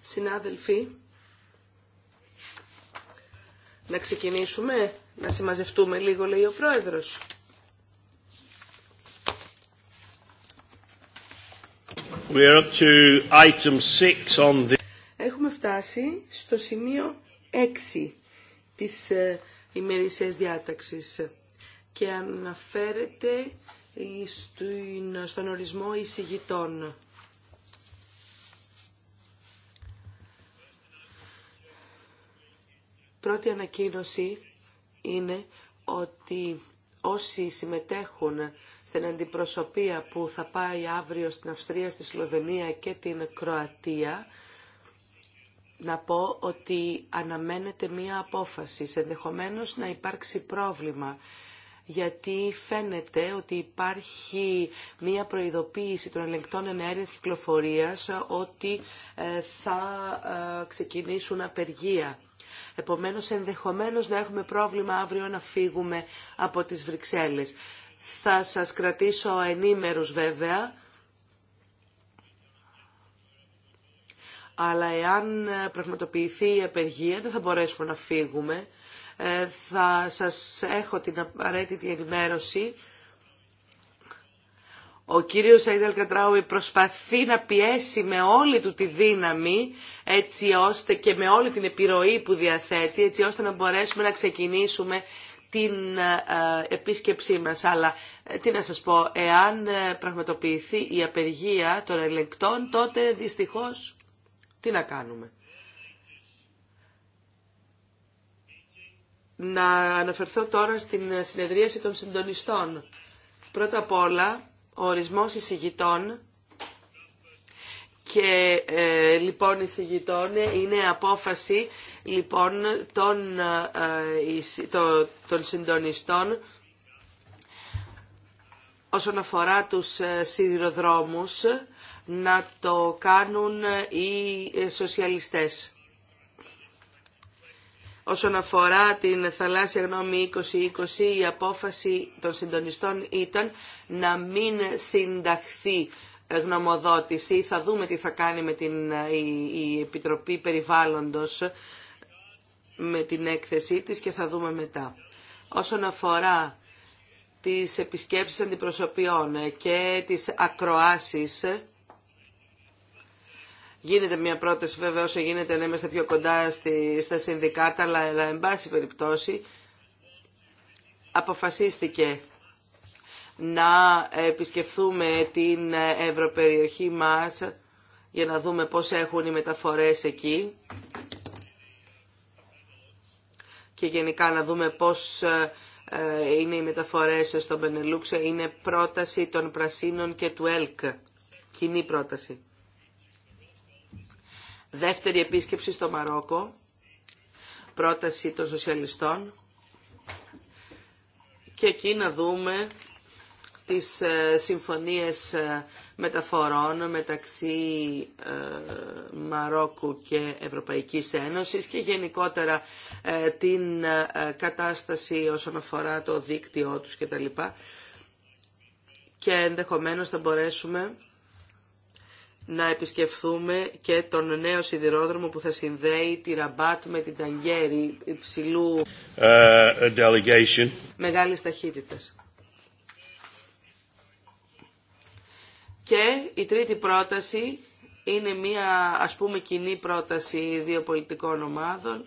Συνάδελφοι, να ξεκινήσουμε, να συμμαζευτούμε λίγο, λέει ο Πρόεδρος. We are up to item six on the... Έχουμε φτάσει στο σημείο 6 της ε, ημερησίας διάταξης και αναφέρεται στον ορισμό εισηγητών. Πρώτη ανακοίνωση είναι ότι όσοι συμμετέχουν στην αντιπροσωπεία που θα πάει αύριο στην Αυστρία, στη Σλοβενία και την Κροατία, να πω ότι αναμένεται μία απόφαση. Ενδεχομένως να υπάρξει πρόβλημα, γιατί φαίνεται ότι υπάρχει μία προειδοποίηση των ελεγκτών ενέργειας κυκλοφορίας ότι ε, θα ε, ξεκινήσουν απεργία. Επομένως, ενδεχομένως να έχουμε πρόβλημα αύριο να φύγουμε από τις Βρυξέλλες. Θα σας κρατήσω ενήμερους βέβαια. αλλά εάν πραγματοποιηθεί η απεργία δεν θα μπορέσουμε να φύγουμε. Ε, θα σας έχω την απαραίτητη ενημέρωση ο κύριος Αϊδελ Κατράουι προσπαθεί να πιέσει με όλη του τη δύναμη έτσι ώστε και με όλη την επιρροή που διαθέτει έτσι ώστε να μπορέσουμε να ξεκινήσουμε την ε, ε, επίσκεψή μας. Αλλά ε, τι να σας πω, εάν πραγματοποιηθεί η απεργία των ελεγκτών τότε δυστυχώς τι να κάνουμε. Να αναφερθώ τώρα στην συνεδρίαση των συντονιστών. Πρώτα απ' όλα ο ορισμός εισηγητών και ε, λοιπόν εισηγητών είναι απόφαση λοιπόν των, ε, το, των συντονιστών όσον αφορά τους ε, σιδηροδρόμους να το κάνουν οι ε, σοσιαλιστές. Όσον αφορά την θαλάσσια γνώμη 2020, η απόφαση των συντονιστών ήταν να μην συνταχθεί ε, γνωμοδότηση. Θα δούμε τι θα κάνει με την, ε, η, η Επιτροπή Περιβάλλοντος ε, με την έκθεσή της και θα δούμε μετά. Όσον αφορά τις επισκέψεις αντιπροσωπιών και τις ακροάσεις, Γίνεται μια πρόταση βέβαια όσο γίνεται να είμαστε πιο κοντά στη, στα συνδικάτα, αλλά, αλλά εν πάση περιπτώσει αποφασίστηκε να επισκεφθούμε την ευρωπεριοχή μας για να δούμε πώς έχουν οι μεταφορές εκεί και γενικά να δούμε πώς ε, ε, είναι οι μεταφορές στον Πενελούξο. Είναι πρόταση των Πρασίνων και του ΕΛΚ. Κοινή πρόταση. Δεύτερη επίσκεψη στο Μαρόκο, πρόταση των σοσιαλιστών. Και εκεί να δούμε τις ε, συμφωνίες ε, μεταφορών μεταξύ ε, Μαρόκου και Ευρωπαϊκής Ένωσης και γενικότερα την κατάσταση όσον αφορά το δίκτυό τους κτλ. Και ενδεχομένως θα μπορέσουμε να επισκεφθούμε και τον νέο σιδηρόδρομο που θα συνδέει τη Ραμπάτ με την Ταγκέρη υψηλού uh, μεγάλης ταχύτητας. Και η τρίτη πρόταση είναι μια ας πούμε κοινή πρόταση δύο πολιτικών ομάδων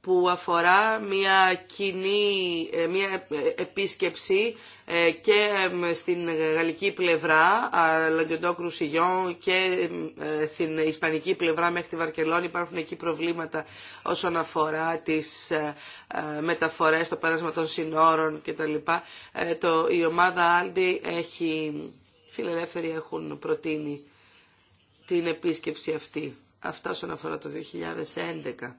που αφορά μια κοινή ε, μια ε, επίσκεψη ε, και στην γαλλική πλευρά, Λαγκεντό Κρουσιγιόν και στην ισπανική πλευρά μέχρι τη Βαρκελόνη υπάρχουν εκεί προβλήματα όσον αφορά τις μεταφορές, το πέρασμα των συνόρων κτλ. Το, η ομάδα Άλντι έχει, φιλελεύθεροι έχουν προτείνει την επίσκεψη αυτή. Αυτά όσον αφορά το 2011.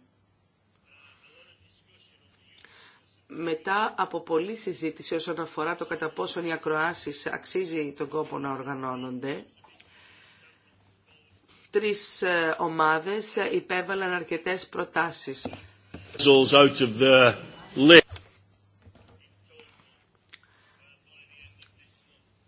μετά από πολλή συζήτηση όσον αφορά το κατά πόσον οι ακροάσεις αξίζει τον κόπο να οργανώνονται, τρεις ε, ομάδες υπέβαλαν αρκετές προτάσεις.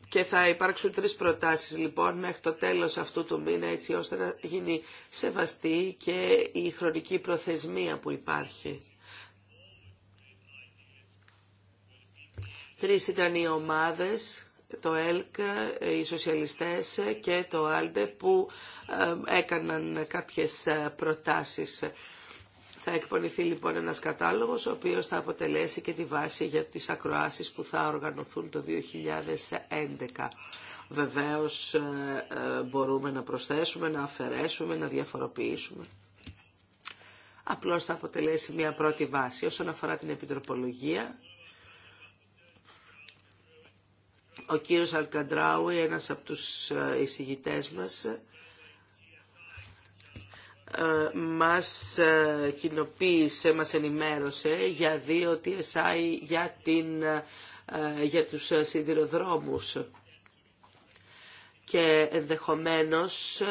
Και θα υπάρξουν τρεις προτάσεις λοιπόν μέχρι το τέλος αυτού του μήνα έτσι ώστε να γίνει σεβαστή και η χρονική προθεσμία που υπάρχει. Τρεις ήταν οι ομάδες, το ΕΛΚ, οι σοσιαλιστές και το ΑΛΔΕ που έκαναν κάποιες ε, προτάσεις. Θα εκπονηθεί λοιπόν ένας κατάλογος, ο οποίος θα αποτελέσει και τη βάση για τις ακροάσεις που θα οργανωθούν το 2011. Βεβαίως ε, ε, μπορούμε να προσθέσουμε, να αφαιρέσουμε, να διαφοροποιήσουμε. Απλώς θα αποτελέσει μια πρώτη βάση. Όσον αφορά την επιτροπολογία, Ο κύριος Αλκαντράουι, ένας από τους ε, εισηγητές μας, ε, μας ε, κοινοποίησε, μας ενημέρωσε για δύο TSI για, την, για τους σιδηροδρόμους και ενδεχομένως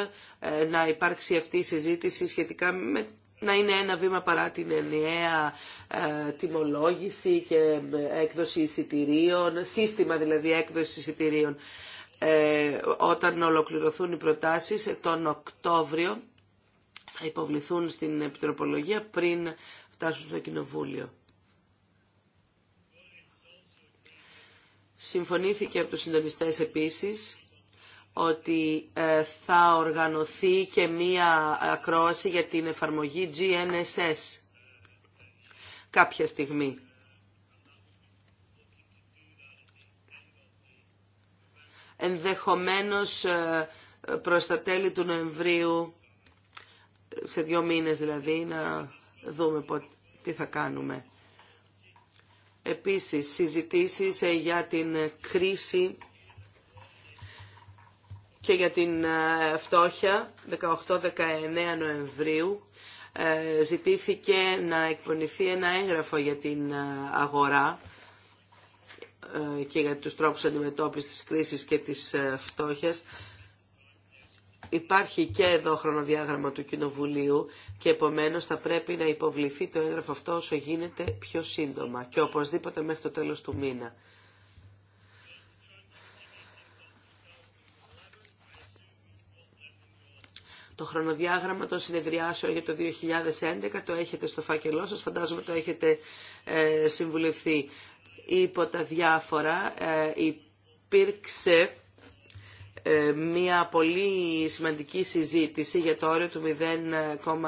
να υπάρξει αυτή η συζήτηση σχετικά με να είναι ένα βήμα παρά την ενιαία ε, τιμολόγηση και ε, έκδοση εισιτηρίων, σύστημα δηλαδή έκδοση εισιτηρίων. Ε, όταν ολοκληρωθούν οι προτάσεις τον Οκτώβριο θα υποβληθούν στην Επιτροπολογία πριν φτάσουν στο Κοινοβούλιο. Συμφωνήθηκε από τους συντονιστές επίσης ότι ε, θα οργανωθεί και μία ακρόαση για την εφαρμογή GNSS κάποια στιγμή. Ενδεχομένως ε, προς τα τέλη του Νοεμβρίου, σε δύο μήνες δηλαδή, να δούμε τι θα κάνουμε. Επίσης, συζητήσεις ε, για την κρίση και για την ε, φτώχεια 18-19 Νοεμβρίου ε, ζητήθηκε να εκπονηθεί ένα έγγραφο για την ε, αγορά και για τους τρόπους αντιμετώπισης της κρίσης και της φτώχειας. Υπάρχει και εδώ χρονοδιάγραμμα του Κοινοβουλίου και επομένως θα πρέπει να υποβληθεί το έγγραφο αυτό όσο γίνεται πιο σύντομα και οπωσδήποτε μέχρι το τέλος του μήνα. Το χρονοδιάγραμμα των συνεδριάσεων για το 2011 το έχετε στο φάκελό σας, φαντάζομαι το έχετε ε, συμβουλευθεί. Υπό τα διάφορα ε, υπήρξε ε, μια πολύ σημαντική συζήτηση για το όριο του 0,1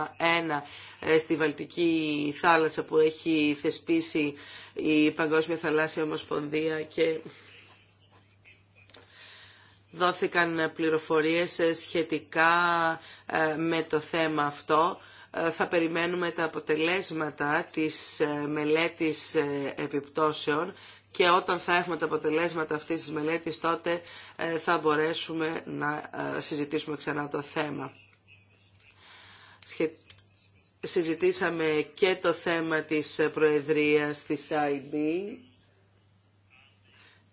στη Βαλτική θάλασσα που έχει θεσπίσει η Παγκόσμια Θαλάσσια Ομοσπονδία και δόθηκαν πληροφορίες ε, σχετικά ε, με το θέμα αυτό. Ε, θα περιμένουμε τα αποτελέσματα της μελέτης επιπτώσεων και όταν θα έχουμε τα αποτελέσματα αυτής της μελέτης τότε θα μπορέσουμε να συζητήσουμε ξανά το θέμα. Συζητήσαμε και το θέμα της Προεδρίας της IB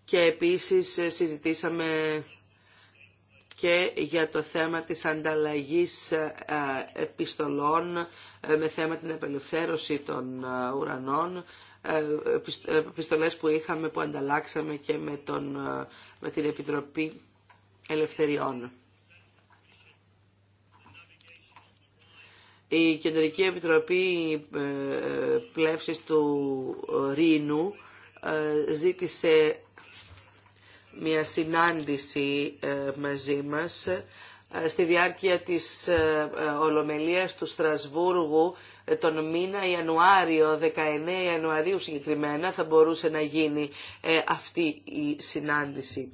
και επίσης συζητήσαμε και για το θέμα της ανταλλαγής ε, επιστολών ε, με θέμα την απελευθέρωση των ε, ουρανών, επιστολές που είχαμε, που ανταλλάξαμε και με, τον, με την Επιτροπή Ελευθεριών. Η Κεντρική Επιτροπή Πλεύσης του Ρήνου ζήτησε μια συνάντηση ε, μαζί μας ε, στη διάρκεια της ε, Ολομελίας του Στρασβούργου τον μήνα Ιανουάριο, 19 Ιανουαρίου συγκεκριμένα, θα μπορούσε να γίνει αυτή η συνάντηση.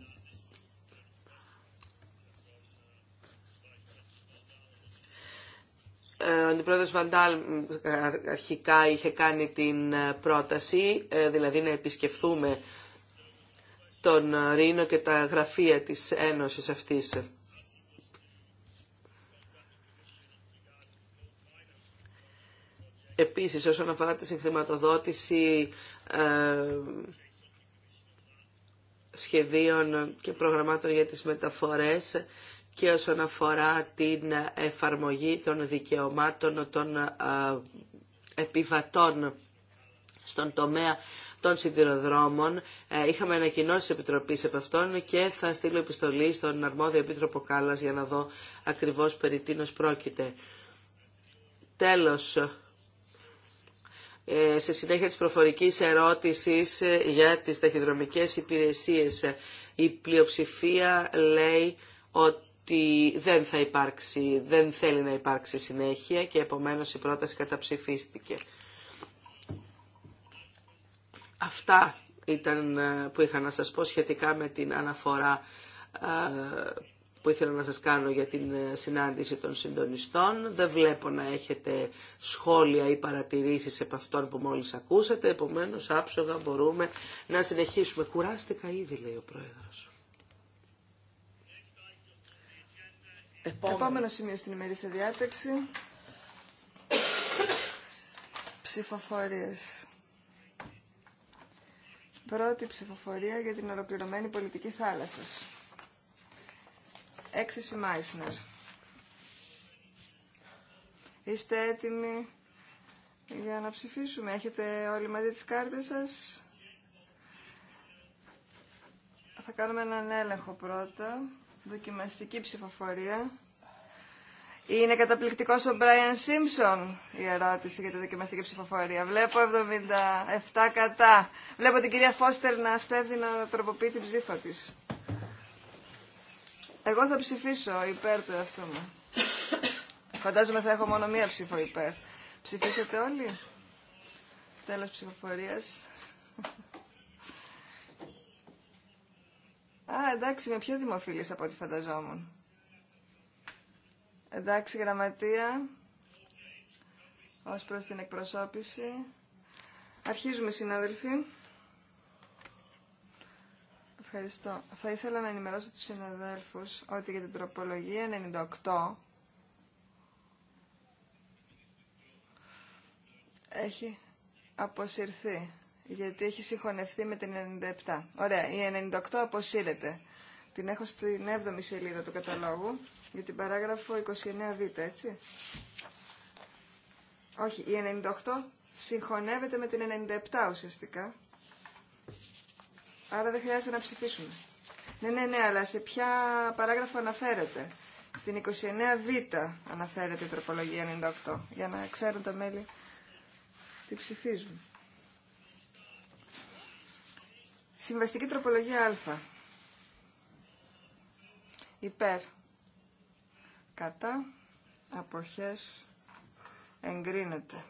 ο αντιπρόεδρος Βαντάλ αρχικά είχε κάνει την πρόταση, δηλαδή να επισκεφθούμε τον Ρήνο και τα γραφεία της Ένωσης αυτής. Επίσης, όσον αφορά τη συγχρηματοδότηση ε, σχεδίων και προγραμμάτων για τις μεταφορές και όσον αφορά την εφαρμογή των δικαιωμάτων των ε, επιβατών στον τομέα των σιδηροδρόμων. Ε, είχαμε ανακοινώσει τη Επιτροπή από αυτόν και θα στείλω επιστολή στον αρμόδιο Επίτροπο Κάλλα για να δω ακριβώς περί τίνο πρόκειται. Τέλος, ε, σε συνέχεια της προφορικής ερώτησης ε, για τις ταχυδρομικές υπηρεσίες, η πλειοψηφία λέει ότι δεν θα υπάρξει, δεν θέλει να υπάρξει συνέχεια και επομένως η πρόταση καταψηφίστηκε. Αυτά ήταν ε, που είχα να σας πω σχετικά με την αναφορά ε, που ήθελα να σας κάνω για την ε, συνάντηση των συντονιστών. Δεν βλέπω να έχετε σχόλια ή παρατηρήσεις από αυτών που μόλις ακούσατε, επομένως άψογα μπορούμε να συνεχίσουμε. Κουράστηκα ήδη, λέει ο Πρόεδρος. Επόμενο, σημείο στην σε διάταξη. Ψηφοφορίες. Πρώτη ψηφοφορία για την ολοκληρωμένη πολιτική θάλασσας. Έκθεση Μάισνερ. Είστε έτοιμοι για να ψηφίσουμε. Έχετε όλοι μαζί τις κάρτες σας. Θα κάνουμε έναν έλεγχο πρώτα. Δοκιμαστική ψηφοφορία. Είναι καταπληκτικός ο Μπράιαν Σίμψον η ερώτηση για τη δοκιμαστική ψηφοφορία. Βλέπω 77 κατά. Βλέπω την κυρία Φώστερ να σπέβδει να τροποποιεί την ψήφα της. Εγώ θα ψηφίσω υπέρ του εαυτού μου. Φαντάζομαι θα έχω μόνο μία ψήφο υπέρ. Ψηφίσατε όλοι. Τέλος ψηφοφορίας. Α, εντάξει, είμαι πιο δημοφιλής από ό,τι φανταζόμουν. Εντάξει, γραμματεία, ως προς την εκπροσώπηση. Αρχίζουμε, συνάδελφοι. Ευχαριστώ. Θα ήθελα να ενημερώσω τους συναδέλφους ότι για την τροπολογία 98 έχει αποσυρθεί, γιατί έχει συγχωνευτεί με την 97. Ωραία, η 98 αποσύρεται. Την έχω στην 7η σελίδα του καταλόγου. Για την παράγραφο 29β, έτσι. Όχι, η 98 συγχωνεύεται με την 97 ουσιαστικά. Άρα δεν χρειάζεται να ψηφίσουμε. Ναι, ναι, ναι, αλλά σε ποια παράγραφο αναφέρεται. Στην 29β αναφέρεται η τροπολογία 98, για να ξέρουν τα μέλη τι ψηφίζουν. Συμβαστική τροπολογία α. Υπέρ κατά αποχές εγκρίνεται.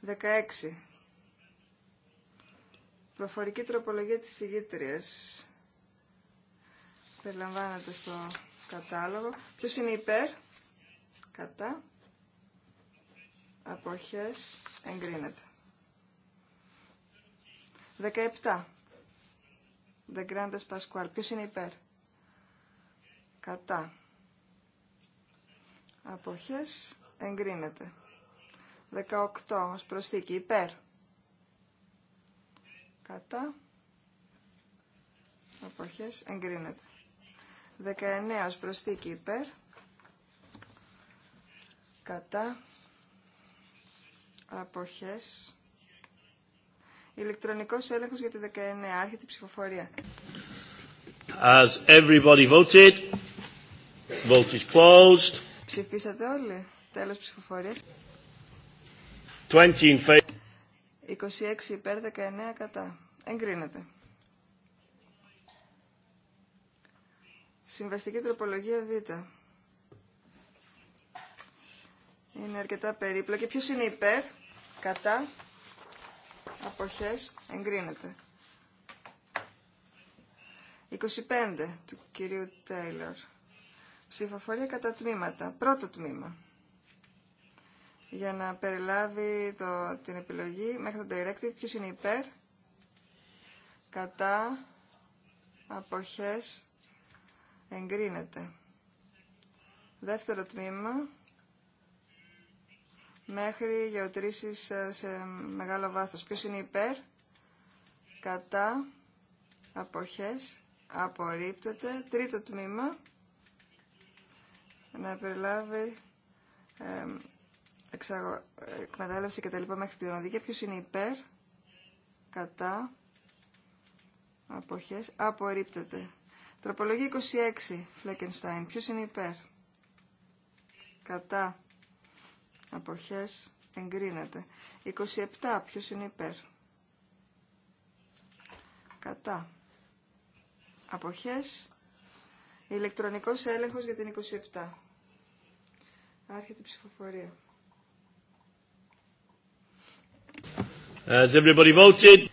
Δεκαέξι. Προφορική τροπολογία της ηγήτριας. Περιλαμβάνεται στο κατάλογο. Ποιος είναι υπέρ. Κατά. Αποχές εγκρίνεται. 17. Grandes Ποιος είναι υπέρ. Κατά. Αποχές εγκρίνεται. 18 ως προσθήκη υπέρ. Κατά. Αποχές εγκρίνεται. 19 ως προσθήκη υπέρ. Κατά. Αποχές Ηλεκτρονικός έλεγχο για τη 19. Άρχεται η ψηφοφορία. As everybody voted, vote is closed. Ψηφίσατε όλοι. τέλο ψηφοφορία. 26 υπέρ, 19 κατά. Εγκρίνεται. Συμβαστική τροπολογία Β. Είναι αρκετά περίπλοκη. Ποιος είναι υπέρ, κατά, αποχές εγκρίνεται. 25 του κυρίου Τέιλορ. Ψηφοφορία κατά τμήματα. Πρώτο τμήμα. Για να περιλάβει το, την επιλογή μέχρι το directive ποιος είναι υπέρ, κατά, αποχές, εγκρίνεται. Δεύτερο τμήμα μέχρι γεωτρήσεις ε, σε μεγάλο βάθος. Ποιος είναι υπέρ, κατά, αποχές, απορρίπτεται. Τρίτο τμήμα, να περιλάβει ε, εκμετάλλευση και τα λοιπά μέχρι την οδηγία. Ποιος είναι υπέρ, κατά, αποχές, απορρίπτεται. Τροπολογία 26, Φλέκενστάιν. Ποιος είναι υπέρ, κατά, αποχές εγκρίνεται. 27 ποιος είναι υπέρ. Κατά. Αποχές. Ηλεκτρονικός έλεγχος για την 27. Άρχεται η ψηφοφορία. Has everybody voted?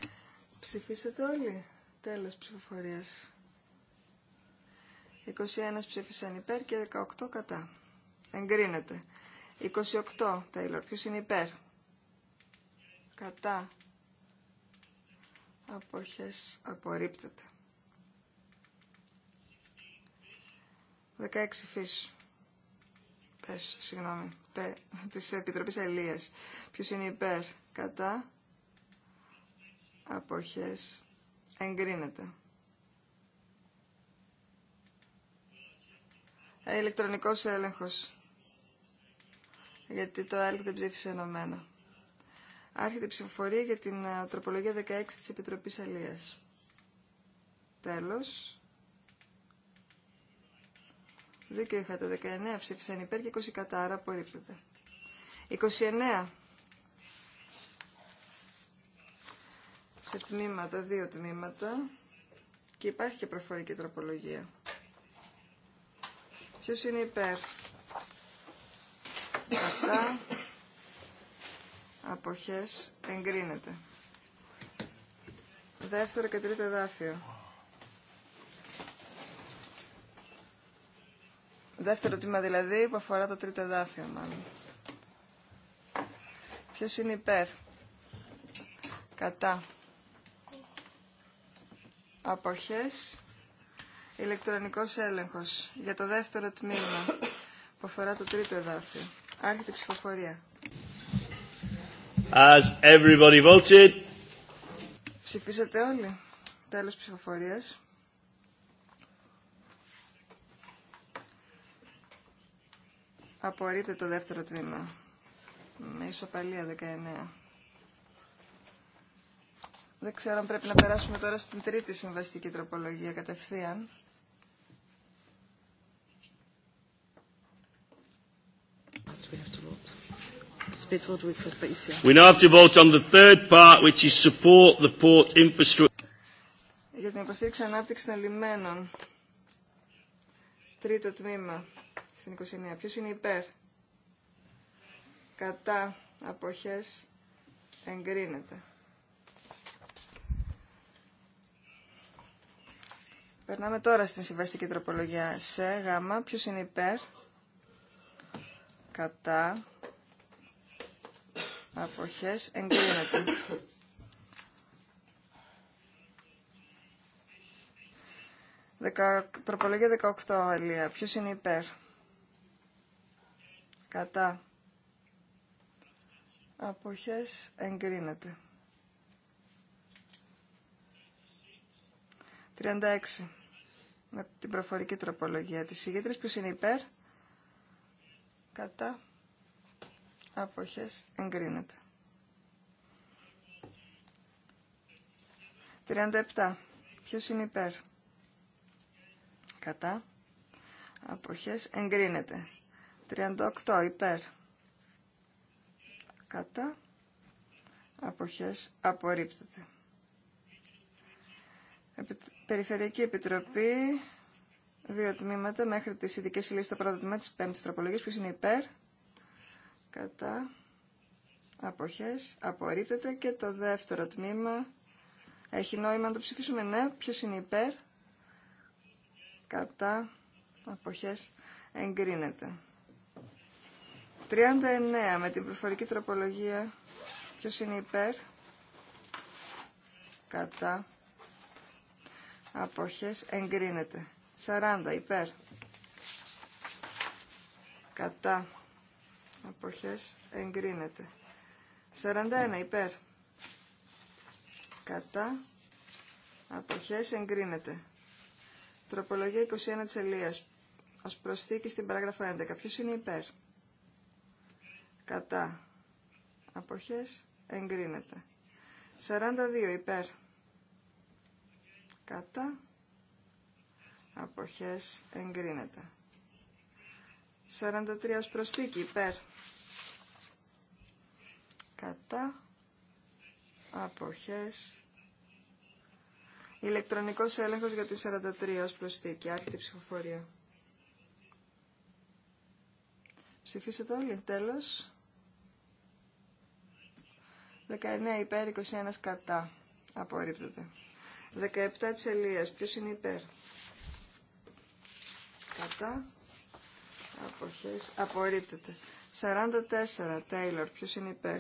Ψηφίσατε όλοι. Τέλος ψηφοφορίας. 21 ψήφισαν υπέρ και 18 κατά. Εγκρίνεται. 28, Τέιλορ. Ποιος είναι υπέρ. Κατά. Αποχές απορρίπτεται. 16 φύς. Πες, συγγνώμη. Πε, της Επιτροπής Ελίας. Ποιος είναι υπέρ. Κατά. Αποχές εγκρίνεται. Ηλεκτρονικός έλεγχος γιατί το ΕΛΚ δεν ψήφισε ενωμένα. Άρχεται η ψηφοφορία για την ε, τροπολογία 16 της Επιτροπής Αλίας. Τέλος. Δίκιο είχατε. 19 ψήφισαν υπέρ και 20 κατά, άρα απορρίπτεται. 29. Σε τμήματα, δύο τμήματα. Και υπάρχει και προφορική τροπολογία. Ποιος είναι υπέρ κατά αποχές εγκρίνεται. Δεύτερο και τρίτο εδάφιο. Δεύτερο τμήμα δηλαδή που αφορά το τρίτο εδάφιο μάλλον. Ποιος είναι υπέρ. Κατά. Αποχές. Ηλεκτρονικός έλεγχος για το δεύτερο τμήμα που αφορά το τρίτο εδάφιο. Άρχεται η ψηφοφορία. As everybody voted. Ψηφίσατε όλοι. Τέλος ψηφοφορίας. Απορρίπτεται το δεύτερο τμήμα. Με ισοπαλία 19. Δεν ξέρω αν πρέπει να περάσουμε τώρα στην τρίτη συμβαστική τροπολογία κατευθείαν. We now have to vote on the third part, which is support the port infrastructure. Για την υποστήριξη ανάπτυξη των λιμένων. Τρίτο τμήμα στην 29. Ποιος είναι υπέρ. Κατά αποχές εγκρίνεται. Περνάμε τώρα στην συμβαστική τροπολογία σε γάμα. Ποιος είναι υπέρ. Κατά αποχές εγκρίνεται. Δεκα, τροπολογία 18, Αλία. Ποιος είναι υπέρ. Κατά. Αποχές εγκρίνεται. 36. Με την προφορική τροπολογία της ηγήτρης. Ποιος είναι υπέρ. Κατά αποχές εγκρίνεται. 37. Ποιος είναι υπέρ. Κατά. Αποχές εγκρίνεται. 38. Υπέρ. Κατά. Αποχές απορρίπτεται. Περιφερειακή Επιτροπή. Δύο τμήματα μέχρι τις ειδικές λύσεις. Το πρώτο τμήμα της πέμπτης τροπολογίας. Ποιος είναι υπέρ κατά αποχές απορρίπτεται και το δεύτερο τμήμα έχει νόημα να το ψηφίσουμε ναι ποιος είναι υπέρ κατά αποχές εγκρίνεται 39 με την προφορική τροπολογία ποιος είναι υπέρ κατά αποχές εγκρίνεται 40 υπέρ κατά αποχές εγκρίνεται. 41 υπέρ κατά αποχές εγκρίνεται. Τροπολογία 21 της Ελίας ως προσθήκη στην παράγραφο 11. Ποιος είναι υπέρ κατά αποχές εγκρίνεται. 42 υπέρ κατά αποχές εγκρίνεται. 43 ως προσθήκη υπέρ κατά αποχές ηλεκτρονικός έλεγχος για τη 43 ως προσθήκη άρχιτη ψηφοφορία ψηφίσετε όλοι τέλος 19 υπέρ 21 κατά απορρίπτεται 17 της Ελίας ποιος είναι υπέρ κατά αποχές απορρίπτεται. 44 Τέιλορ, ποιος είναι υπέρ.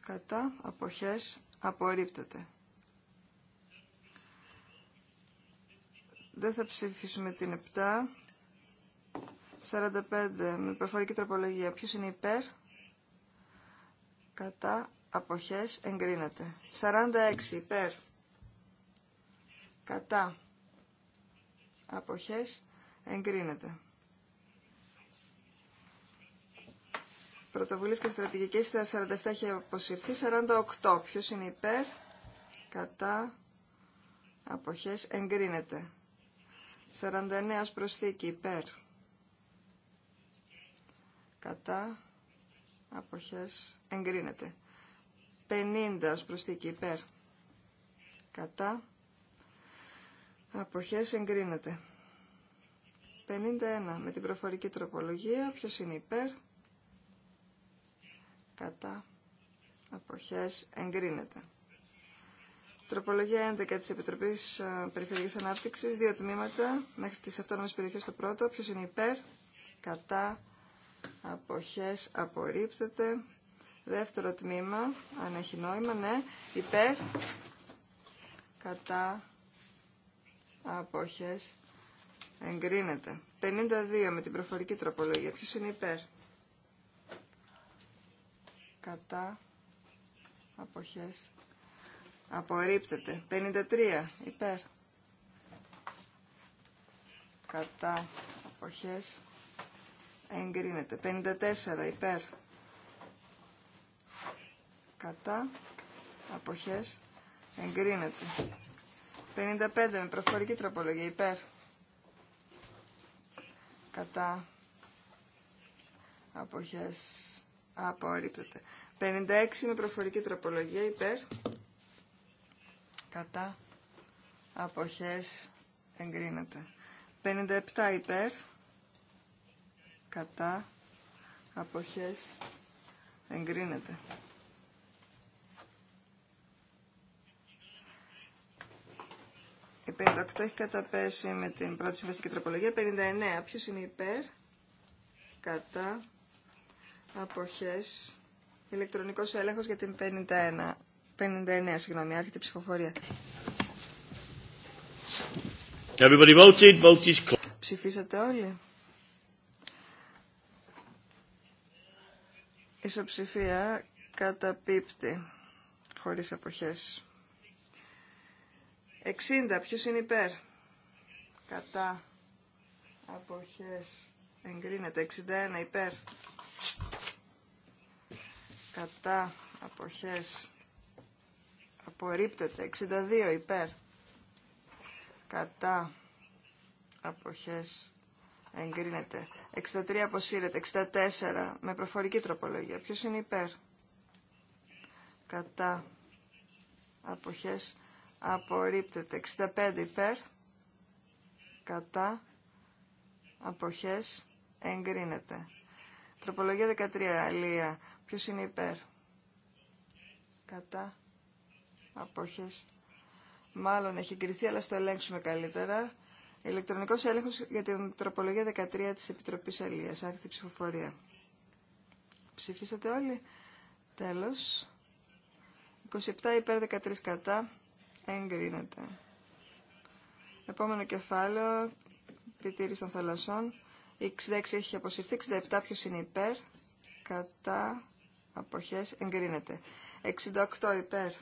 Κατά αποχές απορρίπτεται. Δεν θα ψηφίσουμε την 7. 45 με προφορική τροπολογία. Ποιος είναι υπέρ. Κατά αποχές εγκρίνεται. 46 υπέρ. Κατά αποχές Εγκρίνεται. Πρωτοβουλίες και στρατηγικές στα 47 έχει αποσυρθεί. 48. Ποιος είναι υπέρ. Κατά. Αποχές. Εγκρίνεται. 49 ως προσθήκη. Υπέρ. Κατά. Αποχές. Εγκρίνεται. 50 ως προσθήκη. Υπέρ. Κατά. Αποχές εγκρίνεται. 51 με την προφορική τροπολογία. Ποιο είναι υπέρ. Κατά. Αποχές εγκρίνεται. Τροπολογία 11 της Επιτροπής ε, Περιφερειακής Ανάπτυξης. Δύο τμήματα μέχρι τις αυτόνομες περιοχές το πρώτο. Ποιος είναι υπέρ. Κατά. Αποχές απορρίπτεται. Δεύτερο τμήμα, αν έχει νόημα, ναι, υπέρ, κατά, απόχες, Εγκρίνεται. 52 με την προφορική τροπολογία. Ποιος είναι υπέρ. Κατά. Αποχές. Απορρίπτεται. 53 υπέρ. Κατά. Αποχές. Εγκρίνεται. 54 υπέρ. Κατά. Αποχές. Εγκρίνεται. 55 με προφορική τροπολογία. Υπέρ κατά αποχές απορρίπτεται 56 με προφορική τροπολογία υπέρ κατά αποχές εγκρίνεται 57 υπέρ κατά αποχές εγκρίνεται 58 έχει καταπέσει με την πρώτη συμβαστική τροπολογία. 59. Ποιος είναι υπέρ, κατά, αποχές. Ηλεκτρονικός έλεγχος για την 51. 59, συγγνώμη, άρχεται η ψηφοφορία. Everybody voted, Ψηφίσατε όλοι. Ισοψηφία καταπίπτει, χωρίς αποχές. 60. Ποιος είναι υπέρ. Κατά. Αποχές. Εγκρίνεται. 61. Υπέρ. Κατά. Αποχές. Απορρίπτεται. 62. Υπέρ. Κατά. Αποχές. Εγκρίνεται. 63 αποσύρεται. 64 με προφορική τροπολογία. Ποιος είναι υπέρ. Κατά. Αποχές απορρίπτεται 65 υπέρ κατά αποχές εγκρίνεται τροπολογία 13 αλία ποιος είναι υπέρ κατά αποχές μάλλον έχει εγκριθεί αλλά στο ελέγξουμε καλύτερα ηλεκτρονικός έλεγχος για την τροπολογία 13 της Επιτροπής Αλίας άρχιτη ψηφοφορία ψηφίσατε όλοι τέλος 27 υπέρ 13 κατά εγκρίνεται. Επόμενο κεφάλαιο, επιτήρηση των θαλασσών. 66 έχει αποσυρθεί, 67 ποιος είναι υπέρ, κατά, αποχές, εγκρίνεται. 68 υπέρ,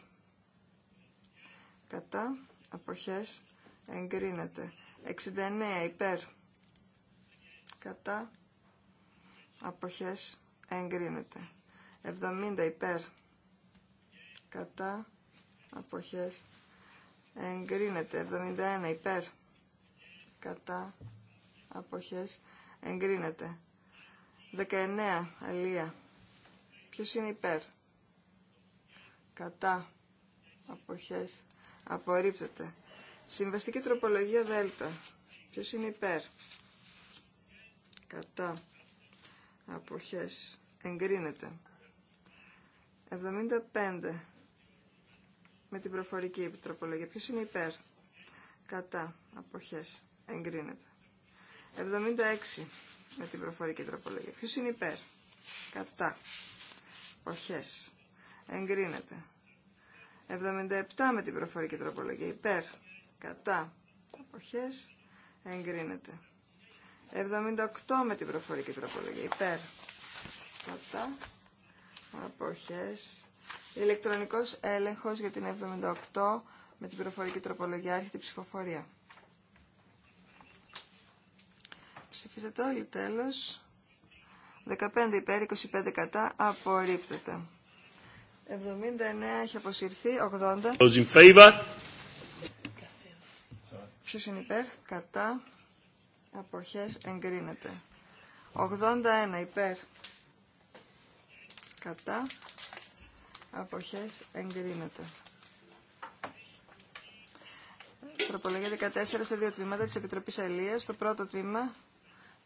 κατά, αποχές, εγκρίνεται. 69 υπέρ, κατά, αποχές, εγκρίνεται. 70 υπέρ, κατά, αποχές, εγκρίνεται 71 υπέρ κατά αποχές εγκρίνεται 19 αλία ποιος είναι υπέρ κατά αποχές απορρίπτεται συμβαστική τροπολογία δέλτα ποιος είναι υπέρ κατά αποχές εγκρίνεται 75 με την προφορική τροπολογία. Ποιος είναι υπέρ. Κατά. Αποχές. Εγκρίνεται. 76 με την προφορική τροπολογία. Ποιος είναι υπέρ. Κατά. Αποχές. Εγκρίνεται. 77 με την προφορική τροπολογία. Υπέρ. Κατά. Αποχές. Εγκρίνεται. 78 με την προφορική τροπολογία. Υπέρ. Κατά. Αποχές. Ηλεκτρονικός έλεγχος για την 78 με την πληροφορική τροπολογία την ψηφοφορία. Ψηφίσατε όλοι τέλος. 15 υπέρ, 25 κατά, απορρίπτεται. 79 έχει αποσυρθεί, 80. Ποιο Ποιος είναι υπέρ, κατά, αποχές, εγκρίνεται. 81 υπέρ, κατά, αποχές εγκρίνεται. Τροπολογία 14 σε δύο τμήματα της Επιτροπής Αλίας. Το πρώτο τμήμα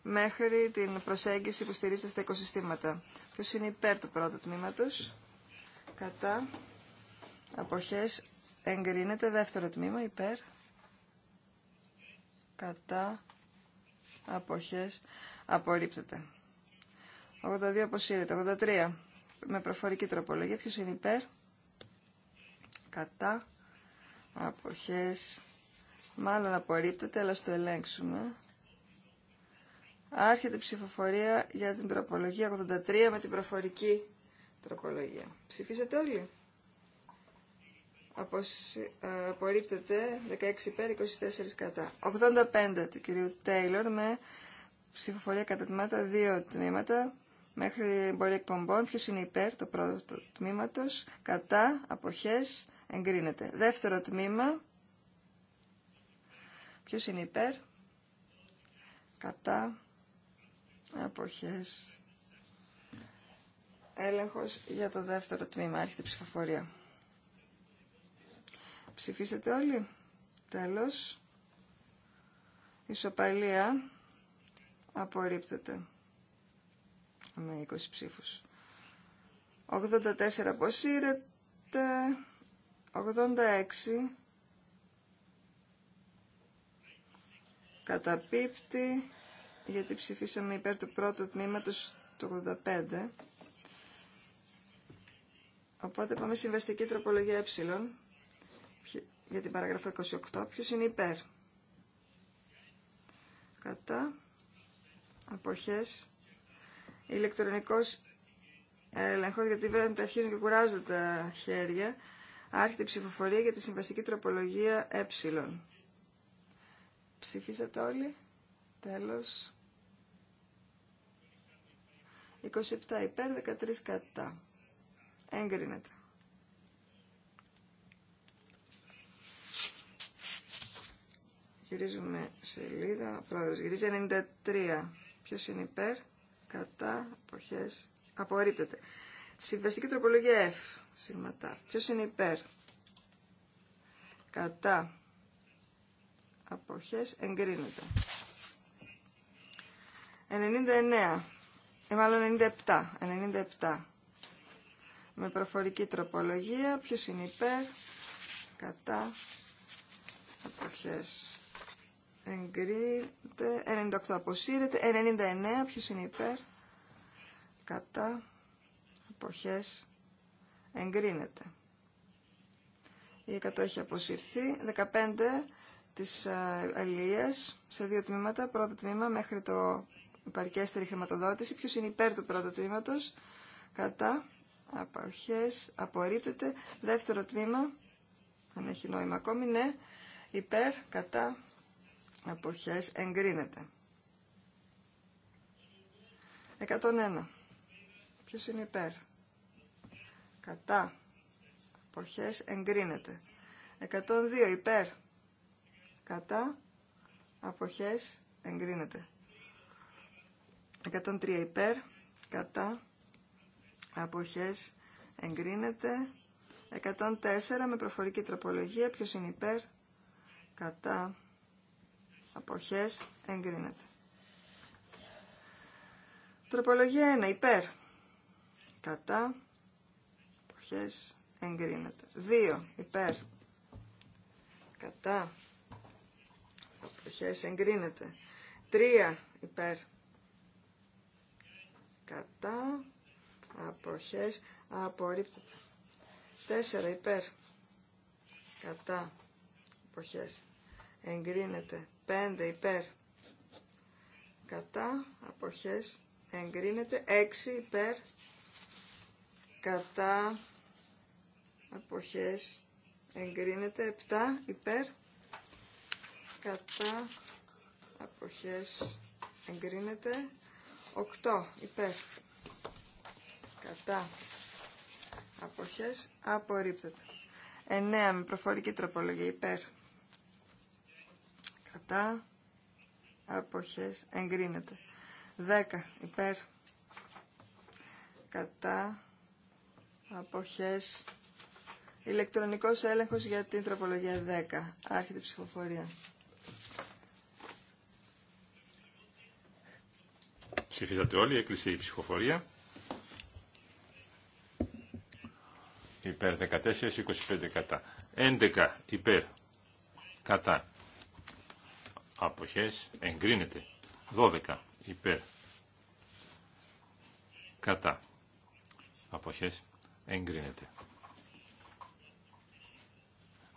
μέχρι την προσέγγιση που στηρίζεται στα οικοσυστήματα. Ποιο είναι υπέρ του πρώτου τμήματος. Κατά. Αποχές εγκρίνεται. Δεύτερο τμήμα υπέρ. Κατά. Αποχές απορρίπτεται. 82 αποσύρεται. 83 με προφορική τροπολογία. Ποιος είναι υπέρ, κατά, αποχές, μάλλον απορρίπτεται, αλλά στο ελέγξουμε. Άρχεται ψηφοφορία για την τροπολογία 83 με την προφορική τροπολογία. Ψηφίσατε όλοι. Ε, απορρίπτεται 16 υπέρ, 24 κατά. 85 του κυρίου Τέιλορ με ψηφοφορία κατά τμήματα, δύο τμήματα μέχρι μπορεί εκπομπών. Ποιος είναι υπέρ το πρώτο τμήματος. Κατά, αποχές, εγκρίνεται. Δεύτερο τμήμα. Ποιος είναι υπέρ. Κατά, αποχές. Έλεγχος για το δεύτερο τμήμα. η ψηφοφορία. Ψηφίσετε όλοι. Τέλος. Ισοπαλία απορρίπτεται με 20 ψήφους. 84 αποσύρεται, 86 καταπίπτει, γιατί ψηφίσαμε υπέρ του πρώτου τμήματος του 85. Οπότε πάμε συμβαστική τροπολογία ε για την παραγραφή 28. Ποιος είναι υπέρ. Κατά αποχές ηλεκτρονικός έλεγχος, γιατί βέβαια τα αρχίζουν και κουράζονται τα χέρια, άρχεται η ψηφοφορία για τη συμβαστική τροπολογία ε. Ψηφίσατε όλοι. Τέλος. 27 υπέρ, 13 κατά. Έγκρινεται. Γυρίζουμε σελίδα. Ο πρόεδρος γυρίζει 93. Ποιος είναι υπέρ κατά, αποχές, απορρίπτεται. Συμβαστική τροπολογία F, σιγματά. Ποιος είναι υπέρ, κατά, αποχές, εγκρίνεται. 99, ε, μάλλον 97, 97. Με προφορική τροπολογία, ποιος είναι υπέρ, κατά, αποχές, εγκρίνεται, 98 αποσύρεται, 99 ποιος είναι υπέρ, κατά, εποχές, εγκρίνεται. Η 100 έχει αποσυρθεί, 15 της ε, αλίας σε δύο τμήματα, πρώτο τμήμα μέχρι το υπαρκέστερη χρηματοδότηση, ποιος είναι υπέρ του πρώτου τμήματος, κατά, αποχέ, απορρίπτεται, δεύτερο τμήμα, αν έχει νόημα ακόμη, ναι, υπέρ, κατά, αποχές εγκρίνεται. 101. Ποιος είναι υπέρ. Κατά. Αποχές εγκρίνεται. 102 υπέρ. Κατά. Αποχές εγκρίνεται. 103 υπέρ. Κατά. Αποχές εγκρίνεται. 104 με προφορική τροπολογία. Ποιος είναι υπέρ. Κατά αποχές εγκρίνεται. Τροπολογία 1 υπέρ κατά αποχές εγκρίνεται. 2 υπέρ κατά αποχές εγκρίνεται. 3 υπέρ κατά αποχές απορρίπτεται. 4 υπέρ κατά αποχές εγκρίνεται 5 υπέρ κατά αποχές εγκρίνεται 6 υπέρ κατά αποχές εγκρίνεται 7 υπέρ κατά αποχές εγκρίνεται 8 υπέρ κατά αποχές απορρίπτεται 9 με προφορική τροπολογία υπέρ κατά αποχές εγκρίνεται 10 υπέρ κατά αποχές ηλεκτρονικός έλεγχος για την τροπολογία 10 άρχεται ψηφοφορία Ψηφίσατε όλοι, έκλεισε η ψηφοφορία. Υπέρ 14, 25 κατά. 11 υπέρ κατά αποχές εγκρίνεται 12 υπέρ κατά αποχές εγκρίνεται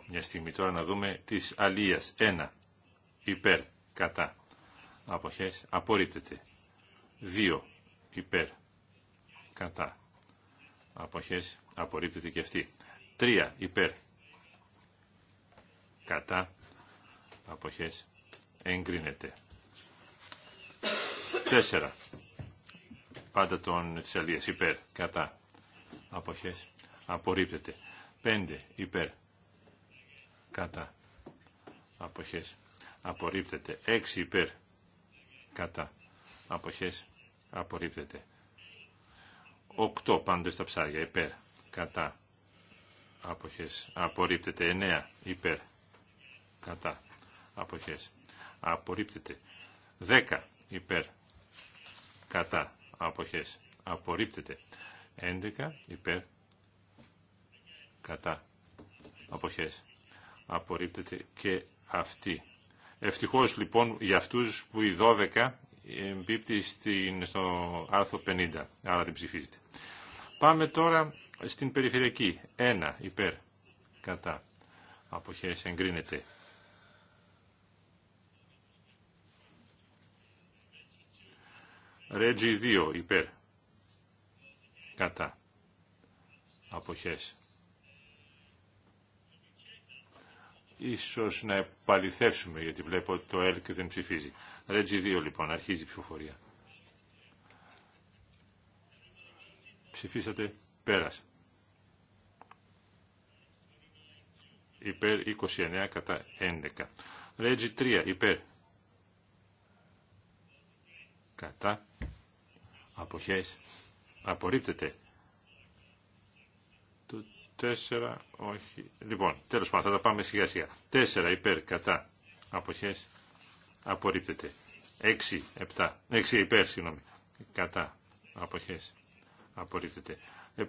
μια στιγμή τώρα να δούμε τις αλίας 1 υπέρ κατά αποχές απορρίπτεται 2 υπέρ κατά αποχές απορρίπτεται και αυτή 3 υπέρ κατά αποχές εγκρίνεται. 4. Πάντα των της υπέρ, κατά, αποχές, απορρίπτεται. 5. Υπέρ, κατά, αποχές, απορρίπτεται. 6. Υπέρ, κατά, αποχές, απορρίπτεται. 8. Πάντα στα ψάρια, υπέρ, κατά, αποχές, απορρίπτεται. 9. Υπέρ, κατά, αποχές, απορρίπτεται. 10 υπέρ κατά αποχές απορρίπτεται. 11 υπέρ κατά αποχές απορρίπτεται και αυτή. Ευτυχώς λοιπόν για αυτούς που η 12 εμπίπτει στην, στο άρθρο 50, άρα την ψηφίζετε. Πάμε τώρα στην περιφερειακή. 1 υπέρ κατά αποχές εγκρίνεται. Ρέτζι 2 υπέρ. Κατά. Αποχές. Ίσως να επαληθεύσουμε γιατί βλέπω ότι το ΕΛΚ δεν ψηφίζει. Ρέτζι 2 λοιπόν αρχίζει η ψηφοφορία. Ψηφίσατε πέρας. Υπέρ 29 κατά 11. Ρέτζι 3 υπέρ κατά αποχές απορρίπτεται το 4 όχι λοιπόν τέλος πάντων θα τα πάμε σιγά σιγά 4 υπέρ κατά αποχές απορρίπτεται 6, 7, 6 υπέρ συγγνώμη κατά αποχές απορρίπτεται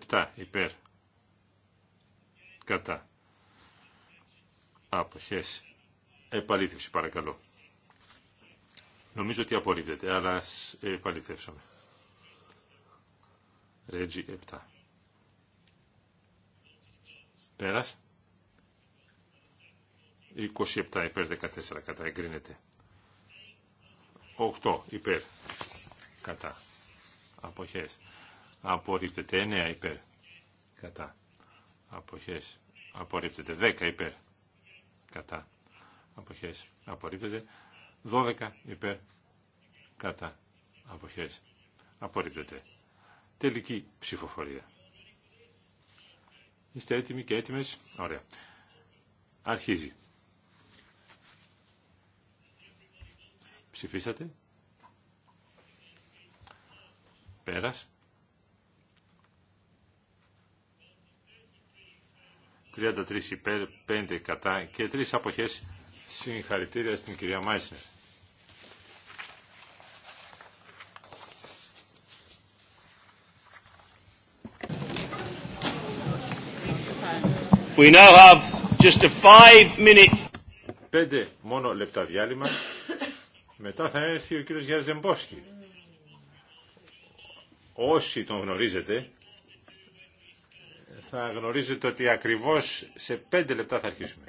7 υπέρ κατά αποχές επαλήθευση παρακαλώ Νομίζω ότι απορρίπτεται, αλλά ας ε, επαληθεύσουμε. Ρέτζι 7. Πέρας. 27 υπέρ 14 κατά εγκρίνεται. 8 υπέρ κατά αποχές. Απορρίπτεται 9 υπέρ κατά αποχές. Απορρίπτεται 10 υπέρ κατά αποχές. Απορρίπτεται 12 υπέρ κατά αποχές απορρίπτεται. Τελική ψηφοφορία. Είστε έτοιμοι και έτοιμες. Ωραία. Αρχίζει. Ψηφίσατε. Πέρας. 33 υπέρ, 5 κατά και 3 αποχές συγχαρητήρια στην κυρία Μάισνερ. just a minute... Πέντε μόνο λεπτά διάλειμμα. Μετά θα έρθει ο κύριος Γιάννης Όσοι τον γνωρίζετε, θα γνωρίζετε ότι ακριβώς σε πέντε λεπτά θα αρχίσουμε.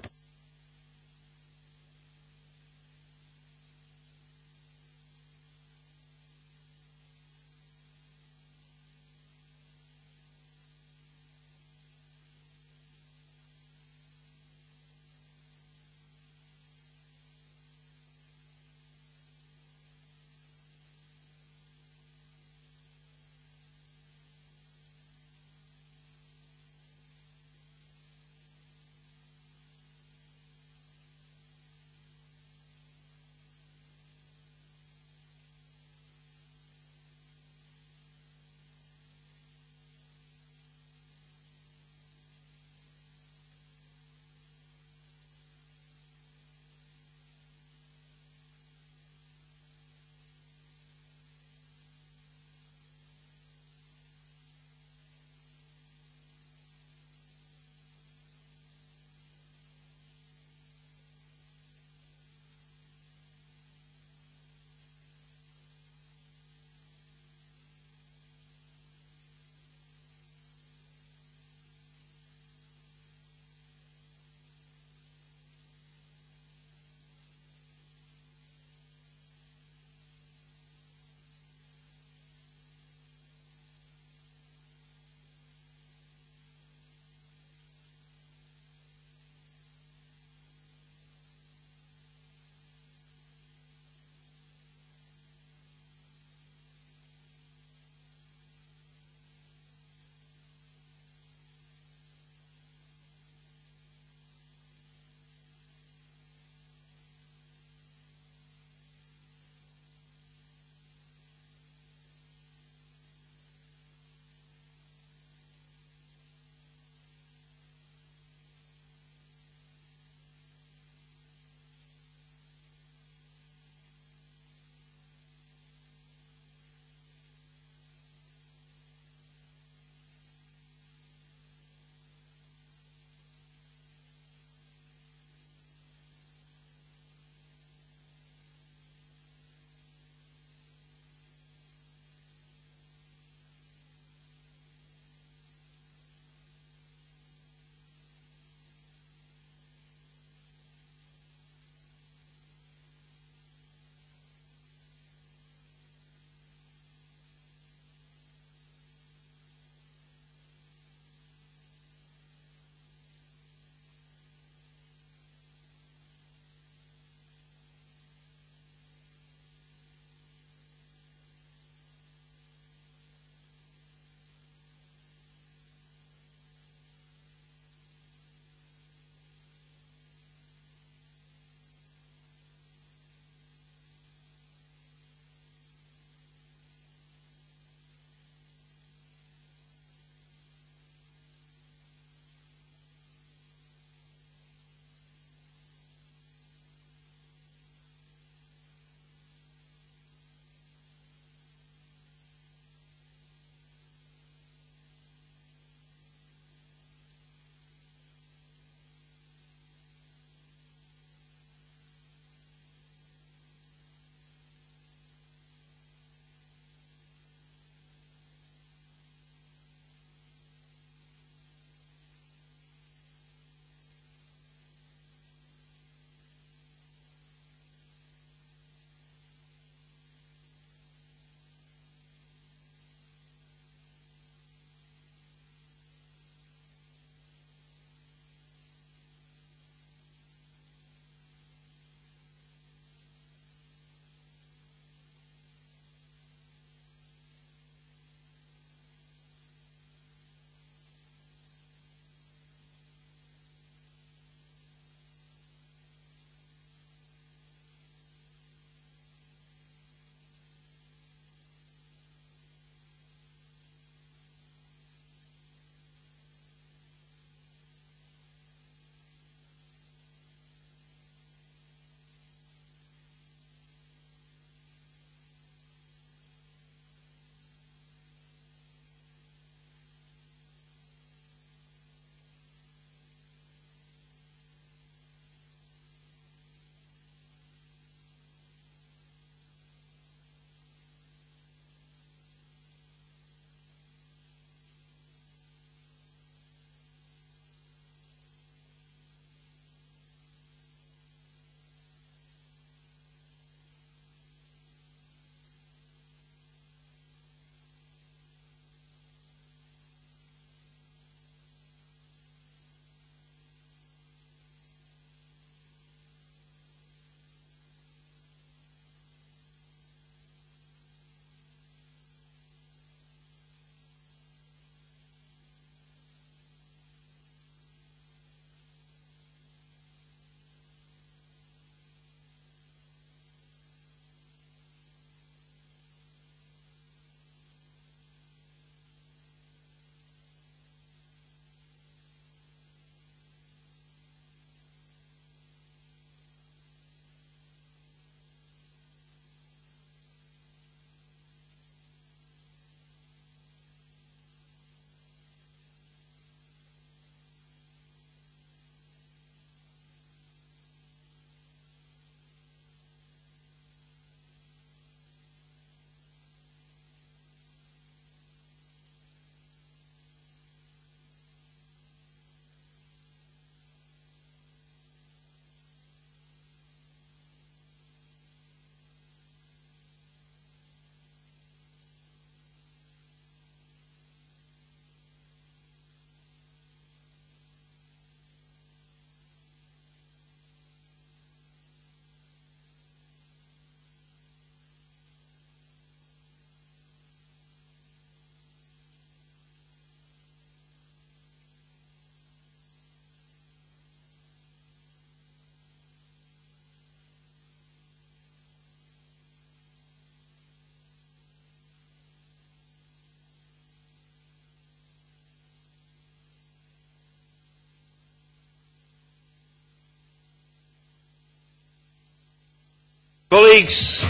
Colleagues.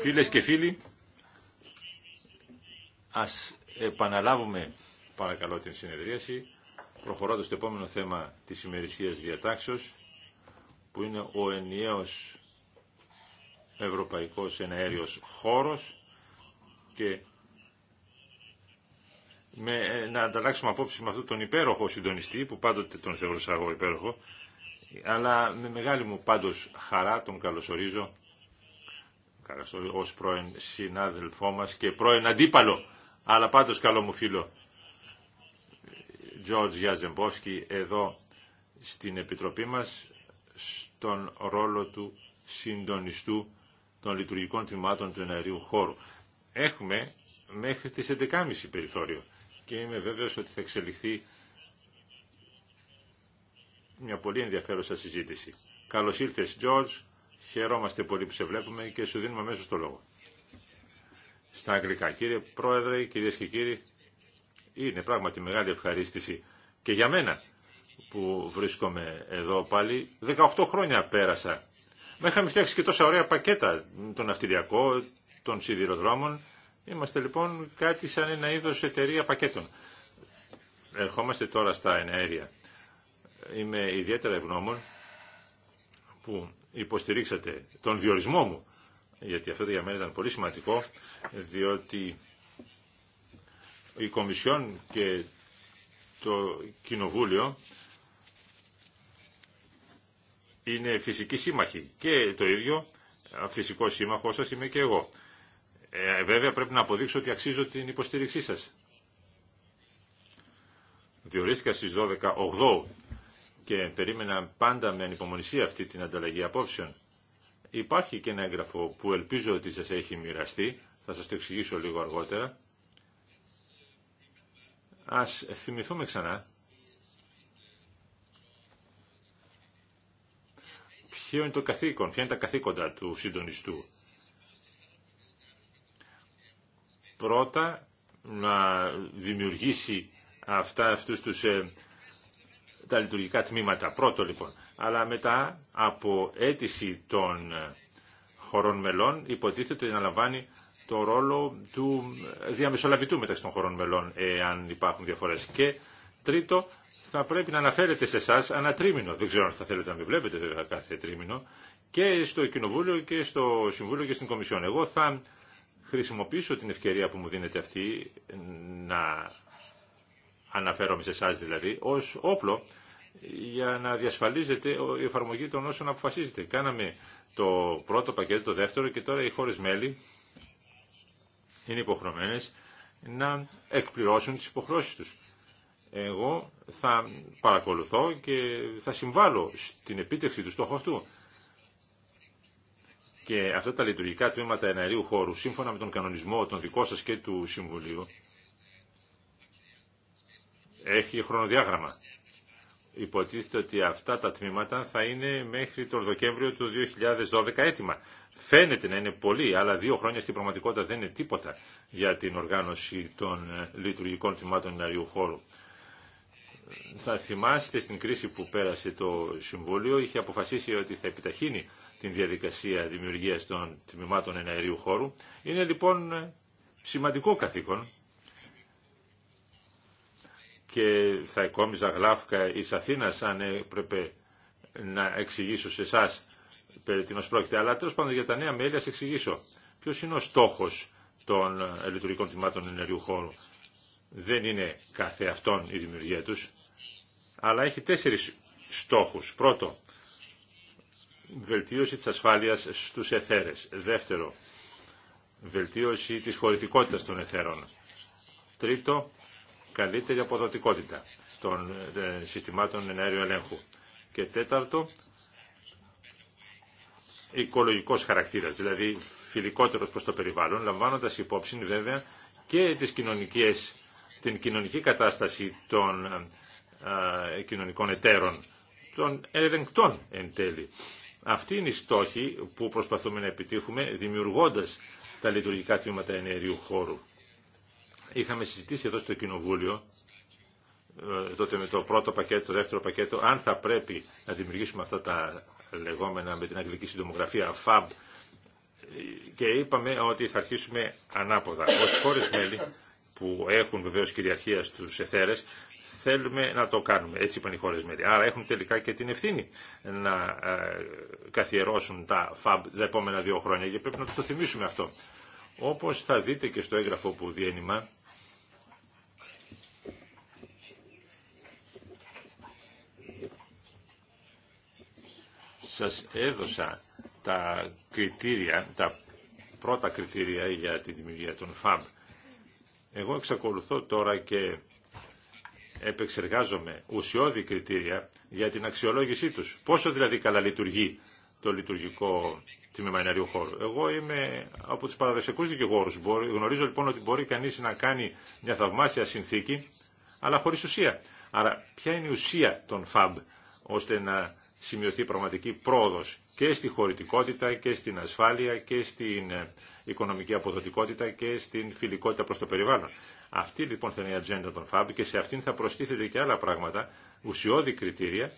Φίλες και φίλοι, ας επαναλάβουμε παρακαλώ την συνεδρίαση, προχωρώντας στο επόμενο θέμα της ημερησίας διατάξεως, που είναι ο ενιαίος ευρωπαϊκός εναέριος χώρος και με, να ανταλλάξουμε απόψεις με αυτόν τον υπέροχο συντονιστή, που πάντοτε τον θεωρούσα εγώ υπέροχο, αλλά με μεγάλη μου πάντως χαρά τον καλωσορίζω ως πρώην συνάδελφό μας και πρώην αντίπαλο, αλλά πάντως καλό μου φίλο, Τζόρτζ Γιαζεμπόσκι, εδώ στην Επιτροπή μας, στον ρόλο του συντονιστού των λειτουργικών τμήματων του εναερίου χώρου. Έχουμε μέχρι τις 11.30 περιθώριο και είμαι βέβαιος ότι θα εξελιχθεί μια πολύ ενδιαφέρουσα συζήτηση. Καλώς ήρθες, Τζορτζ. Χαιρόμαστε πολύ που σε βλέπουμε και σου δίνουμε αμέσω το λόγο. Στα αγγλικά, κύριε Πρόεδρε, κυρίε και κύριοι, είναι πράγματι μεγάλη ευχαρίστηση και για μένα που βρίσκομαι εδώ πάλι. 18 χρόνια πέρασα. Μα είχαμε φτιάξει και τόσα ωραία πακέτα, τον ναυτιλιακό, των σιδηροδρόμων. Είμαστε λοιπόν κάτι σαν ένα είδο εταιρεία πακέτων. Ερχόμαστε τώρα στα ενέργεια είμαι ιδιαίτερα ευγνώμων που υποστηρίξατε τον διορισμό μου, γιατί αυτό για μένα ήταν πολύ σημαντικό, διότι η Κομισιόν και το Κοινοβούλιο είναι φυσικοί σύμμαχοι και το ίδιο φυσικό σύμμαχό σας είμαι και εγώ. Ε, βέβαια πρέπει να αποδείξω ότι αξίζω την υποστήριξή σας. Διορίστηκα στις 12.08 και περίμενα πάντα με ανυπομονησία αυτή την ανταλλαγή απόψεων. Υπάρχει και ένα έγγραφο που ελπίζω ότι σας έχει μοιραστεί, θα σας το εξηγήσω λίγο αργότερα. Ας θυμηθούμε ξανά ποιο είναι το καθήκον, ποια είναι τα καθήκοντα του συντονιστού. Πρώτα να δημιουργήσει αυτά, αυτούς τους ε, τα λειτουργικά τμήματα. Πρώτο λοιπόν. Αλλά μετά από αίτηση των ε, χωρών μελών υποτίθεται να λαμβάνει το ρόλο του διαμεσολαβητού μεταξύ των χωρών μελών, εάν υπάρχουν διαφορές. Και τρίτο, θα πρέπει να αναφέρετε σε εσά ένα τρίμηνο. Δεν ξέρω αν θα θέλετε να με βλέπετε βέβαια κάθε τρίμηνο. Και στο Κοινοβούλιο και στο Συμβούλιο και στην Κομισιόν. Εγώ θα χρησιμοποιήσω την ευκαιρία που μου δίνεται αυτή ε, να αναφέρομαι σε εσά δηλαδή, ως όπλο για να διασφαλίζεται η εφαρμογή των όσων αποφασίζεται. Κάναμε το πρώτο πακέτο, το δεύτερο και τώρα οι χώρε μέλη είναι υποχρεωμένες να εκπληρώσουν τις υποχρεώσει τους. Εγώ θα παρακολουθώ και θα συμβάλλω στην επίτευξη του στόχου αυτού. Και αυτά τα λειτουργικά τμήματα εναερίου χώρου, σύμφωνα με τον κανονισμό, τον δικό σας και του Συμβουλίου, έχει χρονοδιάγραμμα. Υποτίθεται ότι αυτά τα τμήματα θα είναι μέχρι τον Δεκέμβριο του 2012 έτοιμα. Φαίνεται να είναι πολύ, αλλά δύο χρόνια στην πραγματικότητα δεν είναι τίποτα για την οργάνωση των ε, λειτουργικών τμήματων εναεριού χώρου. Θα θυμάστε στην κρίση που πέρασε το Συμβούλιο, είχε αποφασίσει ότι θα επιταχύνει την διαδικασία δημιουργίας των τμήματων εναερίου χώρου. Είναι λοιπόν ε, σημαντικό καθήκον και θα εκόμιζα γλάφκα εις Αθήνας αν έπρεπε να εξηγήσω σε εσά περί τίνο πρόκειται. Αλλά τέλο πάντων για τα νέα μέλη α εξηγήσω. Ποιο είναι ο στόχο των ε, λειτουργικών τμήματων ενεργού χώρου. Δεν είναι καθεαυτόν η δημιουργία τους, αλλά έχει τέσσερι στόχους. Πρώτο, βελτίωση τη ασφάλεια στου εθέρε. Δεύτερο, βελτίωση τη χωρητικότητα των εθέρων. Τρίτο, καλύτερη αποδοτικότητα των ε, συστημάτων ενέργειου ελέγχου. Και τέταρτο, οικολογικός χαρακτήρας, δηλαδή φιλικότερος προς το περιβάλλον, λαμβάνοντας υπόψη βέβαια και τις κοινωνικές, την κοινωνική κατάσταση των ε, ε, κοινωνικών εταίρων, των ελεγκτών εν τέλει. Αυτή είναι η στόχη που προσπαθούμε να επιτύχουμε δημιουργώντας τα λειτουργικά τμήματα ενέργειου χώρου είχαμε συζητήσει εδώ στο Κοινοβούλιο, ε, τότε με το πρώτο πακέτο, το δεύτερο πακέτο, αν θα πρέπει να δημιουργήσουμε αυτά τα λεγόμενα με την αγγλική συντομογραφία FAB και είπαμε ότι θα αρχίσουμε ανάποδα. Ως χώρες μέλη που έχουν βεβαίως κυριαρχία στους εθέρες, θέλουμε να το κάνουμε. Έτσι είπαν οι χώρες μέλη. Άρα έχουν τελικά και την ευθύνη να ε, καθιερώσουν τα FAB τα επόμενα δύο χρόνια και πρέπει να τους το θυμίσουμε αυτό. Όπως θα δείτε και στο έγγραφο που διένυμα, Σας έδωσα τα κριτήρια, τα πρώτα κριτήρια για τη δημιουργία των ΦΑΜ. Εγώ εξακολουθώ τώρα και επεξεργάζομαι ουσιώδη κριτήρια για την αξιολόγησή τους. Πόσο δηλαδή καλά λειτουργεί το λειτουργικό τμήμα ενεργείου χώρου. Εγώ είμαι από τους παραδοσιακούς δικηγόρους. Γνωρίζω λοιπόν ότι μπορεί κανείς να κάνει μια θαυμάσια συνθήκη, αλλά χωρίς ουσία. Άρα ποια είναι η ουσία των ΦΑΜ, ώστε να σημειωθεί πραγματική πρόοδος και στη χωρητικότητα και στην ασφάλεια και στην ε, οικονομική αποδοτικότητα και στην φιλικότητα προς το περιβάλλον. Αυτή λοιπόν θα είναι η ατζέντα των ΦΑΜ και σε αυτήν θα προστίθεται και άλλα πράγματα, ουσιώδη κριτήρια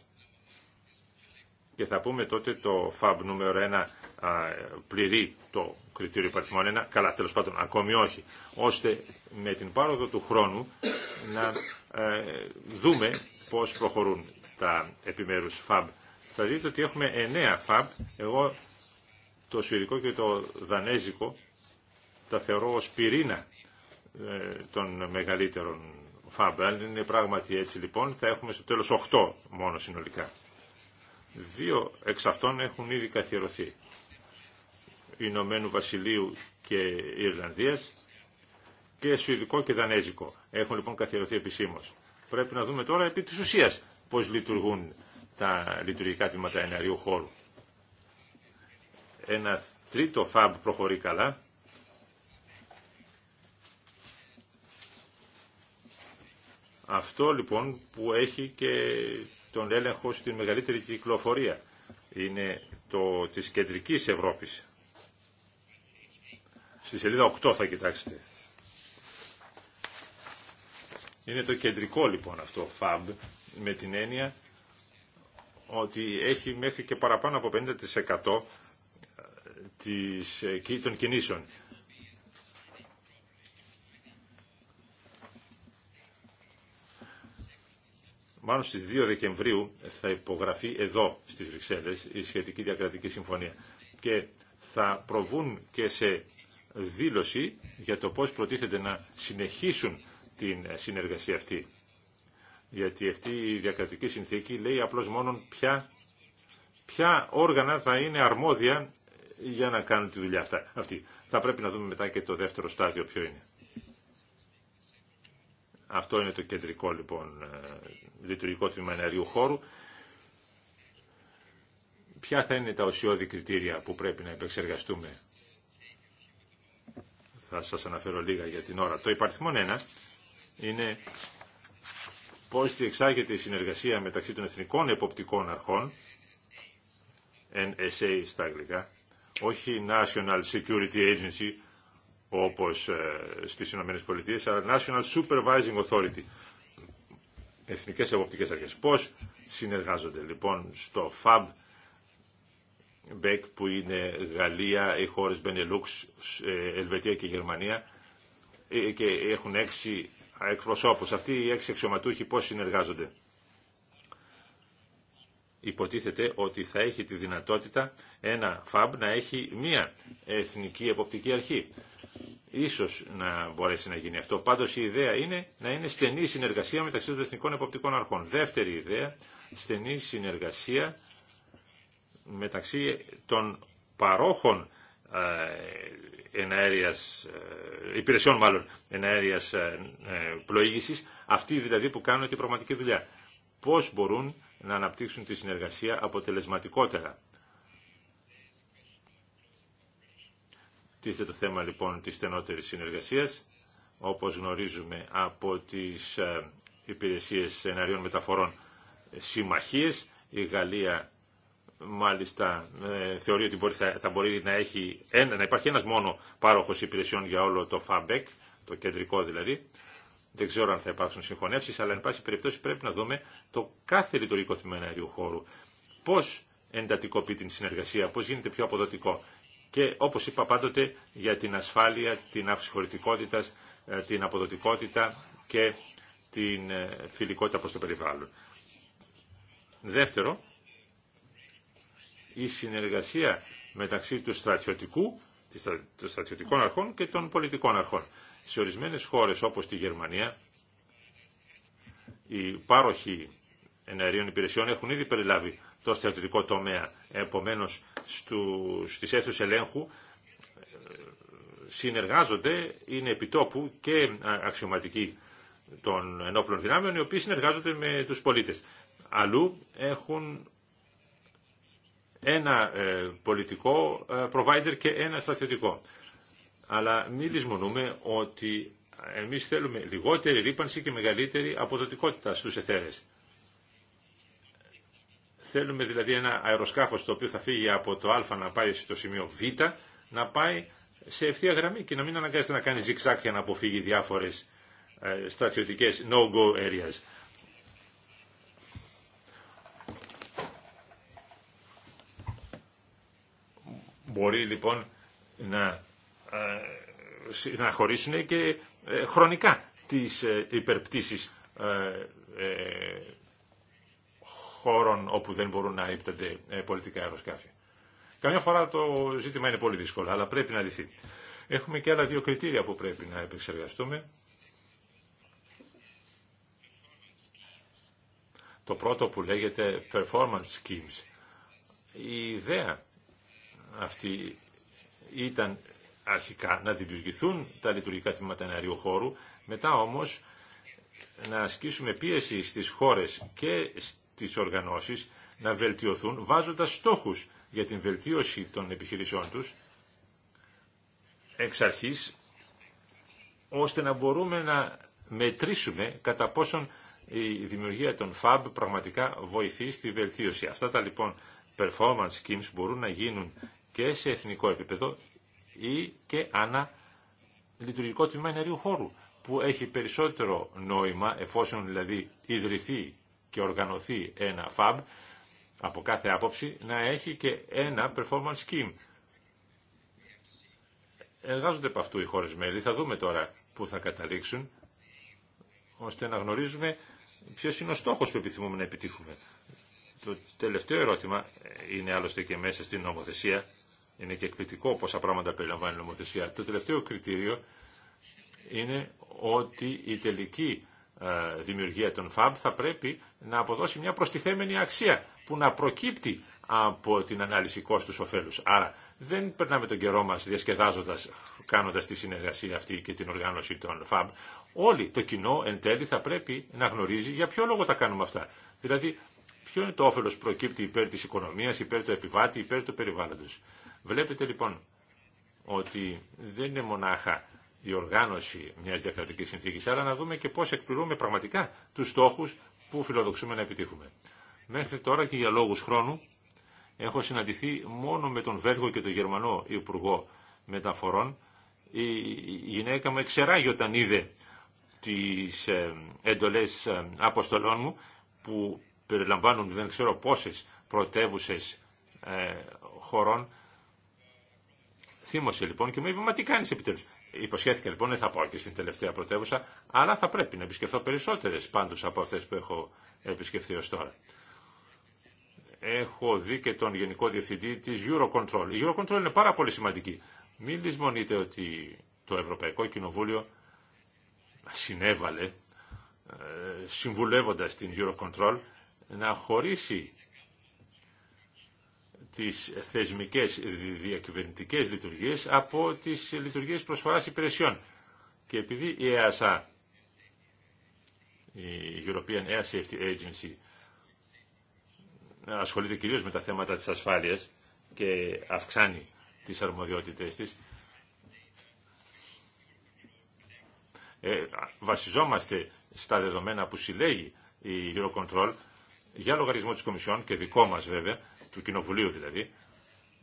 και θα πούμε τότε το ΦΑΜ νούμερο 1 πληρεί το κριτήριο υπαριθμών 1, καλά τέλος πάντων ακόμη όχι, ώστε με την πάροδο του χρόνου να ε, δούμε πώς προχωρούν τα επιμέρους ΦΑΜ θα δείτε ότι έχουμε 9 FAB. Εγώ το σουηδικό και το δανέζικο τα θεωρώ ως πυρήνα ε, των μεγαλύτερων FAB. Αν είναι πράγματι έτσι λοιπόν θα έχουμε στο τέλος 8 μόνο συνολικά. Δύο εξ αυτών έχουν ήδη καθιερωθεί. Ηνωμένου Βασιλείου και Ιρλανδίας και Σουηδικό και Δανέζικο. Έχουν λοιπόν καθιερωθεί επισήμω. Πρέπει να δούμε τώρα επί της ουσίας πώς λειτουργούν τα λειτουργικά τμήματα εναερίου χώρου. Ένα τρίτο FAB προχωρεί καλά. Αυτό λοιπόν που έχει και τον έλεγχο στην μεγαλύτερη κυκλοφορία είναι το της κεντρικής Ευρώπης. Στη σελίδα 8 θα κοιτάξετε. Είναι το κεντρικό λοιπόν αυτό FAB με την έννοια ότι έχει μέχρι και παραπάνω από 50% ε, της, ε, των κινήσεων. Μάλλον στις 2 Δεκεμβρίου θα υπογραφεί εδώ στις Βρυξέλλες η σχετική διακρατική συμφωνία και θα προβούν και σε δήλωση για το πώς προτίθεται να συνεχίσουν την συνεργασία αυτή γιατί αυτή η διακρατική συνθήκη λέει απλώς μόνον ποια, ποια όργανα θα είναι αρμόδια για να κάνουν τη δουλειά αυτά, αυτή. Θα πρέπει να δούμε μετά και το δεύτερο στάδιο ποιο είναι. Αυτό είναι το κεντρικό λοιπόν ε, λειτουργικό τμήμα ενεργείου χώρου. Ποια θα είναι τα ουσιώδη κριτήρια που πρέπει να επεξεργαστούμε. Θα σας αναφέρω λίγα για την ώρα. Το υπαριθμόν 1 είναι πώς διεξάγεται η συνεργασία μεταξύ των εθνικών εποπτικών αρχών, NSA στα αγγλικά, όχι National Security Agency, όπως ε, στις Ηνωμένες Πολιτείες, αλλά National Supervising Authority, εθνικές εποπτικές αρχές. Πώς συνεργάζονται λοιπόν στο FAB, Μπέκ που είναι Γαλλία, οι χώρες Μπενελούξ, Ελβετία και Γερμανία ε, και έχουν έξι εκπροσώπους. Αυτοί οι έξι αξιωματούχοι πώς συνεργάζονται. Υποτίθεται ότι θα έχει τη δυνατότητα ένα ΦΑΜ να έχει μία εθνική εποπτική αρχή. Ίσως να μπορέσει να γίνει αυτό. Πάντως η ιδέα είναι να είναι στενή συνεργασία μεταξύ των εθνικών εποπτικών αρχών. Δεύτερη ιδέα, στενή συνεργασία μεταξύ των παρόχων ε, εναέριας, ε, υπηρεσιών μάλλον εναέριας ε, πλοήγησης, αυτοί δηλαδή που κάνουν την πραγματική δουλειά. Πώς μπορούν να αναπτύξουν τη συνεργασία αποτελεσματικότερα. Τίθεται το θέμα λοιπόν της στενότερης συνεργασίας, όπως γνωρίζουμε από τις υπηρεσίες εναρίων μεταφορών συμμαχίες, η Γαλλία μάλιστα ε, θεωρεί ότι θα, θα, μπορεί να, έχει ένα, να υπάρχει ένας μόνο πάροχος υπηρεσιών για όλο το ΦΑΜΠΕΚ, το κεντρικό δηλαδή. Δεν ξέρω αν θα υπάρξουν συγχωνεύσεις, αλλά εν πάση περιπτώσει πρέπει να δούμε το κάθε λειτουργικό τμήμα αερίου χώρου. Πώς εντατικοποιεί την συνεργασία, πώς γίνεται πιο αποδοτικό. Και όπως είπα πάντοτε για την ασφάλεια, την αυσυχωρητικότητα, ε, την αποδοτικότητα και την ε, φιλικότητα προς το περιβάλλον. Δεύτερο, η συνεργασία μεταξύ του στρατιωτικού, των στρατιωτικών αρχών και των πολιτικών αρχών. Σε ορισμένες χώρες όπως τη Γερμανία, οι πάροχοι εναερίων υπηρεσιών έχουν ήδη περιλάβει το στρατιωτικό τομέα. Επομένως, στου, στις αίθουσες ελέγχου ε, συνεργάζονται, είναι επιτόπου και αξιωματικοί των ενόπλων δυνάμεων, οι οποίοι συνεργάζονται με τους πολίτες. Αλλού έχουν ένα ε, πολιτικό ε, provider και ένα στρατιωτικό. Αλλά μην λησμονούμε ότι εμείς θέλουμε λιγότερη ρήπανση και μεγαλύτερη αποδοτικότητα στους εθέρες. Θέλουμε δηλαδή ένα αεροσκάφος το οποίο θα φύγει από το Α να πάει στο σημείο Β, να πάει σε ευθεία γραμμή και να μην αναγκάζεται να κάνει ζυξάκια να αποφύγει διάφορες ε, στρατιωτικές no-go areas. Μπορεί λοιπόν να, ε, να χωρίσουν και ε, χρονικά τις ε, υπερπτήσεις χώρων όπου δεν μπορούν να ύπτανται πολιτικά αεροσκάφη. Καμιά φορά το ζήτημα είναι πολύ δύσκολο, αλλά πρέπει να λυθεί. Έχουμε και άλλα δύο κριτήρια που πρέπει να επεξεργαστούμε. Το πρώτο που λέγεται performance schemes. Η ιδέα αυτή ήταν αρχικά να δημιουργηθούν τα λειτουργικά τμήματα εναερίου χώρου, μετά όμως να ασκήσουμε πίεση στις χώρες και στις οργανώσεις να βελτιωθούν βάζοντας στόχους για την βελτίωση των επιχειρήσεών τους εξ αρχής, ώστε να μπορούμε να μετρήσουμε κατά πόσον η δημιουργία των FAB πραγματικά βοηθεί στη βελτίωση. Αυτά τα λοιπόν performance schemes μπορούν να γίνουν και σε εθνικό επίπεδο ή και ανά λειτουργικό τμήμα ενεργού χώρου που έχει περισσότερο νόημα εφόσον δηλαδή ιδρυθεί και οργανωθεί ένα FAB από κάθε άποψη να έχει και ένα performance scheme. Εργάζονται από αυτού οι χώρες μέλη, θα δούμε τώρα που θα καταλήξουν ώστε να γνωρίζουμε ποιος είναι ο στόχος που επιθυμούμε να επιτύχουμε. Το τελευταίο ερώτημα είναι άλλωστε και μέσα στην νομοθεσία είναι και εκπληκτικό πόσα πράγματα περιλαμβάνει η νομοθεσία. Το τελευταίο κριτήριο είναι ότι η τελική ε, δημιουργία των ΦΑΜ θα πρέπει να αποδώσει μια προστιθέμενη αξία που να προκύπτει από την ανάλυση κόστου ωφέλους. Άρα δεν περνάμε τον καιρό μας διασκεδάζοντας, κάνοντας τη συνεργασία αυτή και την οργάνωση των ΦΑΜ. Όλοι το κοινό εν τέλει θα πρέπει να γνωρίζει για ποιο λόγο τα κάνουμε αυτά. Δηλαδή ποιο είναι το όφελος που προκύπτει υπέρ τη οικονομίας, υπέρ του επιβάτη, υπέρ του περιβάλλοντος. Βλέπετε λοιπόν ότι δεν είναι μονάχα η οργάνωση μιας διακρατική συνθήκης, αλλά να δούμε και πώ εκπληρούμε πραγματικά τους στόχους που φιλοδοξούμε να επιτύχουμε. Μέχρι τώρα και για λόγους χρόνου έχω συναντηθεί μόνο με τον Βέλγο και τον Γερμανό Υπουργό Μεταφορών. Η γυναίκα μου εξεράγει όταν είδε τι ε, εντολέ ε, αποστολών μου που περιλαμβάνουν δεν ξέρω πόσε πρωτεύουσε ε, χωρών Θύμωσε λοιπόν και μου είπε, μα τι κάνεις επιτέλους. Υποσχέθηκε λοιπόν, δεν θα πάω και στην τελευταία πρωτεύουσα, αλλά θα πρέπει να επισκεφθώ περισσότερες πάντως από αυτές που έχω επισκεφθεί ως τώρα. Έχω δει και τον Γενικό Διευθυντή της Eurocontrol. Η Eurocontrol είναι πάρα πολύ σημαντική. Μην λησμονείτε ότι το Ευρωπαϊκό Κοινοβούλιο συνέβαλε, ε, συμβουλεύοντας την Eurocontrol, να χωρίσει τις θεσμικές διακυβερνητικές λειτουργίες από τις λειτουργίες προσφοράς υπηρεσιών. Και επειδή η ΕΑΣΑ, η European Air Safety Agency, ασχολείται κυρίως με τα θέματα της ασφάλειας και αυξάνει τις αρμοδιότητες της, ε, βασιζόμαστε στα δεδομένα που συλλέγει η Eurocontrol για λογαριασμό της Κομισιόν και δικό μας βέβαια του Κοινοβουλίου δηλαδή,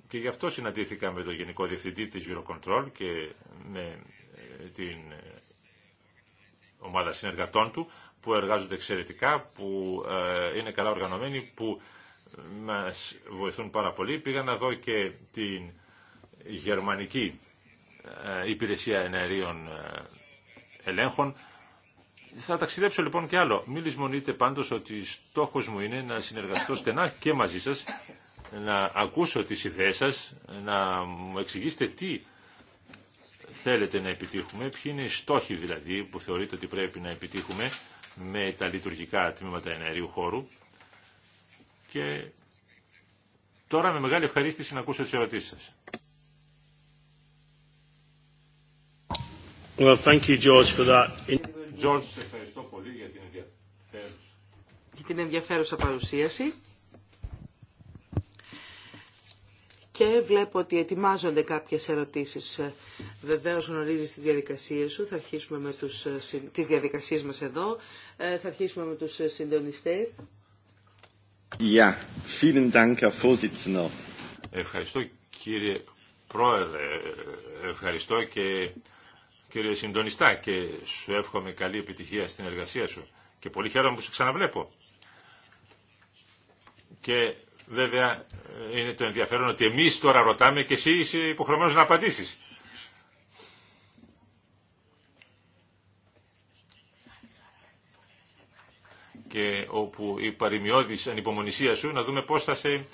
και γι' αυτό συναντήθηκα με τον Γενικό Διευθυντή της Eurocontrol και με ε, την ε, ομάδα συνεργατών του που εργάζονται εξαιρετικά, που ε, είναι καλά οργανωμένοι, που μας βοηθούν πάρα πολύ. Πήγα να δω και την γερμανική υπηρεσία εναερίων ελέγχων. Θα ταξιδέψω λοιπόν και άλλο. Μην λησμονείτε πάντως ότι στόχος μου είναι να συνεργαστώ στενά και μαζί σας να ακούσω τις ιδέες σας, να μου εξηγήσετε τι θέλετε να επιτύχουμε, ποιοι είναι οι στόχοι δηλαδή που θεωρείτε ότι πρέπει να επιτύχουμε με τα λειτουργικά τμήματα ενέργειου χώρου και τώρα με μεγάλη ευχαρίστηση να ακούσω τις ερωτήσεις σας. Well, thank you, George, for that. George, ευχαριστώ πολύ για την ενδιαφέρουσα, για την ενδιαφέρουσα παρουσίαση. και βλέπω ότι ετοιμάζονται κάποιες ερωτήσεις. Ε, βεβαίως γνωρίζεις τις διαδικασίες σου, θα αρχίσουμε με τους, ε, τις διαδικασίες μας εδώ, ε, θα αρχίσουμε με τους συντονιστές. Ja, vielen Dank, Herr Vorsitzender. Ευχαριστώ κύριε Πρόεδρε, ευχαριστώ και κύριε Συντονιστά και σου εύχομαι καλή επιτυχία στην εργασία σου και πολύ χαίρομαι που σε ξαναβλέπω. Και Βέβαια είναι το ενδιαφέρον ότι εμείς τώρα ρωτάμε και εσύ είσαι υποχρεωμένος να απαντήσεις. και όπου η παρημιώδη ανυπομονησία σου να δούμε πώς θα σε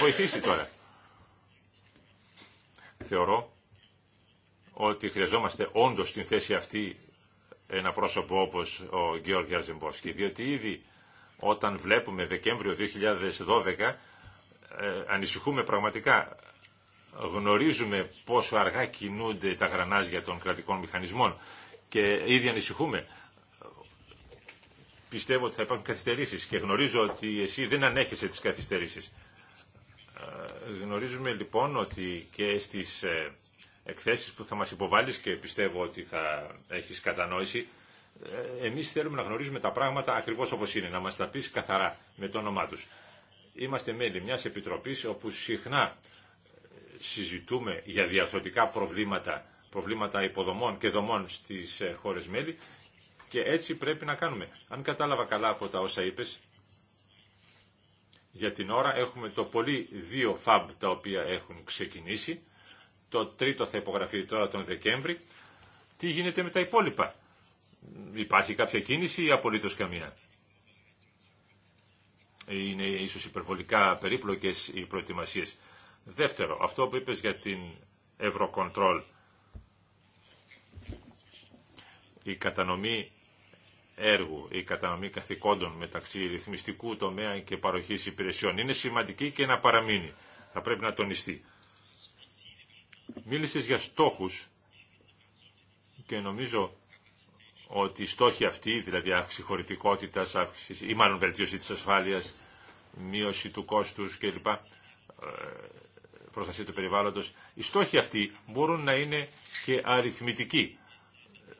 βοηθήσει τώρα. Θεωρώ ότι χρειαζόμαστε όντως στην θέση αυτή ένα πρόσωπο όπως ο Γιώργος Γιαρζεμπόσκι, διότι ήδη όταν βλέπουμε Δεκέμβριο 2012 ε, ανησυχούμε πραγματικά. Γνωρίζουμε πόσο αργά κινούνται τα γρανάζια των κρατικών μηχανισμών και ήδη ανησυχούμε. Πιστεύω ότι θα υπάρχουν καθυστερήσεις και γνωρίζω ότι εσύ δεν ανέχεσαι τις καθυστερήσεις. Ε, γνωρίζουμε λοιπόν ότι και στις ε, εκθέσεις που θα μας υποβάλεις και πιστεύω ότι θα έχεις κατανόηση, εμείς θέλουμε να γνωρίζουμε τα πράγματα ακριβώς όπως είναι, να μας τα πεις καθαρά με το όνομά τους. Είμαστε μέλη μιας επιτροπής όπου συχνά ε, συζητούμε για διαθωτικά προβλήματα, προβλήματα υποδομών και δομών στις ε, χώρες μέλη και έτσι πρέπει να κάνουμε. Αν κατάλαβα καλά από τα όσα είπες, για την ώρα έχουμε το πολύ δύο φαμπ τα οποία έχουν ξεκινήσει. Το τρίτο θα υπογραφεί τώρα τον Δεκέμβρη. Τι γίνεται με τα υπόλοιπα. Υπάρχει κάποια κίνηση ή απολύτως καμία είναι ίσως υπερβολικά περίπλοκες οι προετοιμασίες. Δεύτερο, αυτό που είπες για την Eurocontrol, η κατανομή έργου, η κατανομή καθηκόντων μεταξύ ρυθμιστικού τομέα και παροχής υπηρεσιών είναι σημαντική και να παραμείνει. Θα πρέπει να τονιστεί. Μίλησες για στόχους και νομίζω ότι οι στόχοι αυτοί, δηλαδή αύξηση χωρητικότητα ή μάλλον βελτίωση τη ασφαλεια μείωση του κοστου κλπ, ε, προστασία του περιβαλλοντο οι στόχοι αυτοί μπορούν να είναι και αριθμητικοί.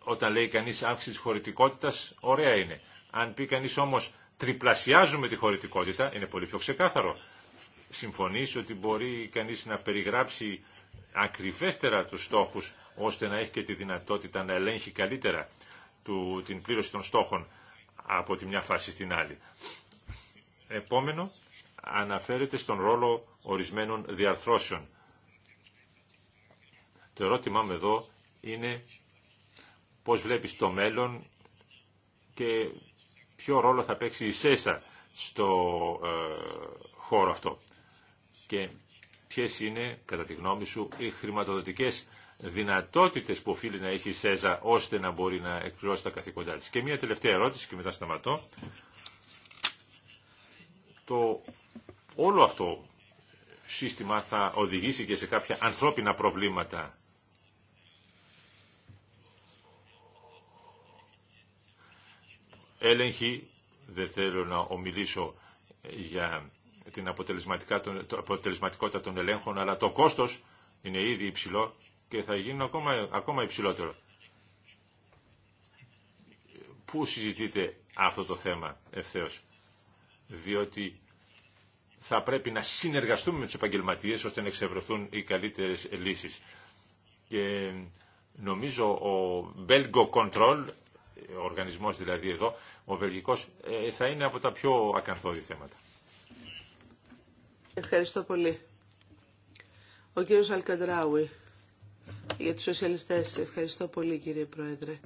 Όταν λέει κανεί, αύξηση της ωραία είναι. Αν πει κανεί όμως τριπλασιάζουμε τη χωρητικότητα, είναι πολύ πιο ξεκάθαρο. Συμφωνείς ότι μπορεί κανείς να περιγράψει ακριβέστερα τους στόχους, ώστε να έχει και τη δυνατότητα να ελέγχει καλύτερα του, την πλήρωση των στόχων από τη μια φάση στην άλλη. Επόμενο, αναφέρεται στον ρόλο ορισμένων διαρθρώσεων. Το ερώτημά μου εδώ είναι πώς βλέπεις το μέλλον και ποιο ρόλο θα παίξει η ΣΕΣΑ στο ε, χώρο αυτό. Και ποιες είναι, κατά τη γνώμη σου, οι χρηματοδοτικές δυνατότητες που οφείλει να έχει η ΣΕΖΑ ώστε να μπορεί να εκπληρώσει τα καθήκοντά της. Και μια τελευταία ερώτηση και μετά σταματώ. Το όλο αυτό σύστημα θα οδηγήσει και σε κάποια ανθρώπινα προβλήματα. Έλεγχη, δεν θέλω να ομιλήσω για την αποτελεσματικότητα των ελέγχων, αλλά το κόστος είναι ήδη υψηλό και θα γίνουν ακόμα, ακόμα υψηλότερο. Πού συζητείτε αυτό το θέμα ευθέως. Διότι θα πρέπει να συνεργαστούμε με τους επαγγελματίες ώστε να εξευρεθούν οι καλύτερες λύσεις. Και νομίζω ο Belgo Control, ο οργανισμός δηλαδή εδώ, ο βελγικός, ε, θα είναι από τα πιο ακαθόδη θέματα. Ευχαριστώ πολύ. Ο κύριος Αλκαντράουι για τους σοσιαλιστές. Ευχαριστώ πολύ κύριε Πρόεδρε.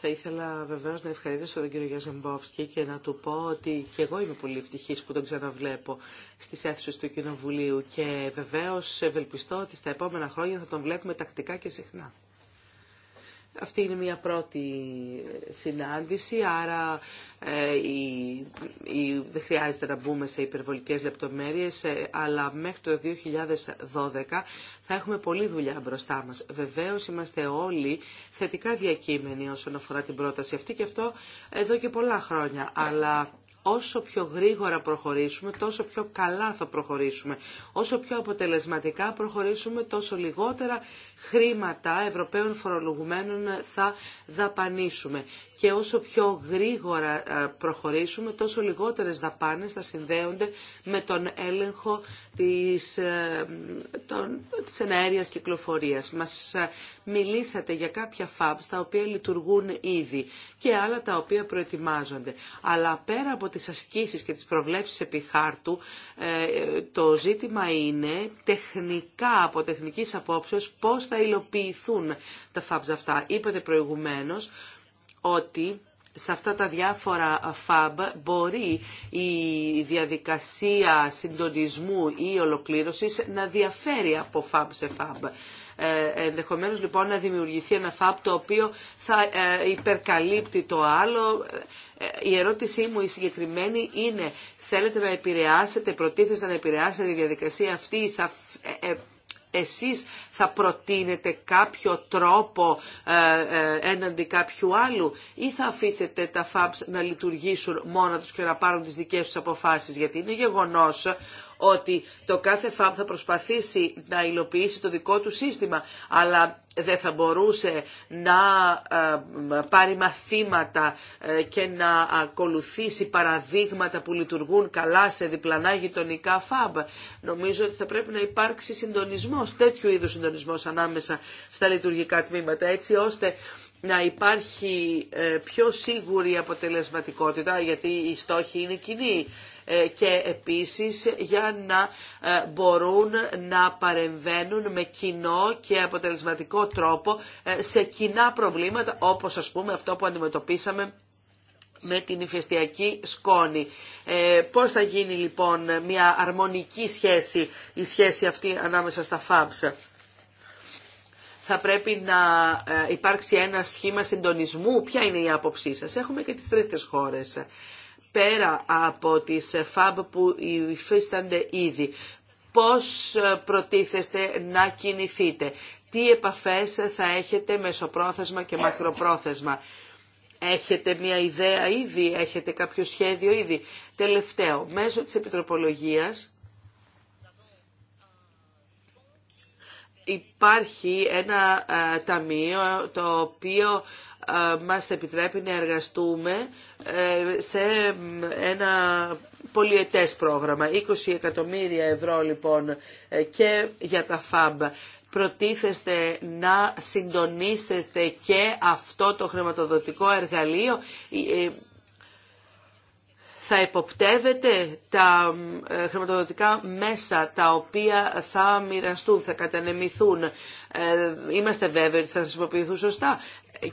Θα ήθελα βεβαίως να ευχαριστήσω τον κύριο Γιαζεμπόφσκι και να του πω ότι και εγώ είμαι πολύ ευτυχής που τον ξαναβλέπω στις αίθουσε του Κοινοβουλίου και βεβαίως ευελπιστώ ότι στα επόμενα χρόνια θα τον βλέπουμε τακτικά και συχνά. Αυτή είναι μια πρώτη ε, συνάντηση, άρα ε, η, η, δεν χρειάζεται να μπούμε σε υπερβολικές λεπτομέρειες, ε, αλλά μέχρι το 2012 θα έχουμε πολλή δουλειά μπροστά μας. Βεβαίως είμαστε όλοι θετικά διακείμενοι όσον αφορά την πρόταση αυτή και αυτό εδώ και πολλά χρόνια, αλλά όσο πιο γρήγορα προχωρήσουμε, τόσο πιο καλά θα προχωρήσουμε. Όσο πιο αποτελεσματικά προχωρήσουμε, τόσο λιγότερα χρήματα Ευρωπαίων φορολογουμένων θα δαπανίσουμε. Και όσο πιο γρήγορα ε, προχωρήσουμε, τόσο λιγότερες δαπάνες θα συνδέονται με τον έλεγχο της, ε, των, της εναέριας κυκλοφορίας. Μας ε, μιλήσατε για κάποια fabs τα οποία λειτουργούν ήδη και άλλα τα οποία προετοιμάζονται. Αλλά πέρα από τις ασκήσεις και τις προβλέψεις επί χάρτου, ε, το ζήτημα είναι τεχνικά, από τεχνικής απόψεως, πώς θα υλοποιηθούν τα φάμπς αυτά. Είπατε προηγουμένως ότι σε αυτά τα διάφορα FAB μπορεί η διαδικασία συντονισμού ή ολοκλήρωσης να διαφέρει από FAB σε FAB. Ε, ενδεχομένως λοιπόν να δημιουργηθεί ένα FAB το οποίο θα ε, υπερκαλύπτει το άλλο. Ε, η ερώτησή μου η συγκεκριμένη είναι θέλετε να επηρεάσετε, προτίθεστε να επηρεάσετε τη διαδικασία αυτή, θα ε, ε, εσείς θα προτείνετε κάποιο τρόπο ε, ε, έναντι κάποιου άλλου ή θα αφήσετε τα FABs να λειτουργήσουν μόνα τους και να πάρουν τις δικές τους αποφάσεις γιατί είναι γεγονός ότι το κάθε ΦΑΜ θα προσπαθήσει να υλοποιήσει το δικό του σύστημα, αλλά δεν θα μπορούσε να ε, πάρει μαθήματα ε, και να ακολουθήσει παραδείγματα που λειτουργούν καλά σε διπλανά γειτονικά ΦΑΜ. Νομίζω ότι θα πρέπει να υπάρξει συντονισμός, τέτοιου είδους συντονισμός ανάμεσα στα λειτουργικά τμήματα, έτσι ώστε να υπάρχει ε, πιο σίγουρη αποτελεσματικότητα, γιατί οι στόχοι είναι κοινοί ε, και επίσης για να ε, μπορούν να παρεμβαίνουν με κοινό και αποτελεσματικό τρόπο ε, σε κοινά προβλήματα όπως ας πούμε αυτό που αντιμετωπίσαμε με την ηφαιστειακή σκόνη. Ε, πώς θα γίνει λοιπόν μια αρμονική σχέση, η σχέση αυτή ανάμεσα στα FABs. Θα πρέπει να υπάρξει ένα σχήμα συντονισμού. Ποια είναι η άποψή σας. Έχουμε και τις τρίτες χώρες πέρα από τις FAB ε, που υφίστανται ήδη. Πώς ε, προτίθεστε να κινηθείτε. Τι επαφές θα έχετε μεσοπρόθεσμα και μακροπρόθεσμα. Έχετε μια ιδέα ήδη, έχετε κάποιο σχέδιο ήδη. Τελευταίο, μέσω της επιτροπολογίας υπάρχει ένα ε, ταμείο το οποίο μας επιτρέπει να εργαστούμε ε, σε ένα πολυετές πρόγραμμα. 20 εκατομμύρια ευρώ λοιπόν ε, και για τα ΦΑΜΠ προτίθεστε να συντονίσετε και αυτό το χρηματοδοτικό εργαλείο ε, θα εποπτεύεται τα ε, χρηματοδοτικά μέσα τα οποία θα μοιραστούν, θα κατανεμηθούν. Ε, είμαστε βέβαιοι ότι θα χρησιμοποιηθούν σωστά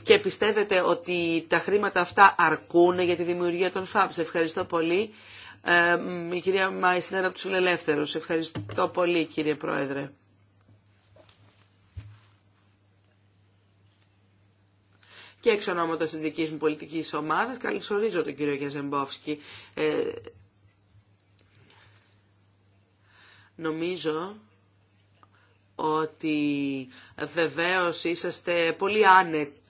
και πιστεύετε ότι τα χρήματα αυτά αρκούν για τη δημιουργία των ΦΑΜΣ. Ευχαριστώ πολύ. Ε, η κυρία Μαϊσνέρα από τους Φιλελεύθερους. Ευχαριστώ πολύ κύριε Πρόεδρε. και εξ ονόματος της δικής μου πολιτικής ομάδας. Καλωσορίζω τον κύριο Γιαζεμπόφσκι. Ε, νομίζω ότι βεβαίως είσαστε πολύ άνετοι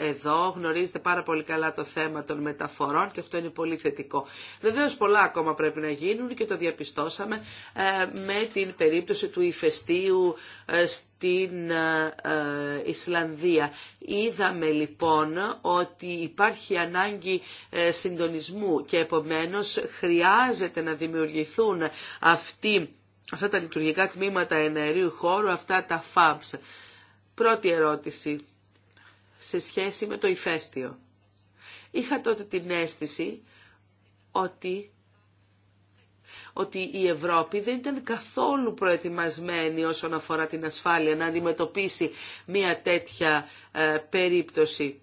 εδώ. Γνωρίζετε πάρα πολύ καλά το θέμα των μεταφορών και αυτό είναι πολύ θετικό. Βεβαίως πολλά ακόμα πρέπει να γίνουν και το διαπιστώσαμε ε, με την περίπτωση του ηφαιστείου ε, στην ε, Ισλανδία. Είδαμε λοιπόν ότι υπάρχει ανάγκη συντονισμού και επομένως χρειάζεται να δημιουργηθούν αυτοί, αυτά τα λειτουργικά τμήματα εναερίου χώρου, αυτά τα FABs. Πρώτη ερώτηση σε σχέση με το ηφαίστειο. Είχα τότε την αίσθηση ότι ότι η Ευρώπη δεν ήταν καθόλου προετοιμασμένη όσον αφορά την ασφάλεια να αντιμετωπίσει μια τέτοια ε, περίπτωση.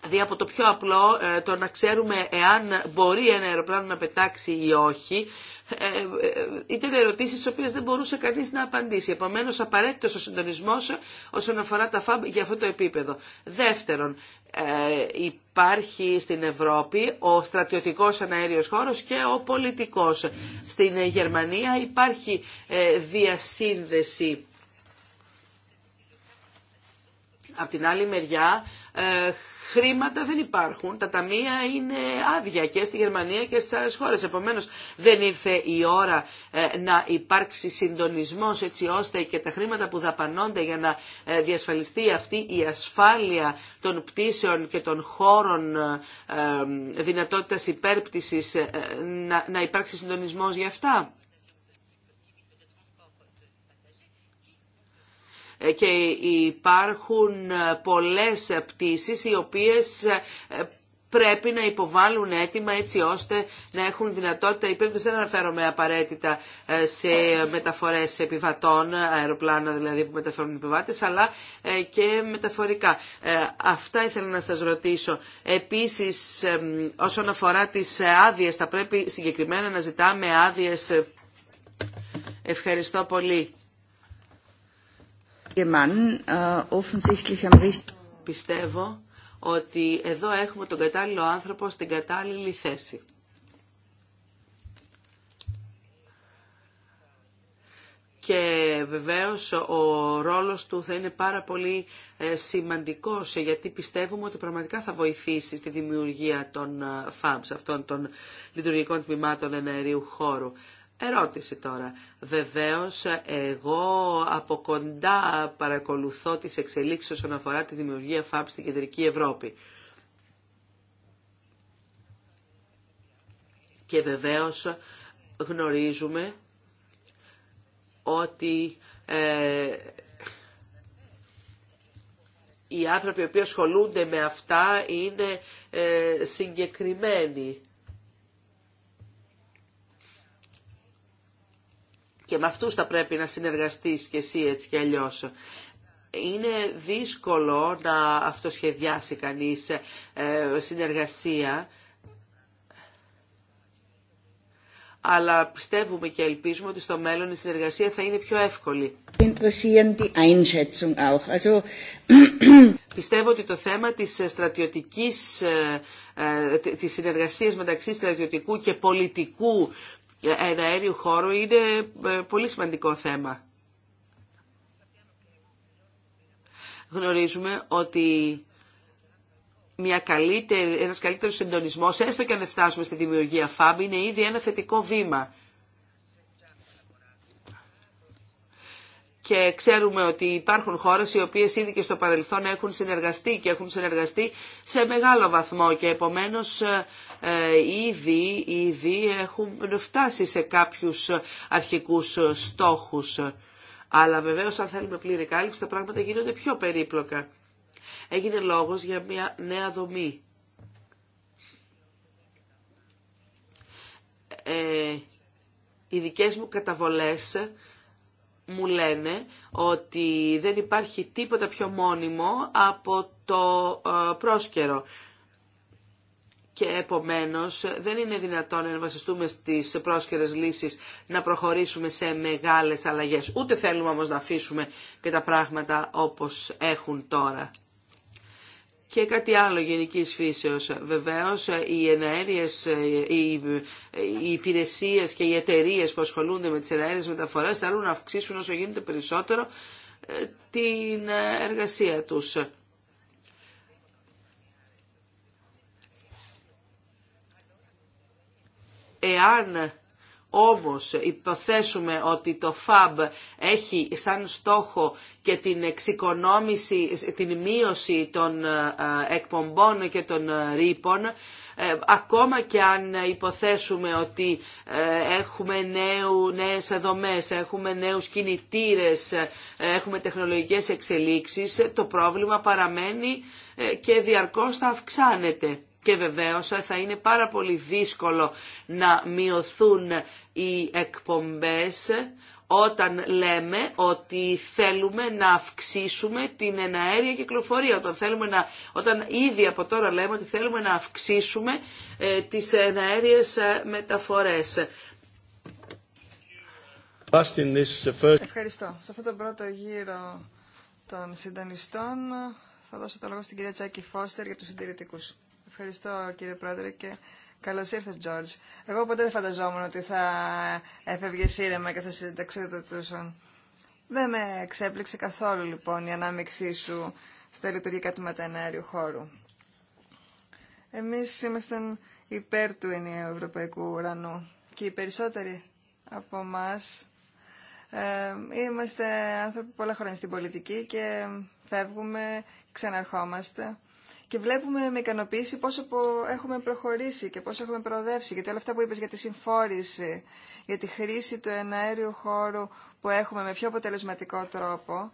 Δηλαδή από το πιο απλό, ε, το να ξέρουμε εάν μπορεί ένα αεροπλάνο να πετάξει ή όχι, ε, ε, ε, ήταν ερωτήσει στις οποίε δεν μπορούσε κανεί να απαντήσει. Επομένως, απαραίτητο ο συντονισμό όσον αφορά τα ΦΑΜ για αυτό το επίπεδο. Δεύτερον, υπάρχει στην Ευρώπη ο στρατιωτικός αναέριος χώρος και ο πολιτικός. Στην Γερμανία υπάρχει διασύνδεση. Απ' την άλλη μεριά χρήματα δεν υπάρχουν, τα ταμεία είναι άδεια και στη Γερμανία και στις άλλες χώρες. Επομένως δεν ήρθε η ώρα ε, να υπάρξει συντονισμός έτσι ώστε και τα χρήματα που δαπανώνται για να ε, διασφαλιστεί αυτή η ασφάλεια των πτήσεων και των χώρων ε, δυνατότητας υπέρπτυσης να υπάρξει συντονισμός για αυτά. και υπάρχουν ε, πολλές πτήσεις οι οποίες ε, πρέπει να υποβάλουν αίτημα έτσι ώστε να έχουν δυνατότητα, οι πέμπτες δεν αναφέρομαι απαραίτητα ε, σε μεταφορές επιβατών, αεροπλάνα δηλαδή που μεταφέρουν αλλά και μεταφορικά. Αυτά ήθελα να σας ρωτήσω. Επίσης, όσον αφορά τις άδειες, θα πρέπει συγκεκριμένα να ζητάμε άδειες. Ευχαριστώ πολύ. Äh, Πιστεύω ότι εδώ έχουμε τον κατάλληλο άνθρωπο στην κατάλληλη θέση. και βεβαίως ο ρόλος του θα είναι πάρα πολύ ε, σημαντικός γιατί πιστεύουμε ότι πραγματικά θα βοηθήσει στη δημιουργία των ε, ΦΑΜΣ, αυτών των λειτουργικών τμήματων εναερίου χώρου. Ερώτηση τώρα. Βεβαίως εγώ από κοντά παρακολουθώ τις εξελίξεις όσον αφορά τη δημιουργία ΦΑΠ στην Κεντρική Ευρώπη. Και βεβαίως γνωρίζουμε ότι ε, οι άνθρωποι οι οποίοι ασχολούνται με αυτά είναι ε, συγκεκριμένοι. και με αυτούς θα πρέπει να συνεργαστείς και εσύ έτσι και αλλιώς. Είναι δύσκολο να αυτοσχεδιάσει κανείς ε, συνεργασία, αλλά πιστεύουμε και ελπίζουμε ότι στο μέλλον η συνεργασία θα είναι πιο εύκολη. Πιστεύω ότι το θέμα της ε, στρατιωτικής, ε, της συνεργασίας μεταξύ στρατιωτικού και πολιτικού αέριο χώρο είναι ε, πολύ σημαντικό θέμα. Γνωρίζουμε ότι μια καλύτερη, ένας καλύτερος συντονισμός, έστω και αν δεν φτάσουμε στη δημιουργία FAB, είναι ήδη ένα θετικό βήμα. και ξέρουμε ότι υπάρχουν χώρες οι οποίες ήδη και στο παρελθόν έχουν συνεργαστεί και έχουν συνεργαστεί σε μεγάλο βαθμό και επομένως ε, ε, ήδη, ήδη έχουν φτάσει σε κάποιους αρχικούς στόχους. Αλλά βεβαίως αν θέλουμε πλήρη κάλυψη τα πράγματα γίνονται πιο περίπλοκα. Έγινε λόγος για μια νέα δομή. Ε, οι δικές μου καταβολές μου λένε ότι δεν υπάρχει τίποτα πιο μόνιμο από το ε, πρόσκαιρο. Και επομένως δεν είναι δυνατόν να βασιστούμε στις πρόσκαιρες λύσεις να προχωρήσουμε σε μεγάλες αλλαγές. Ούτε θέλουμε όμως να αφήσουμε και τα πράγματα όπως έχουν τώρα και κάτι άλλο γενικής φύσεως. Βεβαίως οι εναέριες, οι, οι υπηρεσίες και οι εταιρείε που ασχολούνται με τις εναέριε μεταφορέ θέλουν να αυξήσουν όσο γίνεται περισσότερο ε, την εργασία τους. Εάν όμως υποθέσουμε ότι το FAB έχει σαν στόχο και την εξοικονόμηση, την μείωση των ε, εκπομπών και των ε, ρήπων, ε, ακόμα και αν υποθέσουμε ότι έχουμε νέου, νέες έχουμε νέους κινητήρες, έχουμε τεχνολογικές εξελίξεις, το πρόβλημα παραμένει και διαρκώς θα αυξάνεται και βεβαίως θα είναι πάρα πολύ δύσκολο να μειωθούν οι εκπομπές όταν λέμε ότι θέλουμε να αυξήσουμε την εναέρια κυκλοφορία, όταν, θέλουμε να, όταν ήδη από τώρα λέμε ότι θέλουμε να αυξήσουμε ε, τις εναέριες ε, μεταφορές. Uh, Ευχαριστώ. Σε αυτό τον πρώτο γύρο των συντονιστών θα δώσω το λόγο στην κυρία Τσάκη Φώστερ για τους συντηρητικούς. Ευχαριστώ κύριε Πρόεδρε και καλώ ήρθε, Τζόρτζ. Εγώ ποτέ δεν φανταζόμουν ότι θα έφευγε ήρεμα και θα συνταξιδοτούσαν. Δεν με εξέπληξε καθόλου λοιπόν η ανάμειξή σου στα λειτουργικά του μεταναέριου χώρου. Εμείς ήμασταν υπέρ του ενιαίου ευρωπαϊκού ουρανού και οι περισσότεροι από εμά είμαστε άνθρωποι πολλά χρόνια στην πολιτική και φεύγουμε, ξαναρχόμαστε και βλέπουμε με ικανοποίηση πόσο έχουμε προχωρήσει και πόσο έχουμε προοδεύσει. Γιατί όλα αυτά που είπες για τη συμφόρηση, για τη χρήση του εναέριου χώρου που έχουμε με πιο αποτελεσματικό τρόπο,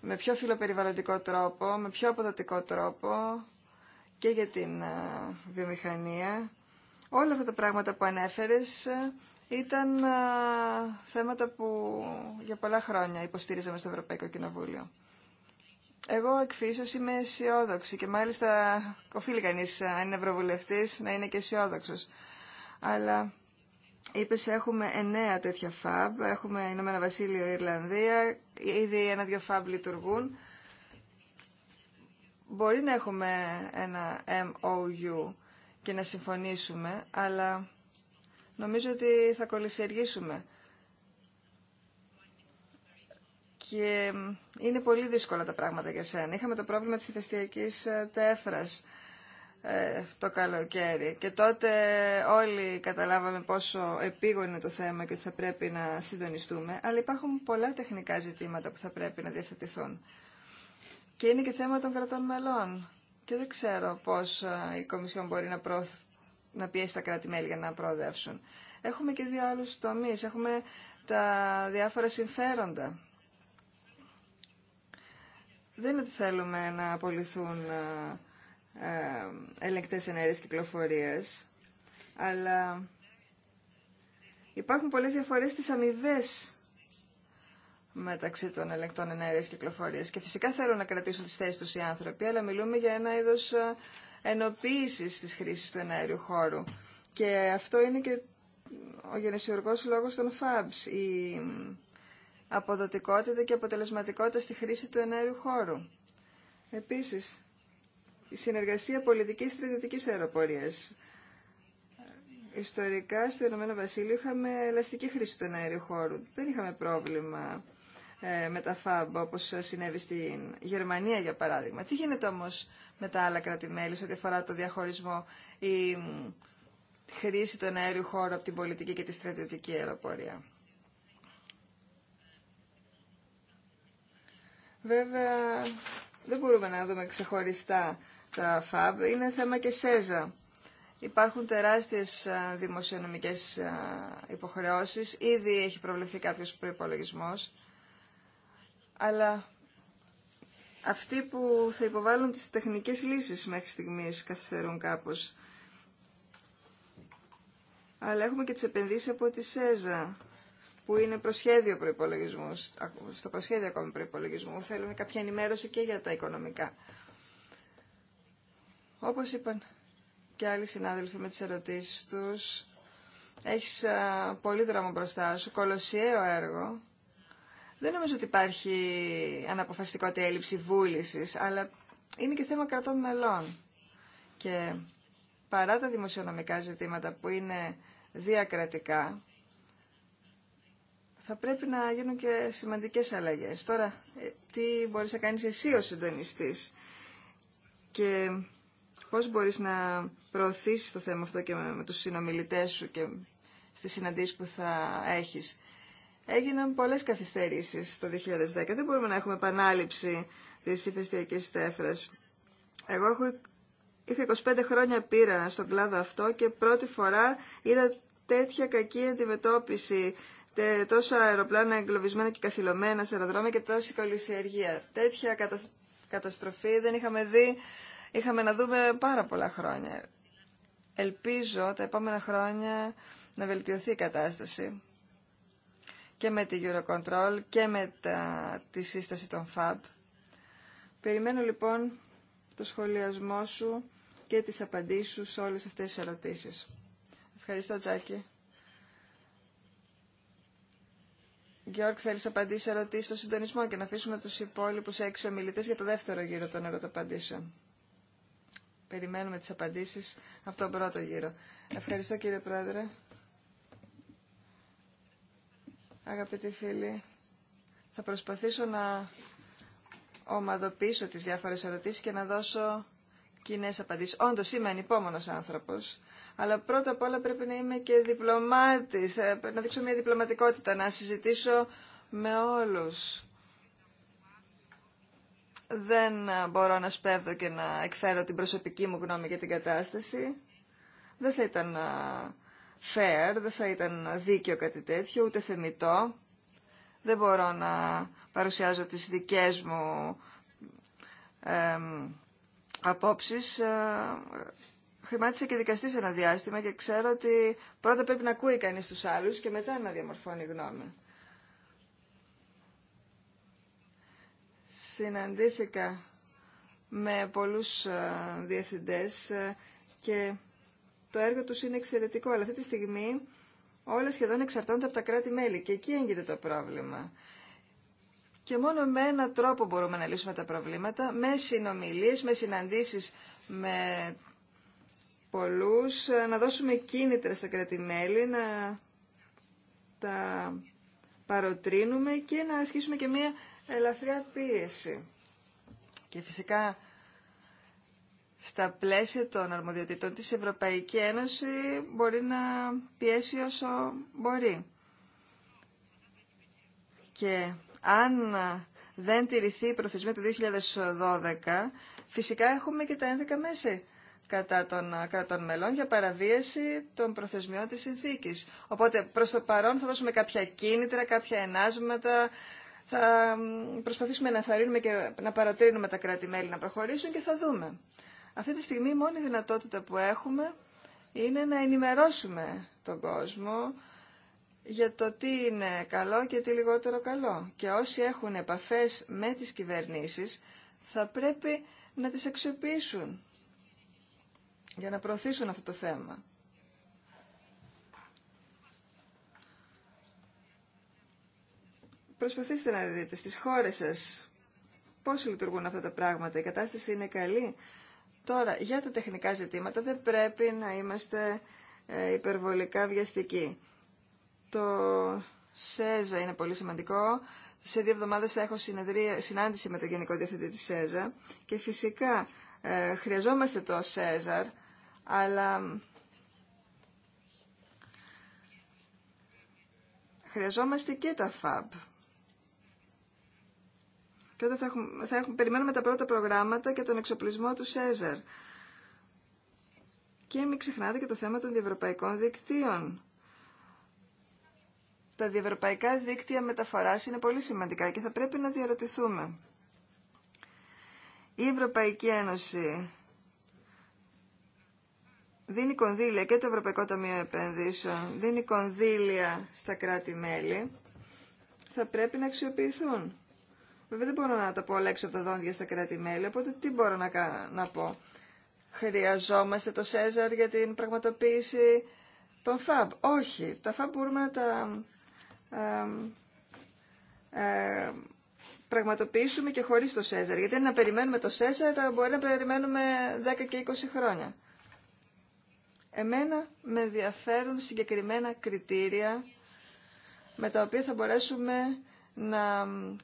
με πιο φιλοπεριβαλλοντικό τρόπο, με πιο αποδοτικό τρόπο και για την βιομηχανία. Όλα αυτά τα πράγματα που ανέφερες ε, ήταν θέματα που για πολλά χρόνια υποστήριζαμε στο Ευρωπαϊκό Κοινοβούλιο. Εγώ εκφίσως είμαι αισιόδοξη και μάλιστα οφείλει κανεί αν είναι ευρωβουλευτή, να είναι και αισιόδοξο. Αλλά Είπε έχουμε εννέα τέτοια φαμπ, έχουμε Ηνωμένο Βασίλειο, Ιρλανδία, ήδη ένα-δυο φαμπ λειτουργούν. Μπορεί να έχουμε ένα MOU και να συμφωνήσουμε, αλλά νομίζω ότι θα κολλησιεργήσουμε. και είναι πολύ δύσκολα τα πράγματα για σένα. Είχαμε το πρόβλημα της ηφαιστειακής ε, τέφρας ε, το καλοκαίρι και τότε όλοι καταλάβαμε πόσο επίγον είναι το θέμα και ότι θα πρέπει να συντονιστούμε, αλλά υπάρχουν πολλά τεχνικά ζητήματα που θα πρέπει να διαθετηθούν. Και είναι και θέμα των κρατών μελών. Και δεν ξέρω πώς ε, η Κομισιόν μπορεί να, να πιέσει τα κράτη-μέλη για να προοδεύσουν. Έχουμε και δύο άλλους τομείς. Έχουμε τα διάφορα συμφέροντα δεν είναι ότι θέλουμε να απολυθούν ε, ε, ελεγκτές ενέργειας κυκλοφορίας, αλλά υπάρχουν πολλές διαφορές στις αμοιβέ μεταξύ των ελεγκτών ενέργειας κυκλοφορίας και φυσικά θέλουν να κρατήσουν τις θέσεις τους οι άνθρωποι, αλλά μιλούμε για ένα είδος ε, ενοποίησης της χρήσης του ενέργειου χώρου. Και αυτό είναι και ο γενεσιουργός λόγος των FABs. Η αποδοτικότητα και αποτελεσματικότητα στη χρήση του ενέργειου χώρου. Επίσης, η συνεργασία πολιτικής στρατιωτικής αεροπορίας. Ιστορικά, στο Ηνωμένο Βασίλειο είχαμε ελαστική χρήση του ενέργειου χώρου. Δεν είχαμε πρόβλημα ε, με τα ΦΑΜΠ, όπως συνέβη στην Γερμανία, για παράδειγμα. Τι γίνεται όμως με τα άλλα κράτη-μέλη ό,τι αφορά το διαχωρισμό ή χρήση του αερίου χώρου από την πολιτική και τη στρατιωτική αεροπορία. Βέβαια, δεν μπορούμε να δούμε ξεχωριστά τα ΦΑΜ. Είναι θέμα και ΣΕΖΑ. Υπάρχουν τεράστιες δημοσιονομικές υποχρεώσεις. Ήδη έχει προβλεφθεί κάποιος προϋπολογισμός. Αλλά αυτοί που θα υποβάλουν τις τεχνικές λύσεις μέχρι στιγμής καθυστερούν κάπως. Αλλά έχουμε και τις επενδύσεις από τη ΣΕΖΑ που είναι προσχέδιο προπολογισμού, στο προσχέδιο ακόμη προπολογισμού, θέλουν κάποια ενημέρωση και για τα οικονομικά. Όπως είπαν και άλλοι συνάδελφοι με τις ερωτήσεις τους, έχεις πολύ δρόμο μπροστά σου, κολοσιαίο έργο. Δεν νομίζω ότι υπάρχει αναποφασιστικότητα έλλειψη βούληση, αλλά είναι και θέμα κρατών μελών. Και παρά τα δημοσιονομικά ζητήματα που είναι διακρατικά, θα πρέπει να γίνουν και σημαντικές αλλαγές. Τώρα, ε, τι μπορείς να κάνεις εσύ ως συντονιστής και πώς μπορείς να προωθήσεις το θέμα αυτό και με τους συνομιλητές σου και στις συναντήσεις που θα έχεις. Έγιναν πολλές καθυστερήσεις το 2010. Δεν μπορούμε να έχουμε επανάληψη της ηφαιστειακής τέφρας. Εγώ έχω, είχα 25 χρόνια πείρα στον κλάδο αυτό και πρώτη φορά είδα τέτοια κακή αντιμετώπιση ε, τόσα αεροπλάνα εγκλωβισμένα και καθυλωμένα σε αεροδρόμια και τόση κολυσιεργία. Τέτοια καταστροφή δεν είχαμε δει, είχαμε να δούμε πάρα πολλά χρόνια. Ελπίζω τα επόμενα χρόνια να βελτιωθεί η κατάσταση και με τη Eurocontrol και με τα, τη σύσταση των FAB. Περιμένω λοιπόν το σχολιασμό σου και τις απαντήσεις σου σε όλες αυτές τις ερωτήσεις. Ευχαριστώ Τζάκη. Γιώργ, θέλει να απαντήσει ερωτήσει στο συντονισμό και να αφήσουμε του υπόλοιπου έξι ομιλητέ για το δεύτερο γύρο των ερωταπαντήσεων. Περιμένουμε τι απαντήσει από τον πρώτο γύρο. Ευχαριστώ κύριε Πρόεδρε. Αγαπητοί φίλοι, θα προσπαθήσω να ομαδοποιήσω τις διάφορες ερωτήσεις και να δώσω κοινέ απαντήσεις. Όντως είμαι ανυπόμονος άνθρωπος αλλά πρώτα απ' όλα πρέπει να είμαι και διπλωμάτης, ε, να δείξω μια διπλωματικότητα, να συζητήσω με όλους. Δεν μπορώ να σπέβδω και να εκφέρω την προσωπική μου γνώμη για την κατάσταση. Δεν θα ήταν ε, fair, δεν θα ήταν δίκαιο κάτι τέτοιο, ούτε θεμητό. Δεν μπορώ να παρουσιάζω τις δικές μου ε, απόψεις. Χρημάτισα και δικαστή ένα διάστημα και ξέρω ότι πρώτα πρέπει να ακούει κανεί του άλλου και μετά να διαμορφώνει γνώμη. Συναντήθηκα με πολλούς ε, διευθυντές ε, και το έργο τους είναι εξαιρετικό, αλλά αυτή τη στιγμή όλα σχεδόν εξαρτώνται από τα κράτη-μέλη και εκεί έγκυται το πρόβλημα. Και μόνο με έναν τρόπο μπορούμε να λύσουμε τα προβλήματα, με συνομιλίες, με συναντήσεις με πολλούς, ε, να δώσουμε κίνητρα στα κρατημέλη, να τα παροτρύνουμε και να ασκήσουμε και μία ελαφριά πίεση. Και φυσικά στα πλαίσια των αρμοδιοτήτων της Ευρωπαϊκή Ένωση μπορεί να πιέσει όσο μπορεί. Και αν δεν τηρηθεί η προθεσμία του 2012, φυσικά έχουμε και τα 11 μέσα κατά των ε, κρατών μελών για παραβίαση των προθεσμιών της συνθήκης. Οπότε προς το παρόν θα δώσουμε κάποια κίνητρα, κάποια ενάσματα, θα προσπαθήσουμε να θαρρύνουμε και να τα κράτη-μέλη να προχωρήσουν και θα δούμε. Αυτή τη στιγμή η μόνη δυνατότητα που έχουμε είναι να ενημερώσουμε τον κόσμο για το τι είναι καλό και τι λιγότερο καλό. Και όσοι έχουν επαφές με τις κυβερνήσεις θα πρέπει να τις αξιοποιήσουν για να προωθήσουν αυτό το θέμα. Προσπαθήστε να δείτε στις χώρες σας πώς λειτουργούν αυτά τα πράγματα. Η κατάσταση είναι καλή. Τώρα, για τα τεχνικά ζητήματα δεν πρέπει να είμαστε ε, υπερβολικά βιαστικοί. Το ΣΕΖΑ είναι πολύ σημαντικό. Σε δύο εβδομάδες θα έχω συνεδρία, συνάντηση με τον Γενικό Διευθυντή της ΣΕΖΑ και φυσικά ε, χρειαζόμαστε το ΣΕΖΑΡ αλλά χρειαζόμαστε και τα FAB. Και όταν θα έχουμε, θα περιμένουμε τα πρώτα προγράμματα και τον εξοπλισμό του ΣΕΖΑΡ. Και μην ξεχνάτε και το θέμα των διευρωπαϊκών δικτύων. Τα διευρωπαϊκά δίκτυα μεταφοράς είναι πολύ σημαντικά και θα πρέπει να διαρωτηθούμε. Η Ευρωπαϊκή Ένωση δίνει κονδύλια και το Ευρωπαϊκό Ταμείο Επενδύσεων, δίνει κονδύλια στα κράτη-μέλη, θα πρέπει να αξιοποιηθούν. Βέβαια δεν μπορώ να τα πω όλα έξω από τα δόντια στα κράτη-μέλη, οπότε τι μπορώ να, να πω. Χρειαζόμαστε το ΣΕΖΑΡ για την πραγματοποίηση των ΦΑΜ. Όχι, τα ΦΑΜ μπορούμε να τα ε, πραγματοποιήσουμε και χωρίς το ΣΕΖΑΡ. Γιατί να περιμένουμε το ΣΕΖΑΡ μπορεί να περιμένουμε 10 και 20 χρόνια. Εμένα με ενδιαφέρουν συγκεκριμένα κριτήρια με τα οποία θα μπορέσουμε να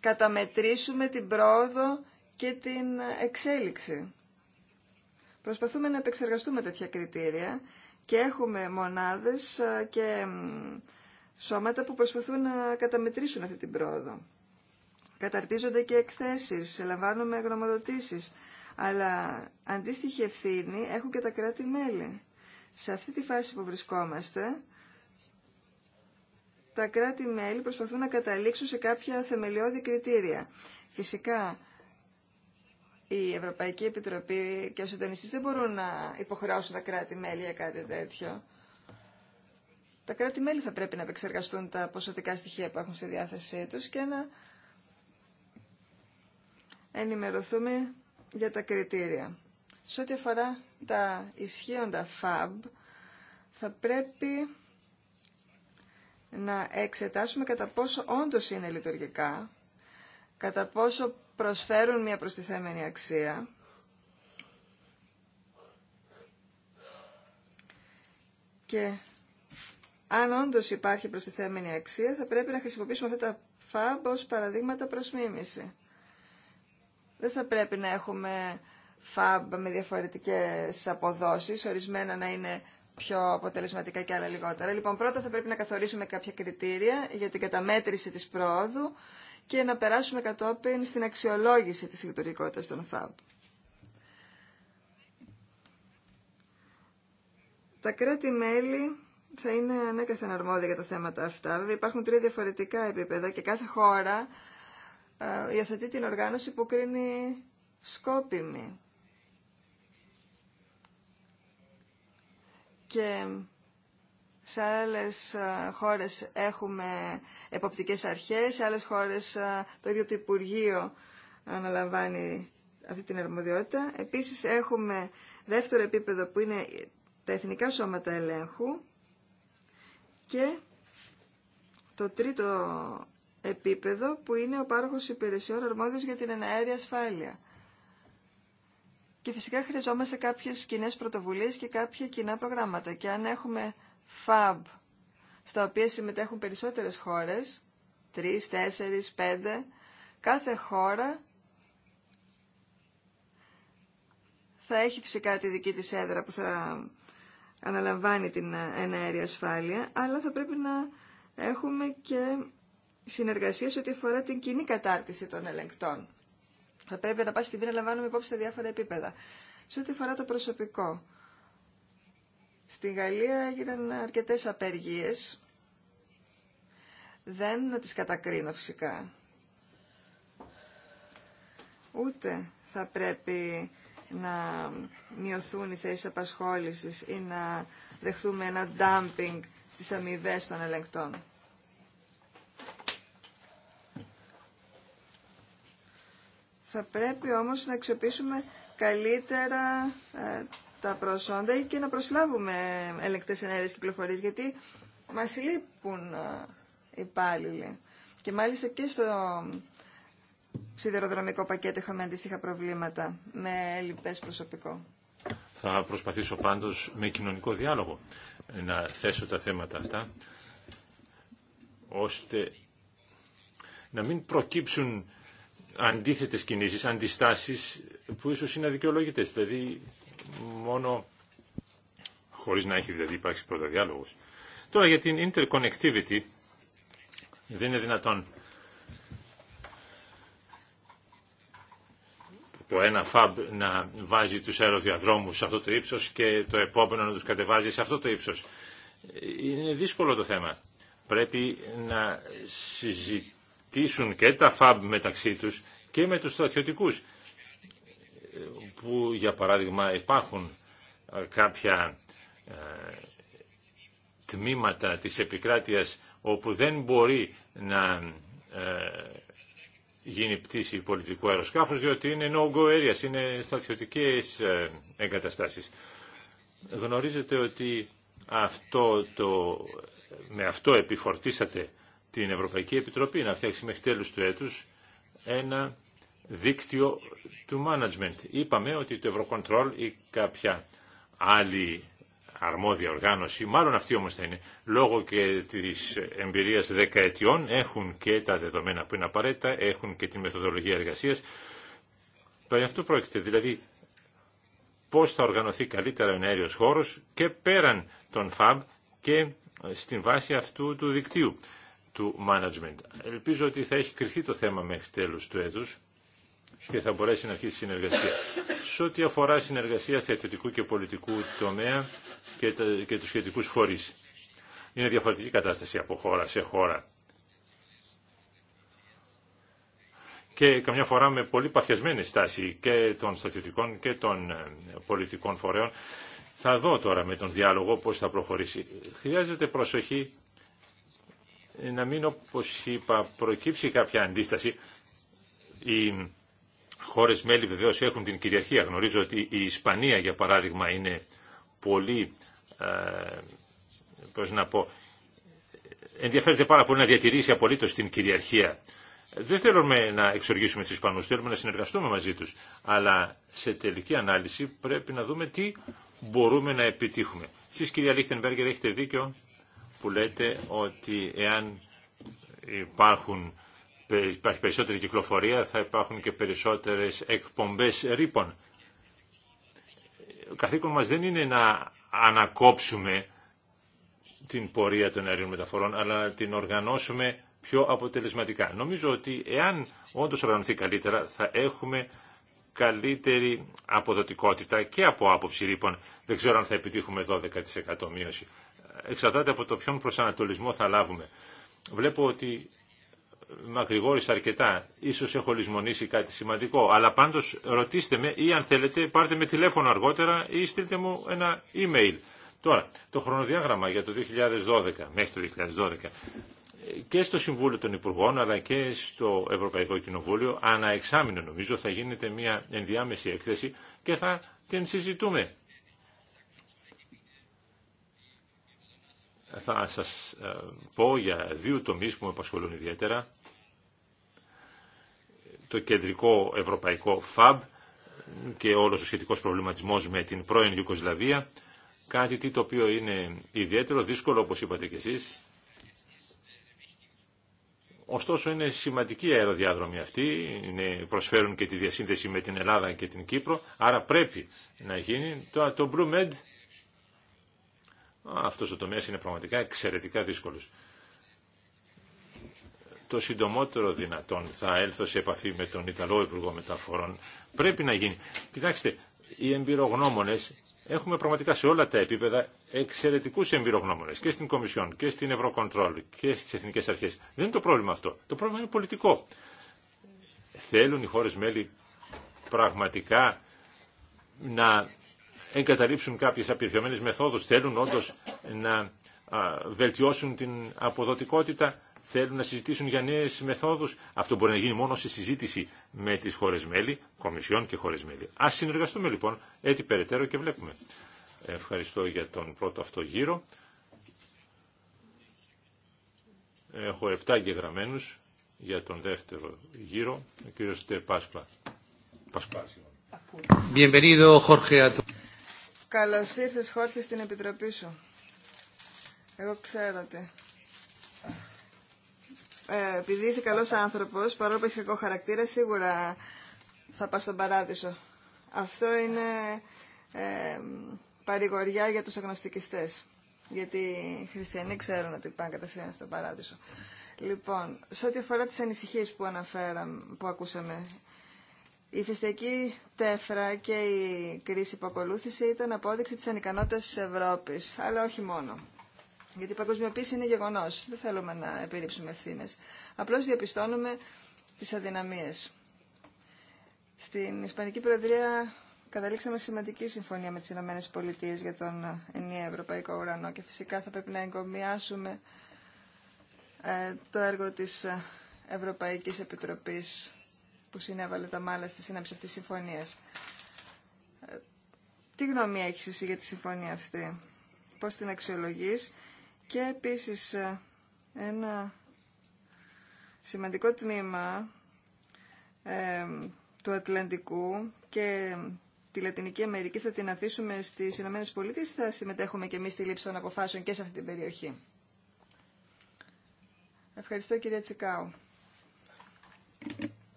καταμετρήσουμε την πρόοδο και την εξέλιξη. Προσπαθούμε να επεξεργαστούμε τέτοια κριτήρια και έχουμε μονάδες ε, και σώματα που προσπαθούν να καταμετρήσουν αυτή την πρόοδο. Καταρτίζονται και εκθέσεις, λαμβάνουμε γνωμοδοτήσεις, αλλά αντίστοιχη ευθύνη έχουν και τα κράτη-μέλη. Σε αυτή τη φάση που βρισκόμαστε, τα κράτη-μέλη προσπαθούν να καταλήξουν σε κάποια θεμελιώδη κριτήρια. Φυσικά, η Ευρωπαϊκή Επιτροπή και ο Συντονιστής δεν μπορούν να υποχρεώσουν τα κράτη-μέλη για κάτι τέτοιο. Τα κράτη-μέλη θα πρέπει να επεξεργαστούν τα ποσοτικά στοιχεία που έχουν στη διάθεσή τους και να ενημερωθούμε για τα κριτήρια. Σε ό,τι αφορά τα ισχύοντα FAB θα πρέπει να εξετάσουμε κατά πόσο όντως είναι λειτουργικά, κατά πόσο προσφέρουν μια προστιθέμενη αξία και αν όντως υπάρχει προστιθέμενη αξία θα πρέπει να χρησιμοποιήσουμε αυτά τα FAB ως παραδείγματα προς μίμηση. Δεν θα πρέπει να έχουμε φαμπ με διαφορετικές αποδόσεις, ορισμένα να είναι πιο αποτελεσματικά και άλλα λιγότερα. Λοιπόν, πρώτα θα πρέπει να καθορίσουμε κάποια κριτήρια για την καταμέτρηση της πρόοδου και να περάσουμε κατόπιν στην αξιολόγηση της λειτουργικότητας των φαμπ. Τα κράτη-μέλη θα είναι ανέκαθεν αρμόδια για τα θέματα αυτά. Βέβαια υπάρχουν τρία διαφορετικά επίπεδα και κάθε χώρα ε, υιοθετεί την οργάνωση που κρίνει σκόπιμη. και σε άλλες ε, χώρες έχουμε εποπτικές αρχές, σε άλλες χώρες ε, το ίδιο το Υπουργείο αναλαμβάνει αυτή την αρμοδιότητα. Επίσης έχουμε δεύτερο επίπεδο που είναι τα εθνικά σώματα ελέγχου και το τρίτο επίπεδο που είναι ο πάροχος υπηρεσιών αρμόδιος για την εναέρια ασφάλεια. Και φυσικά χρειαζόμαστε κάποιες κοινέ πρωτοβουλίες και κάποια κοινά προγράμματα. Και αν έχουμε FAB, στα οποία συμμετέχουν περισσότερες χώρες, τρεις, τέσσερις, πέντε, κάθε χώρα θα έχει φυσικά τη δική της έδρα που θα αναλαμβάνει την ενέργεια ασφάλεια, αλλά θα πρέπει να έχουμε και συνεργασία ό,τι αφορά την κοινή κατάρτιση των ελεγκτών. Θα πρέπει να πάει στην να λαμβάνουμε υπόψη σε διάφορα επίπεδα. Σε ό,τι αφορά το προσωπικό. Στην Γαλλία έγιναν αρκετέ απεργίε. Δεν να τις κατακρίνω φυσικά. Ούτε θα πρέπει να μειωθούν οι θέσεις απασχόλησης ή να δεχθούμε ένα dumping στις αμοιβέ των ελεγκτών. Θα πρέπει όμως να αξιοποιήσουμε καλύτερα ε, τα προσόντα και να προσλάβουμε ελεκτές ενέργειες κυκλοφορίες, γιατί μας λείπουν ε, υπάλληλοι. Και μάλιστα και στο σιδηροδρομικό πακέτο είχαμε αντίστοιχα προβλήματα με λοιπές προσωπικό. Θα προσπαθήσω πάντως με κοινωνικό διάλογο να θέσω τα θέματα αυτά, ώστε να μην προκύψουν αντίθετες κινήσεις, αντιστάσεις που ίσως είναι αδικαιολόγητες. Δηλαδή μόνο χωρίς να έχει δηλαδή υπάρξει πρώτα Τώρα για την interconnectivity δεν είναι δυνατόν το ένα FAB να βάζει τους αεροδιαδρόμους σε αυτό το ύψος και το επόμενο να τους κατεβάζει σε αυτό το ύψος. Ε, είναι δύσκολο το θέμα. Πρέπει να συζητήσουμε τίσουν και τα ΦΑΜ μεταξύ τους και με τους στρατιωτικούς που για παράδειγμα υπάρχουν ε, κάποια ε, τμήματα της επικράτειας όπου δεν μπορεί να ε, γίνει πτήση πολιτικού αεροσκάφους διότι είναι no-go areas, είναι στρατιωτικές εγκαταστάσεις. Γνωρίζετε ότι αυτό το, με αυτό επιφορτήσατε την Ευρωπαϊκή Επιτροπή να φτιάξει μέχρι τέλους του έτους ένα δίκτυο του management. Είπαμε ότι το Eurocontrol ή κάποια άλλη αρμόδια οργάνωση, μάλλον αυτή όμως θα είναι, λόγω και της εμπειρίας δεκαετιών, έχουν και τα δεδομένα που είναι απαραίτητα, έχουν και τη μεθοδολογία εργασίας. Περί αυτού πρόκειται, δηλαδή πώς θα οργανωθεί καλύτερα ο αέριος χώρος και πέραν των FAB και στην βάση αυτού του δικτύου management. Ελπίζω ότι θα έχει κρυθεί το θέμα μέχρι τέλος του έτους και θα μπορέσει να αρχίσει συνεργασία. Σε ό,τι αφορά συνεργασία στρατιωτικού και πολιτικού τομέα και, τα, και τους σχετικούς φορείς. Είναι διαφορετική κατάσταση από χώρα σε χώρα. Και καμιά φορά με πολύ παθιασμένη στάση και των στρατιωτικών και των ε, πολιτικών φορέων. Θα δω τώρα με τον διάλογο πώς θα προχωρήσει. Χρειάζεται προσοχή ε, να μην, όπως είπα, προκύψει κάποια αντίσταση. Οι χώρες μέλη βεβαίως έχουν την κυριαρχία. Γνωρίζω ότι η Ισπανία, για παράδειγμα, είναι πολύ, ε, πώς να πω, ενδιαφέρεται πάρα πολύ να διατηρήσει απολύτως την κυριαρχία. Δεν θέλουμε να εξοργήσουμε τους Ισπανούς, θέλουμε να συνεργαστούμε μαζί τους. Αλλά σε τελική ανάλυση πρέπει να δούμε τι μπορούμε να επιτύχουμε. Εσεί, κυρία Λίχτενμπέργκερ έχετε δίκιο που λέτε ότι εάν υπάρχουν, υπάρχει περισσότερη κυκλοφορία θα υπάρχουν και περισσότερες εκπομπές ρήπων. Ο καθήκον μας δεν είναι να ανακόψουμε την πορεία των αερίων μεταφορών, αλλά να την οργανώσουμε πιο αποτελεσματικά. Νομίζω ότι εάν όντω οργανωθεί καλύτερα, θα έχουμε καλύτερη αποδοτικότητα και από άποψη ρήπων. Δεν ξέρω αν θα επιτύχουμε 12% μείωση εξαρτάται από το ποιον προσανατολισμό θα λάβουμε. Βλέπω ότι μακρηγόρησα αρκετά. Ίσως έχω λησμονήσει κάτι σημαντικό. Αλλά πάντως ρωτήστε με ή αν θέλετε πάρτε με τηλέφωνο αργότερα ή στείλτε μου ένα email. Τώρα, το χρονοδιάγραμμα για το 2012, μέχρι το 2012, και στο Συμβούλιο των Υπουργών αλλά και στο Ευρωπαϊκό Κοινοβούλιο ανά νομίζω θα γίνεται μια ενδιάμεση έκθεση και θα την συζητούμε. θα σας ε, πω για δύο τομείς που με απασχολούν ιδιαίτερα. Το κεντρικό ευρωπαϊκό ΦΑΜ και όλος ο σχετικός προβληματισμός με την πρώην Ιουκοσλαβία, κάτι το οποίο είναι ιδιαίτερο, δύσκολο όπως είπατε και εσείς. Ωστόσο είναι σημαντική η αεροδιάδρομη αυτή, προσφέρουν και τη διασύνδεση με την Ελλάδα και την Κύπρο, άρα πρέπει να γίνει. Το, το Med, αυτός ο τομέα είναι πραγματικά εξαιρετικά δύσκολος. Το συντομότερο δυνατόν θα έλθω σε επαφή με τον Ιταλό Υπουργό Μεταφορών. Πρέπει να γίνει. Κοιτάξτε, οι εμπειρογνώμονε, έχουμε πραγματικά σε όλα τα επίπεδα εξαιρετικού εμπειρογνώμονε και στην Κομισιόν και στην Ευρωκοντρόλ και στι εθνικέ αρχέ. Δεν είναι το πρόβλημα αυτό. Το πρόβλημα είναι πολιτικό. Θέλουν οι χώρε μέλη πραγματικά να εγκαταλείψουν κάποιες απειρχιωμένες μεθόδους, θέλουν όντως να βελτιώσουν την αποδοτικότητα, θέλουν να συζητήσουν για νέες μεθόδους. Αυτό μπορεί να γίνει μόνο σε συζήτηση με τις χώρες μέλη, κομισιόν και χώρες μέλη. Ας συνεργαστούμε λοιπόν έτσι περαιτέρω και βλέπουμε. Ευχαριστώ για τον πρώτο αυτό γύρο. Έχω 7 εγγεγραμμένους για τον δεύτερο γύρο, ο κύριος Πάσπα. Πασπά. Bienvenido, Jorge, a Καλώς ήρθες, Χόρχε, στην Επιτροπή σου. Εγώ ξέρω ότι... Ε, επειδή είσαι καλός άνθρωπος, παρόλο που έχεις κακό χαρακτήρα, σίγουρα θα πας στον παράδεισο. Αυτό είναι ε, παρηγοριά για τους αγνωστικιστές. Γιατί οι χριστιανοί ξέρουν ότι πάνε κατευθείαν στον παράδεισο. Λοιπόν, σε ό,τι αφορά τις ανησυχίες που αναφέραμε, που ακούσαμε, η φυσική τέφρα και η κρίση που ακολούθησε ήταν απόδειξη της ανικανότητας της Ευρώπης, αλλά όχι μόνο. Γιατί η παγκοσμιοποίηση είναι γεγονός, δεν θέλουμε να επιρρύψουμε ευθύνε. Απλώς διαπιστώνουμε τις αδυναμίες. Στην Ισπανική Προεδρία καταλήξαμε σημαντική συμφωνία με τις Ηνωμένες Πολιτείες για τον ενιαίο ευρωπαϊκό ουρανό και φυσικά θα πρέπει να εγκομιάσουμε ε, το έργο της ε, Ευρωπαϊκής Επιτροπής που συνέβαλε τα μάλα στη σύναψη αυτής της συμφωνίας. Ε, τι γνώμη έχεις εσύ για τη συμφωνία αυτή, πώς την αξιολογείς και επίσης ε, ένα σημαντικό τμήμα ε, του Ατλαντικού και ε, τη Λατινική Αμερική θα την αφήσουμε στις Ηνωμένες Πολιτείες θα συμμετέχουμε και εμείς στη λήψη των αποφάσεων και σε αυτή την περιοχή. Ευχαριστώ κυρία Τσικάου.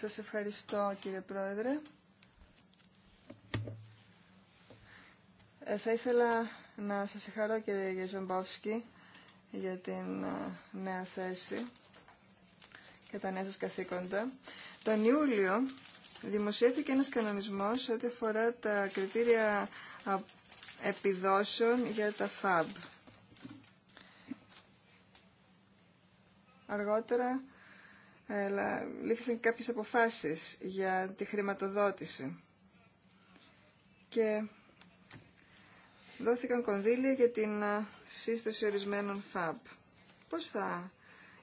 Σας ευχαριστώ κύριε Πρόεδρε. Ε, θα ήθελα να σας ευχαρώ, κύριε Γεζομπόφσκι για την ε, νέα θέση και τα νέα σας καθήκοντα. Τον Ιούλιο δημοσιεύθηκε ένας κανονισμός ό,τι αφορά τα κριτήρια επιδόσεων για τα FAB. Αργότερα λήθησαν κάποιες αποφάσεις για τη χρηματοδότηση και δόθηκαν κονδύλια για την σύσταση ορισμένων φαπ Πώς θα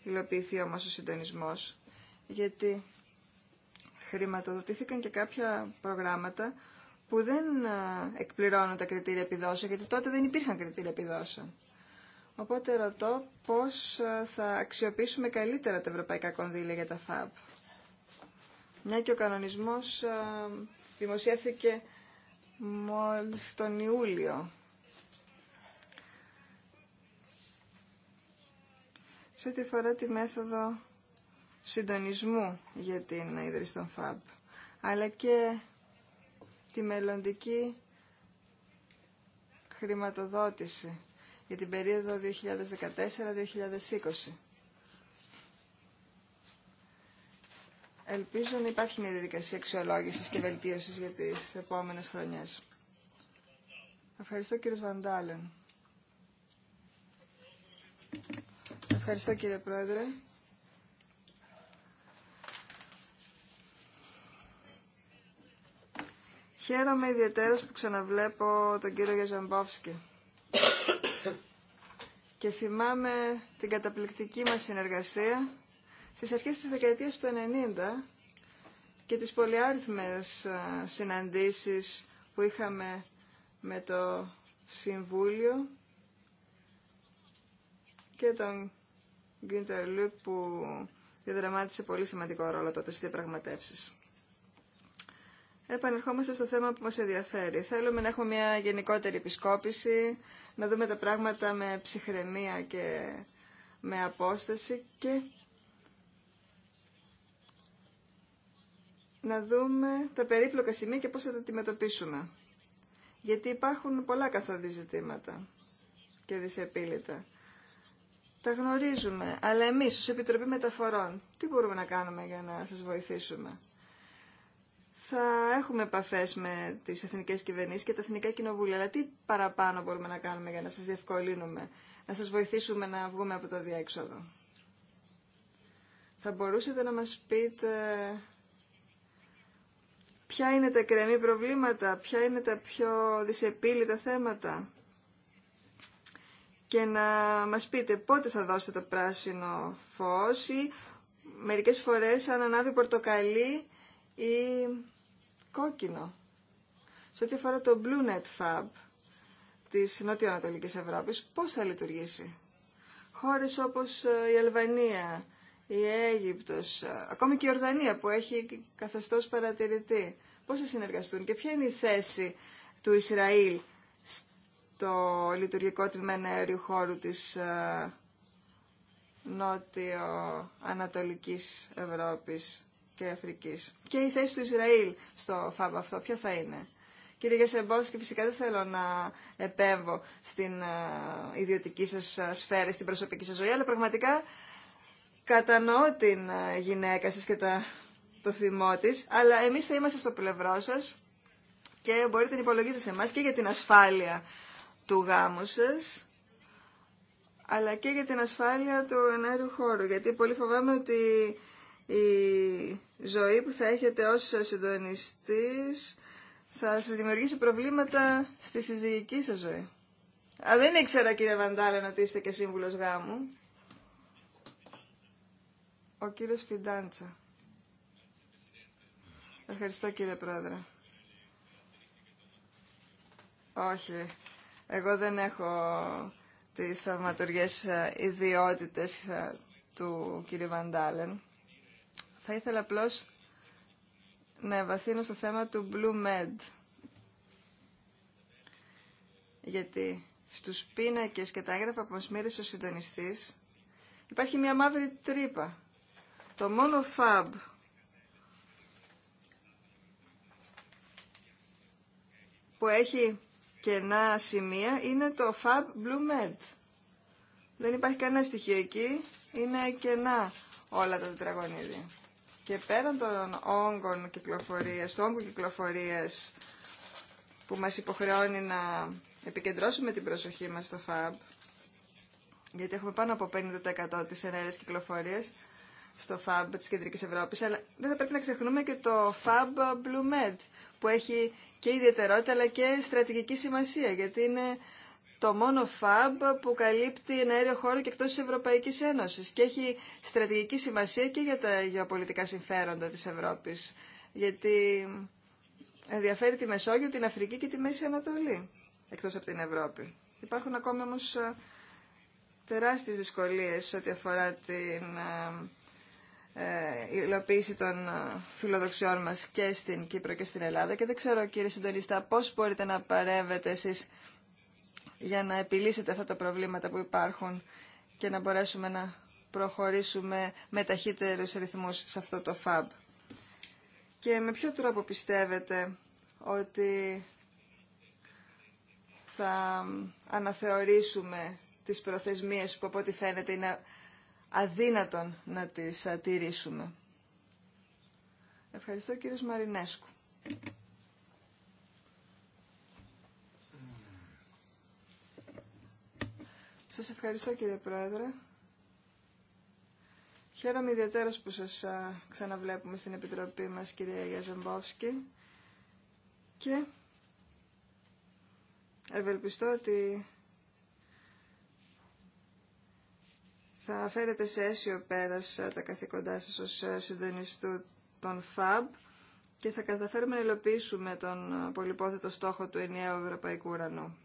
υλοποιηθεί όμως ο συντονισμός, γιατί χρηματοδοτήθηκαν και κάποια προγράμματα που δεν εκπληρώνουν τα κριτήρια επιδόσεων, γιατί τότε δεν υπήρχαν κριτήρια επιδόσεων. Οπότε ρωτώ πώς ε, θα αξιοποιήσουμε καλύτερα τα ευρωπαϊκά κονδύλια για τα ΦΑΠ. Μια και ο κανονισμός ε, δημοσιεύθηκε μόλις τον Ιούλιο. Σε ό,τι αφορά τη μέθοδο συντονισμού για την ίδρυση των ΦΑΠ. αλλά και τη μελλοντική χρηματοδότηση για την περίοδο 2014-2020. Ελπίζω να υπάρχει μια διαδικασία αξιολόγηση και βελτίωση για τι επόμενε χρονιέ. Ευχαριστώ κύριε Βαντάλεν. Ευχαριστώ κύριε Πρόεδρε. Χαίρομαι ιδιαίτερα που ξαναβλέπω τον κύριο Γεζαμπόφσκι και θυμάμαι την καταπληκτική μας συνεργασία στις αρχές της δεκαετίας του 90 και τις πολυάριθμες συναντήσεις που είχαμε με το Συμβούλιο και τον Γκίντερ Λουκ που διαδραμάτισε πολύ σημαντικό ρόλο τότε στις διαπραγματεύσεις. Επανερχόμαστε στο θέμα που μας ενδιαφέρει. Θέλουμε να έχουμε μια γενικότερη επισκόπηση να δούμε τα πράγματα με ψυχραιμία και με απόσταση και να δούμε τα περίπλοκα σημεία και πώς θα τα αντιμετωπίσουμε. Γιατί υπάρχουν πολλά καθόδη ζητήματα και δυσεπίλητα. Τα γνωρίζουμε, αλλά εμείς ως Επιτροπή Μεταφορών τι μπορούμε να κάνουμε για να σας βοηθήσουμε θα έχουμε επαφέ με τις εθνικέ κυβερνήσει και τα εθνικά κοινοβούλια. Αλλά τι παραπάνω μπορούμε να κάνουμε για να σας διευκολύνουμε, να σας βοηθήσουμε να βγούμε από το διέξοδο. Θα μπορούσατε να μας πείτε ποια είναι τα κρεμή προβλήματα, ποια είναι τα πιο δυσεπίλητα θέματα και να μας πείτε πότε θα δώσετε το πράσινο φως ή μερικές φορές αν ανάβει πορτοκαλί ή κόκκινο. Σε ό,τι αφορά το Net Fab της Νοτιοανατολικής Ευρώπης, πώς θα λειτουργήσει. Χώρες όπως ε, η Αλβανία, η Αίγυπτος, ε, ακόμη και η Ορδανία που έχει καθεστώς παρατηρητή, πώς θα συνεργαστούν και ποια είναι η θέση του Ισραήλ στο λειτουργικό τμήμα αέριου χώρου της ε, νότιο-ανατολικής Ευρώπης και Και η θέση του Ισραήλ στο ΦΑΜ αυτό, ποια θα είναι. Κύριε Γεσεμπόλς, και φυσικά δεν θέλω να επέμβω στην ε, ιδιωτική σας ε, σφαίρα, στην προσωπική σας ζωή, αλλά πραγματικά κατανοώ την ε, γυναίκα σας και τα, το θυμό της, αλλά εμείς θα είμαστε στο πλευρό σας και μπορείτε να υπολογίσετε σε εμάς και για την ασφάλεια του γάμου σας, αλλά και για την ασφάλεια του ενέργου χώρου, γιατί πολύ φοβάμαι ότι η ζωή που θα έχετε ως συντονιστής θα σας δημιουργήσει προβλήματα στη συζυγική σας ζωή. Α, δεν ήξερα κύριε Βαντάλεν ότι είστε και σύμβουλος γάμου. Ο κύριος Φιντάντσα. Ευχαριστώ κύριε Πρόεδρε. Όχι, εγώ δεν έχω τις θαυματουργές ε, ιδιότητες ε, του κύριου Βαντάλεν. Θα ήθελα απλώς να ευαθύνω στο θέμα του Blue Med. Γιατί στους πίνακες και τα έγγραφα που μα ο συντονιστής υπάρχει μια μαύρη τρύπα. Το μόνο FAB που έχει κενά σημεία είναι το FAB Blue Med. Δεν υπάρχει κανένα στοιχείο εκεί, είναι κενά όλα τα τετραγωνίδια και πέραν των όγκων κυκλοφορίας, του όγκου κυκλοφορίας που μας υποχρεώνει να επικεντρώσουμε την προσοχή μας στο FAB, γιατί έχουμε πάνω από 50% της ενέργειας κυκλοφορίας στο FAB της Κεντρικής Ευρώπης, αλλά δεν θα πρέπει να ξεχνούμε και το FAB Blue Med, που έχει και ιδιαιτερότητα αλλά και στρατηγική σημασία, γιατί είναι το μόνο ΦΑΜΠ που καλύπτει ένα αέριο χώρο και εκτός της Ευρωπαϊκής Ένωσης και έχει στρατηγική σημασία και για τα γεωπολιτικά συμφέροντα της Ευρώπης, γιατί ενδιαφέρει τη Μεσόγειο, την Αφρική και τη Μέση Ανατολή, εκτός από την Ευρώπη. Υπάρχουν ακόμα όμως ε, τεράστιες δυσκολίες ό,τι αφορά την ε, ε, υλοποίηση των φιλοδοξιών μας και στην Κύπρο και στην Ελλάδα και δεν ξέρω κύριε συντονιστά πώς μπορείτε να παρέμβετε εσείς για να επιλύσετε αυτά τα προβλήματα που υπάρχουν και να μπορέσουμε να προχωρήσουμε με ταχύτερους ρυθμούς σε αυτό το FAB. Και με ποιο τρόπο πιστεύετε ότι θα αναθεωρήσουμε τις προθεσμίες που από ό,τι φαίνεται είναι αδύνατον να τις ατηρήσουμε. Ευχαριστώ κύριος Μαρινέσκου. Σας ευχαριστώ κύριε Πρόεδρε. Χαίρομαι ιδιαίτερα που σας ξαναβλέπουμε στην Επιτροπή μας, κυρία Γιαζεμπόφσκη. Και ευελπιστώ ότι θα φέρετε σε αίσιο πέρας τα καθήκοντά σας ως συντονιστού των ΦΑΜ και θα καταφέρουμε να υλοποιήσουμε τον πολυπόθετο στόχο του ενιαίου ευρωπαϊκού ουρανού.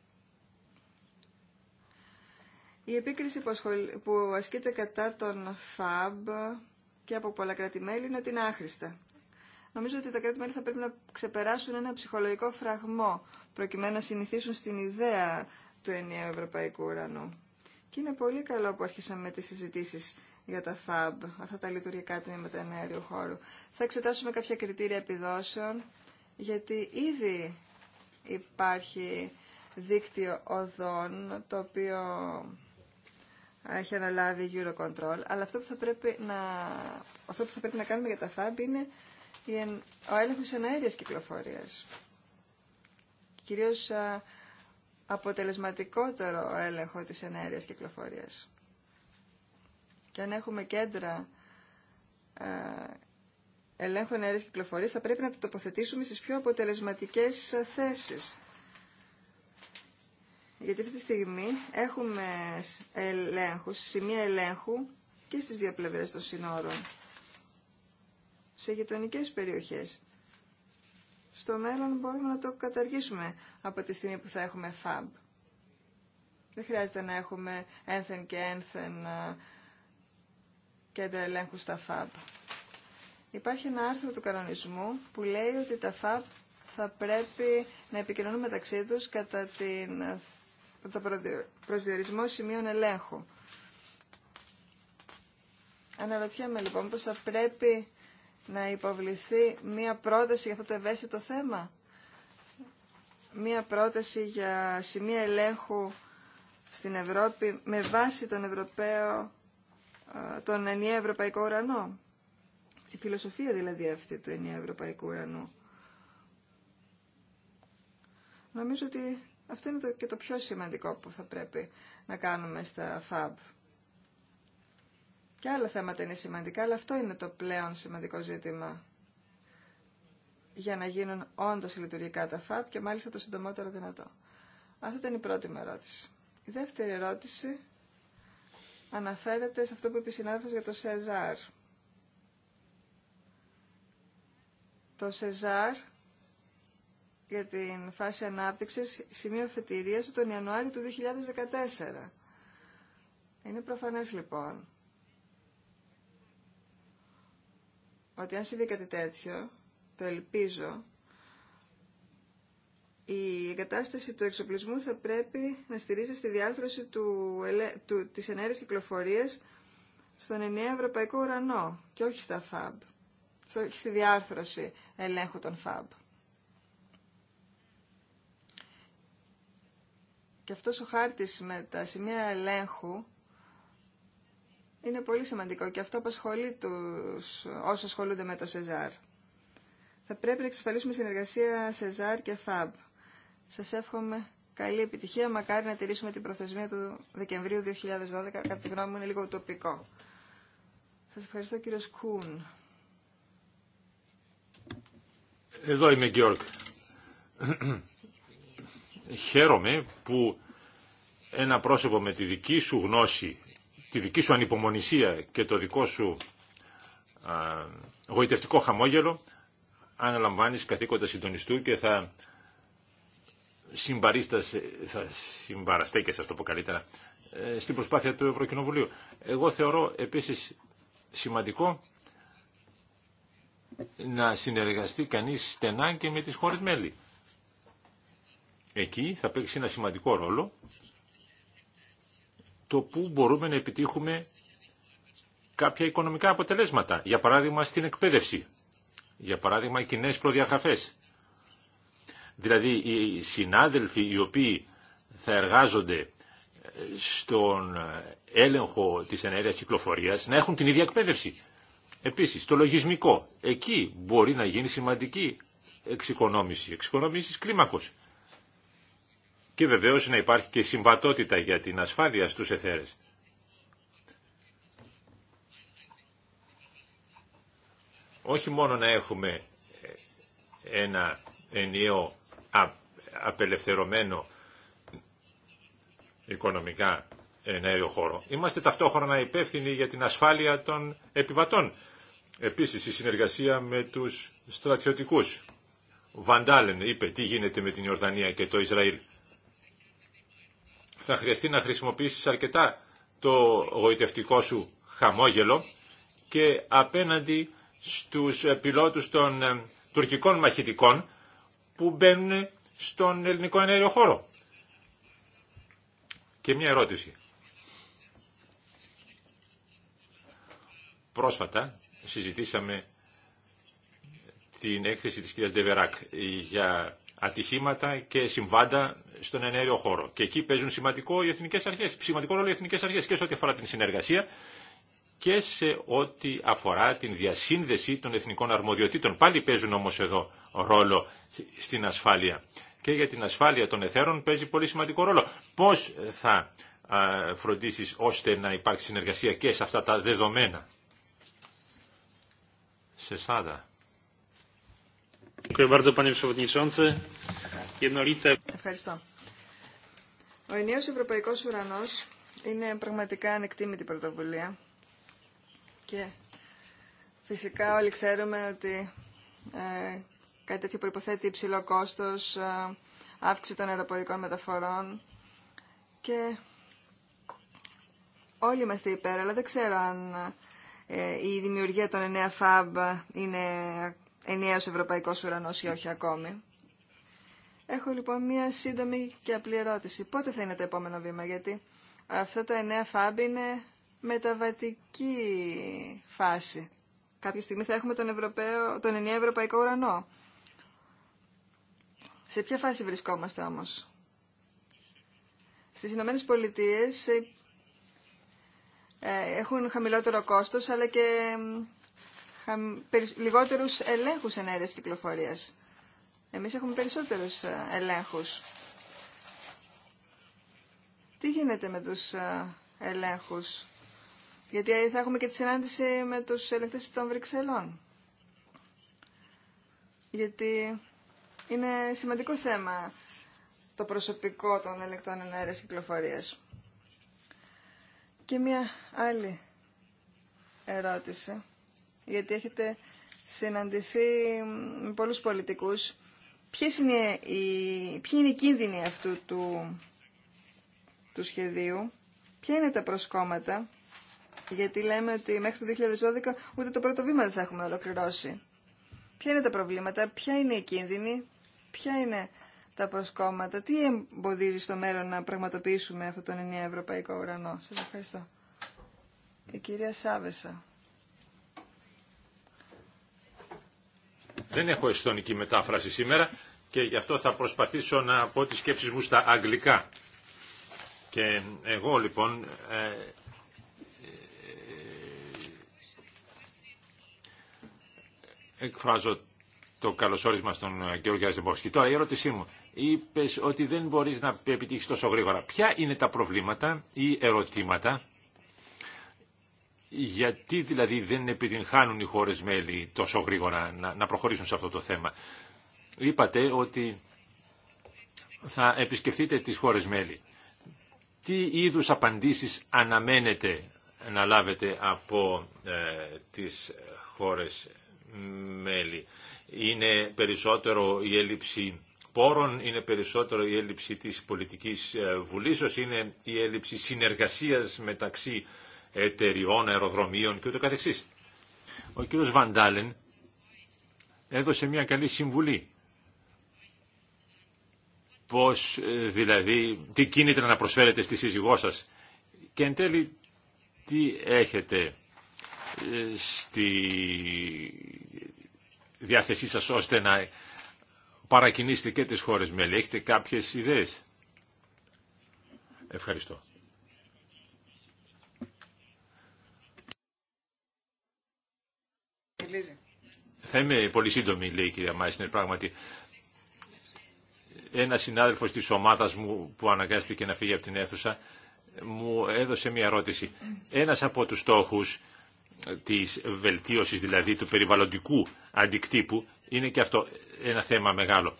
Η επίκριση που ασκείται κατά τον ΦΑΜΠ και από πολλά κράτη-μέλη είναι ότι είναι άχρηστα. Νομίζω ότι τα κράτη-μέλη θα πρέπει να ξεπεράσουν ένα ψυχολογικό φραγμό προκειμένου να συνηθίσουν στην ιδέα του ενιαίου ευρωπαϊκού ουρανού. Και είναι πολύ καλό που αρχίσαμε τις συζητήσεις για τα FAB, αυτά τα λειτουργικά τμήματα ενέργειου χώρου. Θα εξετάσουμε κάποια κριτήρια επιδόσεων, γιατί ήδη υπάρχει δίκτυο οδών, το οποίο έχει αναλάβει Eurocontrol, αλλά αυτό που θα πρέπει να, αυτό που θα πρέπει να κάνουμε για τα FAB είναι ο έλεγχος εναέριας κυκλοφορίας. Κυρίως αποτελεσματικότερο έλεγχο της ενέργειας κυκλοφορίας. Και αν έχουμε κέντρα ελέγχου ενέργειας κυκλοφορίας, θα πρέπει να τα τοποθετήσουμε στις πιο αποτελεσματικές θέσεις. Γιατί αυτή τη στιγμή έχουμε ελέγχους, σημεία ελέγχου και στις δύο πλευρές των συνόρων, σε γειτονικέ περιοχές. Στο μέλλον μπορούμε να το καταργήσουμε από τη στιγμή που θα έχουμε FAB. Δεν χρειάζεται να έχουμε ένθεν και ένθεν κέντρα ελέγχου στα FAB. Υπάρχει ένα άρθρο του κανονισμού που λέει ότι τα FAB θα πρέπει να επικοινωνούν μεταξύ τους κατά την το προσδιορισμό σημείων ελέγχου. Αναρωτιέμαι λοιπόν πως θα πρέπει να υποβληθεί μία πρόταση για αυτό το ευαίσθητο θέμα. Μία πρόταση για σημεία ελέγχου στην Ευρώπη με βάση τον, Ευρωπαίο, τον ενιαίο ευρωπαϊκό ουρανό. Η φιλοσοφία δηλαδή αυτή του ενιαίου ευρωπαϊκού ουρανού. Νομίζω ότι αυτό είναι το, και το πιο σημαντικό που θα πρέπει να κάνουμε στα FAB. Και άλλα θέματα είναι σημαντικά, αλλά αυτό είναι το πλέον σημαντικό ζήτημα για να γίνουν όντως λειτουργικά τα FAB και μάλιστα το συντομότερο δυνατό. Αυτή ήταν η πρώτη μου ερώτηση. Η δεύτερη ερώτηση αναφέρεται σε αυτό που είπε η συνάδελφος για το ΣΕΖΑΡ. Το ΣΕΖΑΡ για την φάση ανάπτυξης σημείο φετηρίας τον Ιανουάριο του 2014. Είναι προφανές λοιπόν ότι αν συμβεί κάτι τέτοιο, το ελπίζω, η εγκατάσταση του εξοπλισμού θα πρέπει να στηρίζεται στη διάρθρωση του, του, της ενέργειας κυκλοφορίας στον ενιαίο ευρωπαϊκό ουρανό και όχι στα ΦΑΜΠ. στη διάρθρωση ελέγχου των ΦΑΜΠ. Και αυτός ο χάρτης με τα σημεία ελέγχου είναι πολύ σημαντικό και αυτό απασχολεί τους όσους ασχολούνται με το ΣΕΖΑΡ. Θα πρέπει να εξασφαλίσουμε συνεργασία ΣΕΖΑΡ και ΦΑΜ. Σας εύχομαι καλή επιτυχία, μακάρι να τηρήσουμε την προθεσμία του Δεκεμβρίου 2012, κατά τη γνώμη μου είναι λίγο τοπικό. Σας ευχαριστώ κύριο Σκούν. Εδώ είμαι Γιώργ. Χαίρομαι που ένα πρόσωπο με τη δική σου γνώση, τη δική σου ανυπομονησία και το δικό σου γοητευτικό χαμόγελο, αναλαμβάνεις καθήκοντα συντονιστού και θα θα συμπαραστέκεσαι, ας το πω καλύτερα, ε, στην προσπάθεια του Ευρωκοινοβουλίου. Εγώ θεωρώ επίσης σημαντικό να συνεργαστεί κανείς στενά και με τις χώρες μέλη. Εκεί θα παίξει ένα σημαντικό ρόλο το που μπορούμε να επιτύχουμε κάποια οικονομικά αποτελέσματα. Για παράδειγμα στην εκπαίδευση. Για παράδειγμα οι κοινέ προδιαγραφές. Δηλαδή οι συνάδελφοι οι οποίοι θα εργάζονται στον έλεγχο της ενέργειας κυκλοφορίας να έχουν την ίδια εκπαίδευση. Επίσης, το λογισμικό. Εκεί μπορεί να γίνει σημαντική εξοικονόμηση, εξοικονόμηση κλίμακος και βεβαίως να υπάρχει και συμβατότητα για την ασφάλεια στους εθέρες. Όχι μόνο να έχουμε ένα ενίο απελευθερωμένο οικονομικά ενέργειο χώρο. Είμαστε ταυτόχρονα υπεύθυνοι για την ασφάλεια των επιβατών. Επίσης η συνεργασία με τους στρατιωτικούς. Βαντάλεν είπε τι γίνεται με την Ιορδανία και το Ισραήλ θα χρειαστεί να χρησιμοποιήσεις αρκετά το γοητευτικό σου χαμόγελο και απέναντι στους πιλότους των ε, τουρκικών μαχητικών που μπαίνουν στον ελληνικό ενέργειο χώρο. Και μια ερώτηση. Πρόσφατα συζητήσαμε την έκθεση της κυρίας Ντεβεράκ για ατυχήματα και συμβάντα στον ενέργειο χώρο. Και εκεί παίζουν σημαντικό οι εθνικές αρχές, σημαντικό ρόλο οι εθνικές αρχές και σε ό,τι αφορά την συνεργασία και σε ό,τι αφορά την διασύνδεση των εθνικών αρμοδιοτήτων. Πάλι παίζουν όμως εδώ ρόλο στην ασφάλεια. Και για την ασφάλεια των εθέρων παίζει πολύ σημαντικό ρόλο. Πώ θα φροντίσει ώστε να υπάρξει συνεργασία και σε αυτά τα δεδομένα. Σε σάδα. Ευχαριστώ. Ο ενιαίος ευρωπαϊκός ουρανός είναι πραγματικά ανεκτήμητη πρωτοβουλία και φυσικά όλοι ξέρουμε ότι ε, κάτι τέτοιο προϋποθέτει υψηλό κόστος, ε, αύξηση των αεροπορικών μεταφορών και όλοι είμαστε υπέρ, αλλά δεν ξέρω αν ε, η δημιουργία των 9 FAB είναι ενιαίος ευρωπαϊκός ουρανός ή όχι ακόμη. Έχω λοιπόν μία σύντομη και απλή ερώτηση. Πότε θα είναι το επόμενο βήμα, γιατί αυτά τα εννέα φάμπ είναι μεταβατική φάση. Κάποια στιγμή θα έχουμε τον, Ευρωπαίο, τον ενιαίο ευρωπαϊκό ουρανό. Σε ποια φάση βρισκόμαστε όμως. Στις Ηνωμένε Πολιτείε ε, έχουν χαμηλότερο κόστος, αλλά και λιγότερους ελέγχους ενέργειας κυκλοφορίας. Εμείς έχουμε περισσότερους ε, ελέγχους. Τι γίνεται με τους ε, ελέγχους, γιατί ε, θα έχουμε και τη συνάντηση με τους ελεγκτές των Βρυξελών. Γιατί είναι σημαντικό θέμα το προσωπικό των ελεκτών ενέργειας κυκλοφορίας. Και μία άλλη ερώτηση γιατί έχετε συναντηθεί με πολλούς πολιτικούς. Ποιες είναι οι, ποιοι είναι οι κίνδυνοι αυτού του, του σχεδίου, ποια είναι τα προσκόμματα, γιατί λέμε ότι μέχρι το 2012 ούτε το πρώτο βήμα δεν θα έχουμε ολοκληρώσει. Ποια είναι τα προβλήματα, ποια είναι η κίνδυνη, ποια είναι τα προσκόμματα, τι εμποδίζει στο μέλλον να πραγματοποιήσουμε αυτόν τον ενιαίο ευρωπαϊκό ουρανό. Σας ευχαριστώ. Η κυρία Σάβεσα. Δεν έχω εστονική μετάφραση σήμερα και γι' αυτό θα προσπαθήσω να πω τις σκέψεις μου στα αγγλικά. Και εγώ λοιπόν ε, ε εκφράζω το καλωσόρισμα στον ε, κ. Ζεμπόσκη. Τώρα η ερώτησή μου. Είπε ότι δεν μπορεί να επιτύχει τόσο γρήγορα. Ποια είναι τα προβλήματα ή ερωτήματα γιατί δηλαδή δεν επιτυγχάνουν οι χώρες μέλη τόσο γρήγορα να προχωρήσουν σε αυτό το θέμα. Είπατε ότι θα επισκεφτείτε τις χώρες μέλη. Τι είδους απαντήσεις αναμένετε να λάβετε από ε, τις χώρες μέλη. Είναι περισσότερο η έλλειψη πόρων, είναι περισσότερο η έλλειψη της πολιτικής ε, βουλήσεως, είναι η έλλειψη συνεργασίας μεταξύ εταιριών, αεροδρομίων και ούτω καθεξής. Ο κύριος Βαντάλεν έδωσε μια καλή συμβουλή. Πώς ε, δηλαδή, τι κίνητρα να προσφέρετε στη σύζυγό σας και εν τέλει τι έχετε ε, στη διάθεσή σας ώστε να παρακινήσετε και τις χώρες μέλη. Έχετε κάποιες ιδέες. Ευχαριστώ. Θα είμαι πολύ σύντομη, λέει η κυρία Μάισνερ, πράγματι. Ένα συνάδελφο τη ομάδα μου που αναγκάστηκε να φύγει από την αίθουσα μου έδωσε μια ερώτηση. Ένας από τους στόχους της βελτίωσης δηλαδή του περιβαλλοντικού αντικτύπου είναι και αυτό ένα θέμα μεγάλο.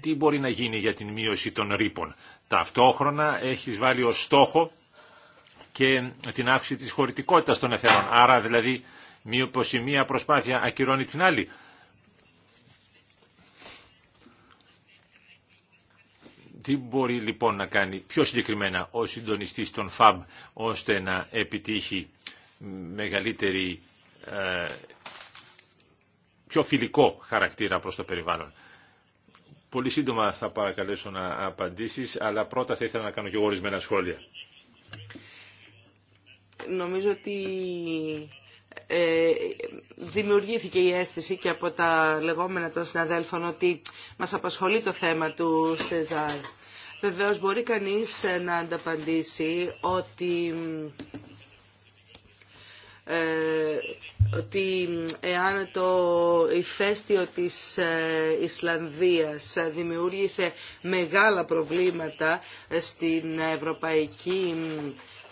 Τι μπορεί να γίνει για την μείωση των ρήπων. Ταυτόχρονα έχεις βάλει ω στόχο και την αύξηση τη χωρητικότητα των εθερών. Άρα δηλαδή μήπως η μία προσπάθεια ακυρώνει την άλλη. Τι μπορεί λοιπόν να κάνει πιο συγκεκριμένα ο συντονιστής των ΦΑΜ ώστε να επιτύχει μεγαλύτερη, ε, πιο φιλικό χαρακτήρα προς το περιβάλλον. Πολύ σύντομα θα παρακαλέσω να απαντήσεις, αλλά πρώτα θα ήθελα να κάνω και εγώ ορισμένα σχόλια. Νομίζω ότι ε, δημιουργήθηκε η αίσθηση και από τα λεγόμενα των συναδέλφων ότι μας απασχολεί το θέμα του Σεζάρ. Βεβαίως μπορεί κανείς ε, να ανταπαντήσει ότι ε, ότι εάν το ηφαίστειο της Ισλανδίας δημιούργησε μεγάλα προβλήματα στην ευρωπαϊκή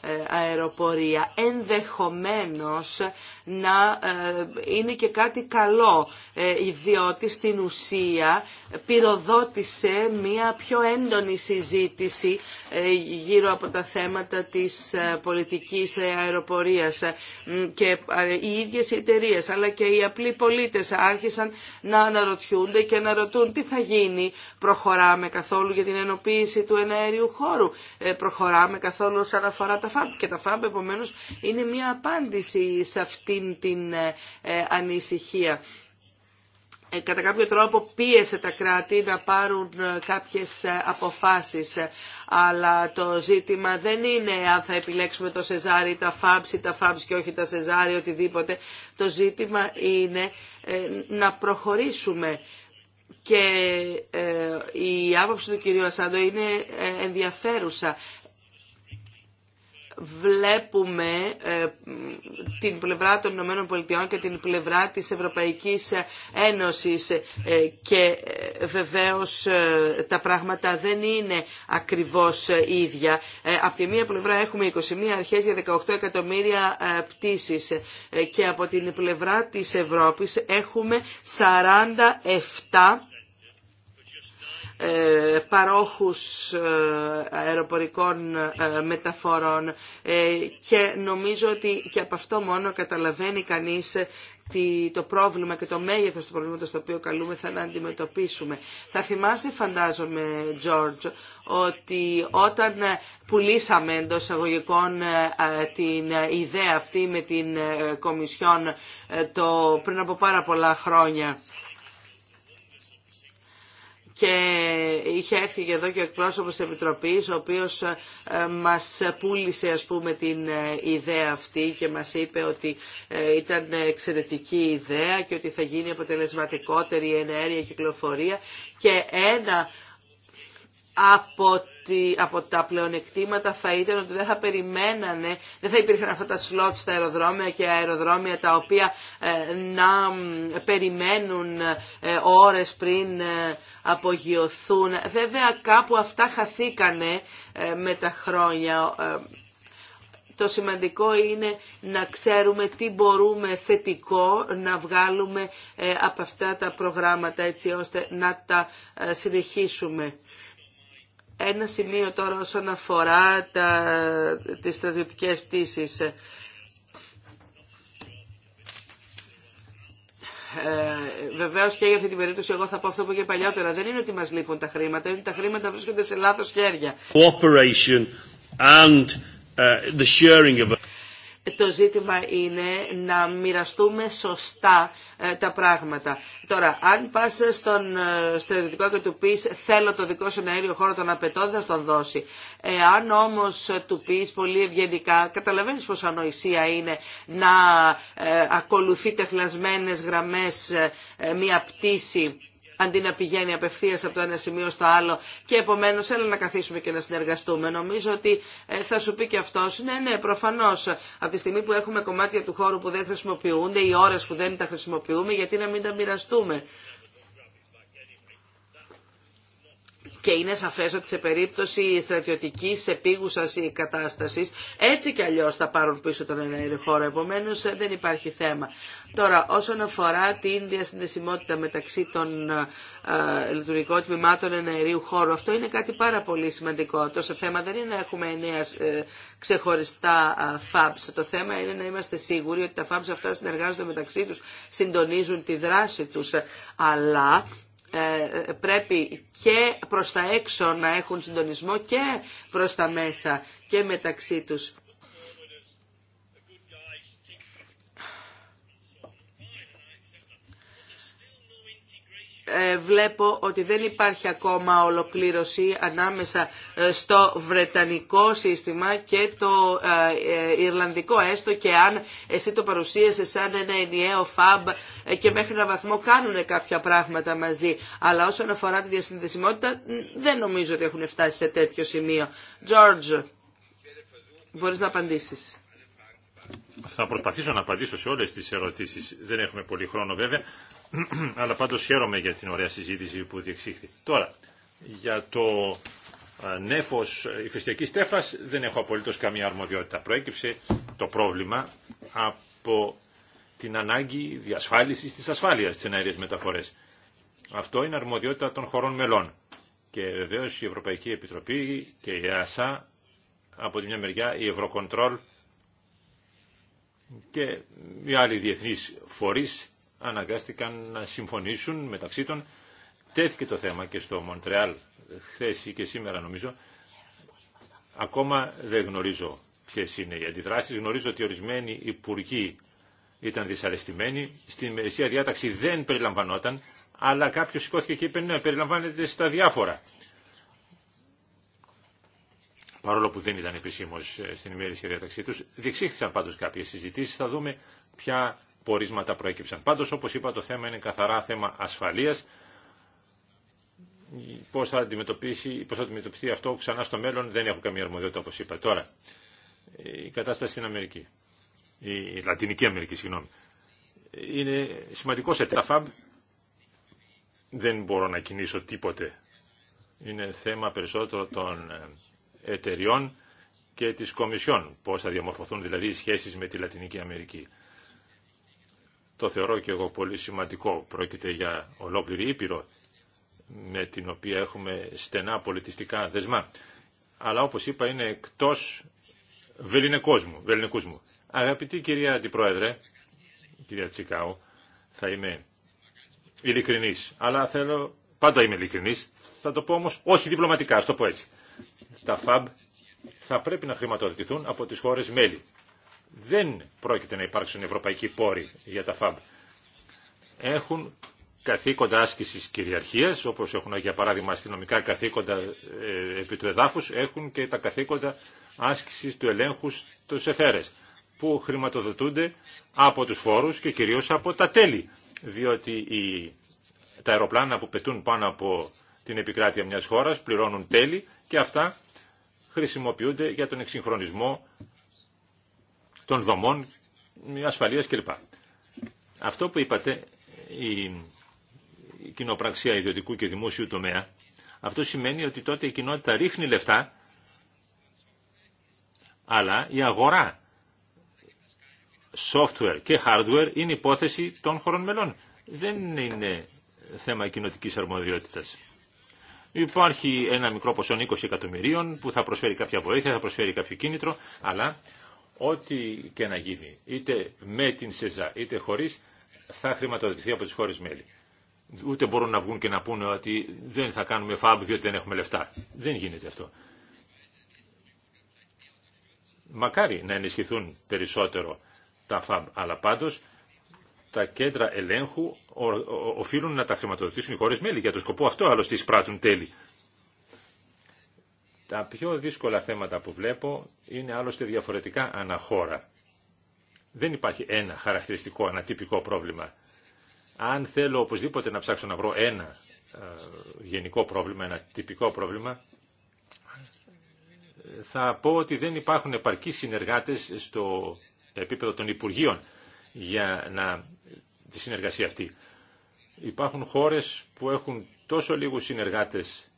ε, αεροπορία ενδεχομένως να ε, είναι και κάτι καλό, ε, διότι στην ουσία πυροδότησε μια πιο έντονη συζήτηση ε, γύρω από τα θέματα της πολιτικής αεροπορίας και οι ίδιες οι εταιρείε, αλλά και οι απλοί πολίτες άρχισαν να αναρωτιούνται και να ρωτούν τι θα γίνει, προχωράμε καθόλου για την ενοποίηση του εναέριου χώρου, προχωράμε καθόλου όσον αφορά τα ΦΑΜΠ και τα ΦΑΜΠ επομένως είναι μια απάντηση σε αυτή αυτήν την ε, ε, ανησυχία ε, κατά κάποιο τρόπο πίεσε τα κράτη να πάρουν κάποιες αποφάσεις. Αλλά το ζήτημα δεν είναι αν θα επιλέξουμε το Σεζάρι ή τα ΦΑΜΣ ή τα ΦΑΜΣ και όχι τα Σεζάρι, οτιδήποτε. Το ζήτημα είναι να προχωρήσουμε. Και η άποψη του κυρίου Ασάντο είναι ενδιαφέρουσα βλέπουμε ε, την πλευρά των Ηνωμένων Πολιτειών και την πλευρά της Ευρωπαϊκής Ένωσης ε, και ε, βεβαίως τα πράγματα δεν είναι ακριβώς ίδια. Από τη μία πλευρά έχουμε 21 αρχές για 18 εκατομμύρια πτήσεις και από την πλευρά της Ευρώπης έχουμε 47 ε, παρόχους ε, αεροπορικών ε, μεταφορών και νομίζω ότι και από αυτό μόνο καταλαβαίνει κανείς το πρόβλημα και το μέγεθος του προβλήματος το οποίο καλούμεθα να αντιμετωπίσουμε. Θα θυμάσαι φαντάζομαι George ότι όταν πουλήσαμε εντό εισαγωγικών την ιδέα αυτή με την Κομισιόν το, πριν από πάρα πολλά χρόνια και είχε έρθει εδώ και ο εκπρόσωπος της Επιτροπής ο οποίος ε, μας πούλησε ας πούμε την ε, ιδέα αυτή και μας είπε ότι ε, ήταν εξαιρετική ιδέα και ότι θα γίνει αποτελεσματικότερη η ενέργεια κυκλοφορία και ένα από, τη, τα πλεονεκτήματα θα ήταν ότι δεν θα περιμένανε, δεν θα υπήρχαν αυτά τα σλότ στα αεροδρόμια και αεροδρόμια τα οποία να περιμένουν ε, ώρες πριν απογειωθούν. Βέβαια κάπου αυτά χαθήκανε ε, με τα χρόνια. Ε, το σημαντικό είναι να ξέρουμε τι μπορούμε θετικό να βγάλουμε ε, από αυτά τα προγράμματα έτσι ώστε να τα συνεχίσουμε. Ένα σημείο τώρα όσον αφορά τα, τις στρατιωτικές πτήσεις. Ε, Βεβαίω και για αυτή την περίπτωση εγώ θα πω αυτό που και παλιότερα. Δεν είναι ότι μα λείπουν τα χρήματα, είναι ότι τα χρήματα βρίσκονται σε λάθο χέρια. Ε, το ζήτημα είναι να μοιραστούμε σωστά ε, τα πράγματα. Τώρα, αν πα στον ε, στρατιωτικό και του πει θέλω το δικό σου αέριο χώρο, τον απαιτώ, θα τον δώσει. Αν όμω ε, του πει πολύ ευγενικά, καταλαβαίνει πόσο ανοησία είναι να ακολουθεί τεχλασμένε γραμμέ μία πτήση αντί να πηγαίνει απευθείας από το ένα σημείο στο άλλο και επομένως έλα να καθίσουμε και να συνεργαστούμε. Νομίζω ότι ε, θα σου πει και αυτός, ναι, ναι, προφανώς, από τη στιγμή που έχουμε κομμάτια του χώρου που δεν χρησιμοποιούνται, οι ώρες που δεν τα χρησιμοποιούμε, γιατί να μην τα μοιραστούμε. και είναι σαφές ότι σε περίπτωση στρατιωτικής επίγουσας ή κατάστασης έτσι κι αλλιώς θα πάρουν πίσω τον εναέριο χώρο, επομένως δεν υπάρχει θέμα. Τώρα, όσον αφορά την διασυνδεσιμότητα μεταξύ των ε, λειτουργικών τμήματων εναερίου χώρου, αυτό είναι κάτι πάρα πολύ σημαντικό. Το θέμα δεν είναι να έχουμε εννέα ε, ξεχωριστά φάμπς. Το θέμα είναι να είμαστε σίγουροι ότι τα FABs αυτά συνεργάζονται μεταξύ τους, συντονίζουν τη δράση τους, αλλά ε, ε, πρέπει και προς τα έξω να έχουν συντονισμό και προς τα μέσα και μεταξύ τους. Ε, βλέπω ότι δεν υπάρχει ακόμα ολοκλήρωση ανάμεσα ε, στο βρετανικό σύστημα και το ε, Ιρλανδικό έστω και αν εσύ το παρουσίασε σαν ένα ενιαίο φαμπ και μέχρι ένα βαθμό κάνουν κάποια πράγματα μαζί. Αλλά όσον αφορά τη διασυνδεσιμότητα δεν νομίζω ότι έχουν φτάσει σε τέτοιο σημείο. Τζόρτζ, μπορείς να απαντήσεις. Θα προσπαθήσω να απαντήσω σε όλες τις ερωτήσεις. Δεν έχουμε πολύ χρόνο βέβαια. αλλά πάντως χαίρομαι για την ωραία συζήτηση που διεξήχθη. Τώρα, για το ε, νέφος ηφαιστιακής τέφρας δεν έχω απολύτως καμία αρμοδιότητα. Προέκυψε το πρόβλημα από την ανάγκη διασφάλισης της ασφάλειας στις εναέριες μεταφορές. Αυτό είναι αρμοδιότητα των χωρών μελών. Και βεβαίως η Ευρωπαϊκή Επιτροπή και η ΕΑΣΑ από τη μια μεριά, η Ευρωκοντρόλ και οι άλλοι διεθνείς φορείς αναγκάστηκαν να συμφωνήσουν μεταξύ των. Τέθηκε το θέμα και στο Μοντρεάλ χθε και σήμερα νομίζω. Ακόμα δεν γνωρίζω ποιε είναι οι αντιδράσει. Γνωρίζω ότι ορισμένοι υπουργοί ήταν δυσαρεστημένοι. Στην ημερησία διάταξη δεν περιλαμβανόταν, αλλά κάποιο σηκώθηκε και είπε ναι, περιλαμβάνεται στα διάφορα. Παρόλο που δεν ήταν επισήμω ε, στην ημερησία διάταξή του, διεξήχθησαν πάντω κάποιε συζητήσει. Θα δούμε ποια πορίσματα προέκυψαν. Πάντως, όπως είπα, το θέμα είναι καθαρά θέμα ασφαλείας. Πώς θα, αντιμετωπίσει, πώς θα αντιμετωπιστεί αυτό ξανά στο μέλλον δεν έχω καμία αρμοδιότητα, όπως είπα. Τώρα, η κατάσταση στην Αμερική, η Λατινική Αμερική, συγγνώμη, είναι σημαντικό σε τραφάμπ. Δεν μπορώ να κινήσω τίποτε. Είναι θέμα περισσότερο των ε, εταιριών και της Κομισιόν, πώς θα διαμορφωθούν δηλαδή οι σχέσεις με τη Λατινική Αμερική το θεωρώ και εγώ πολύ σημαντικό. Πρόκειται για ολόκληρη Ήπειρο, με την οποία έχουμε στενά πολιτιστικά δεσμά. Αλλά όπως είπα είναι εκτός βελινεκόσμου, μου, μου. Αγαπητή κυρία Αντιπρόεδρε, κυρία Τσικάου, θα είμαι ειλικρινής, αλλά θέλω, πάντα είμαι ειλικρινής, θα το πω όμως όχι διπλωματικά, ας το πω έτσι. Τα ΦΑΜ θα πρέπει να χρηματοδοτηθούν από τις χώρες μέλη δεν πρόκειται να υπάρξουν ευρωπαϊκοί πόροι για τα ΦΑΜ. Έχουν καθήκοντα άσκηση κυριαρχία, όπω έχουν για παράδειγμα αστυνομικά καθήκοντα ε, επί του εδάφου, έχουν και τα καθήκοντα άσκηση του ελέγχου στου εφαίρε, που χρηματοδοτούνται από του φόρου και κυρίω από τα τέλη. Διότι τα αεροπλάνα που πετούν πάνω από την επικράτεια μια χώρα πληρώνουν τέλη και αυτά χρησιμοποιούνται για τον εξυγχρονισμό των δομών ασφαλεία κλπ. Αυτό που είπατε, η κοινοπραξία ιδιωτικού και δημόσιου τομέα, αυτό σημαίνει ότι τότε η κοινότητα ρίχνει λεφτά, αλλά η αγορά software και hardware είναι υπόθεση των χωρών μελών. Δεν είναι θέμα κοινοτική αρμοδιότητας. Υπάρχει ένα μικρό ποσό 20 εκατομμυρίων που θα προσφέρει κάποια βοήθεια, θα προσφέρει κάποιο κίνητρο, αλλά ό,τι και να γίνει, είτε με την ΣΕΖΑ είτε χωρίς, θα χρηματοδοτηθεί από τις χώρες μέλη. Ούτε μπορούν να βγουν και να πούνε ότι δεν θα κάνουμε φαμπ διότι δεν έχουμε λεφτά. Δεν γίνεται αυτό. Μακάρι να ενισχυθούν περισσότερο τα φαμπ, αλλά πάντως τα κέντρα ελέγχου οφείλουν να τα χρηματοδοτήσουν οι χώρες μέλη. Για το σκοπό αυτό άλλωστε εισπράττουν τέλη τα πιο δύσκολα θέματα που βλέπω είναι άλλωστε διαφορετικά αναχώρα. Δεν υπάρχει ένα χαρακτηριστικό, ένα τυπικό πρόβλημα. Αν θέλω οπωσδήποτε να ψάξω να βρω ένα ε, γενικό πρόβλημα, ένα τυπικό πρόβλημα, θα πω ότι δεν υπάρχουν επαρκή συνεργάτες στο επίπεδο των Υπουργείων για να, τη συνεργασία αυτή. Υπάρχουν χώρες που έχουν τόσο λίγους συνεργάτες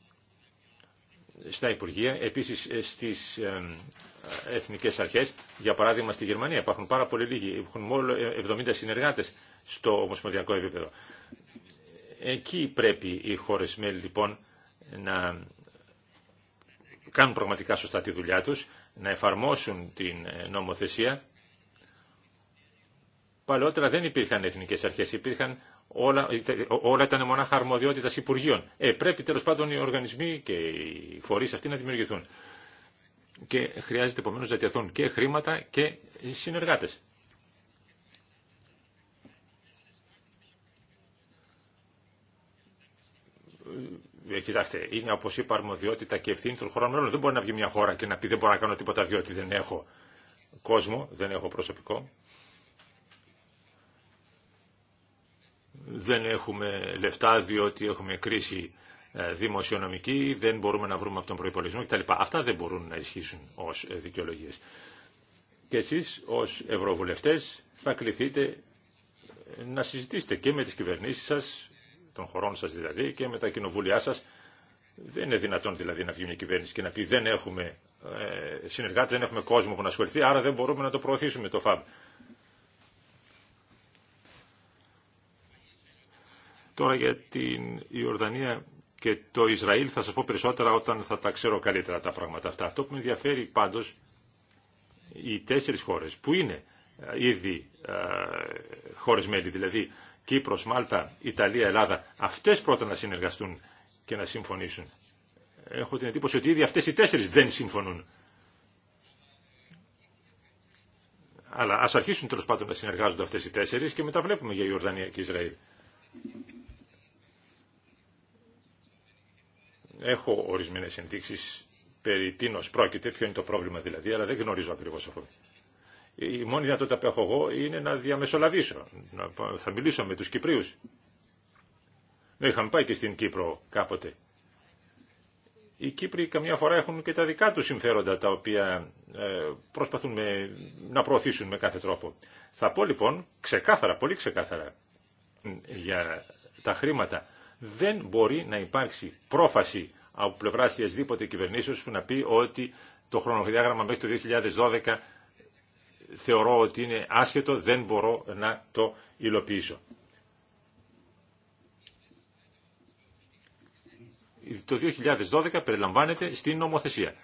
στα Υπουργεία, επίσης ε, στις ε, εθνικές αρχές. Για παράδειγμα στη Γερμανία υπάρχουν πάρα πολύ λίγοι, έχουν μόνο 70 ε, συνεργάτες στο ομοσπονδιακό επίπεδο. Εκεί πρέπει οι χώρες μέλη λοιπόν να κάνουν πραγματικά σωστά τη δουλειά τους, να εφαρμόσουν την νομοθεσία. Παλαιότερα δεν υπήρχαν εθνικές αρχές, υπήρχαν όλα, όλα ήταν μονάχα αρμοδιότητα Υπουργείων. Ε, πρέπει τέλο πάντων οι οργανισμοί και οι φορεί αυτοί να δημιουργηθούν. Και χρειάζεται επομένω να διαθέτουν και χρήματα και συνεργάτε. Ε, κοιτάξτε, είναι όπω είπα αρμοδιότητα και ευθύνη των χωρών μελών. Δεν μπορεί να βγει μια χώρα και να πει δεν μπορώ να κάνω τίποτα διότι δεν έχω κόσμο, δεν έχω προσωπικό. δεν έχουμε λεφτά διότι έχουμε κρίση ε, δημοσιονομική, δεν μπορούμε να βρούμε από τον προϋπολογισμό κτλ. Αυτά δεν μπορούν να ισχύσουν ως ε, δικαιολογίες. Και εσείς ως ευρωβουλευτές θα κληθείτε ε, να συζητήσετε και με τις κυβερνήσεις σας, των χωρών σας δηλαδή, και με τα κοινοβούλια σας. Δεν είναι δυνατόν δηλαδή να βγει μια κυβέρνηση και να πει δεν έχουμε συνεργάτες, δεν έχουμε κόσμο που να ασχοληθεί, άρα δεν μπορούμε να το προωθήσουμε το ΦΑΜ. Τώρα για την Ιορδανία και το Ισραήλ θα σας πω περισσότερα όταν θα τα ξέρω καλύτερα τα πράγματα αυτά. Αυτό που με ενδιαφέρει πάντως οι τέσσερις χώρες που είναι ε, ήδη ε, χώρες μέλη, δηλαδή Κύπρος, Μάλτα, Ιταλία, Ελλάδα, αυτές πρώτα να συνεργαστούν και να συμφωνήσουν. Έχω την εντύπωση ότι ήδη αυτές οι τέσσερις δεν συμφωνούν. Αλλά ας αρχίσουν τέλο πάντων να συνεργάζονται αυτές οι τέσσερις και μετά βλέπουμε για Ιορδανία και Ισραήλ. Έχω ορισμένες ενδείξεις περί τίνος πρόκειται, ποιο είναι το πρόβλημα δηλαδή, αλλά δεν γνωρίζω ακριβώς αυτό. Η μόνη δυνατότητα που έχω εγώ είναι να διαμεσολαβήσω. Να, θα μιλήσω με τους Κυπρίους. Ναι, είχαμε πάει και στην Κύπρο κάποτε. Οι Κύπροι καμιά φορά έχουν και τα δικά τους συμφέροντα τα οποία ε, προσπαθούν με, να προωθήσουν με κάθε τρόπο. Θα πω λοιπόν ξεκάθαρα, πολύ ξεκάθαρα για τα χρήματα δεν μπορεί να υπάρξει πρόφαση από πλευρά οποιασδήποτε κυβερνήσεως που να πει ότι το χρονοδιάγραμμα μέχρι το 2012 θεωρώ ότι είναι άσχετο, δεν μπορώ να το υλοποιήσω. Το 2012 περιλαμβάνεται στην νομοθεσία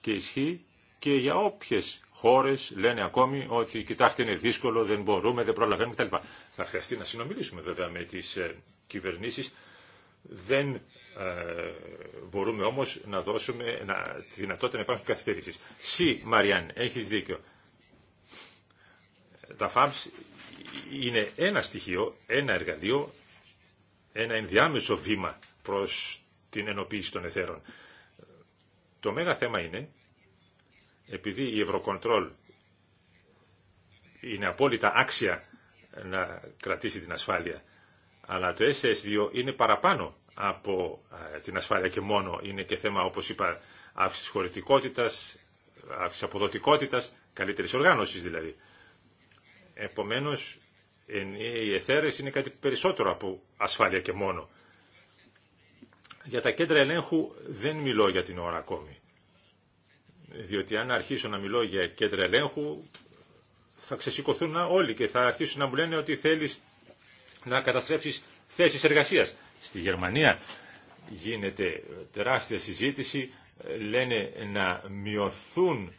και ισχύει και για όποιε χώρε λένε ακόμη ότι κοιτάξτε είναι δύσκολο, δεν μπορούμε, δεν προλαβαίνουμε κτλ. Θα χρειαστεί να συνομιλήσουμε βέβαια με τι ε, κυβερνήσει δεν ε, μπορούμε όμως να δώσουμε να, τη δυνατότητα να υπάρχουν καθυστερήσεις. Συ, Μαριάν, έχεις δίκιο. Τα FAMS είναι ένα στοιχείο, ένα εργαλείο, ένα ενδιάμεσο βήμα προς την ενοποίηση των εθέρων. Το μέγα θέμα είναι, επειδή η Ευρωκοντρόλ είναι απόλυτα άξια να κρατήσει την ασφάλεια αλλά το SS2 είναι παραπάνω από ε, την ασφάλεια και μόνο. Είναι και θέμα, όπως είπα, αύξησης χωρητικότητας, αύξησης αποδοτικότητας, καλύτερης οργάνωσης δηλαδή. Επομένως, οι εθέρες είναι κάτι περισσότερο από ασφάλεια και μόνο. Για τα κέντρα ελέγχου δεν μιλώ για την ώρα ακόμη. Διότι αν αρχίσω να μιλώ για κέντρα ελέγχου, θα ξεσηκωθούν όλοι και θα αρχίσουν να μου λένε ότι θέλεις να καταστρέψεις θέσεις εργασίας. Στη Γερμανία γίνεται τεράστια συζήτηση, λένε να μειωθούν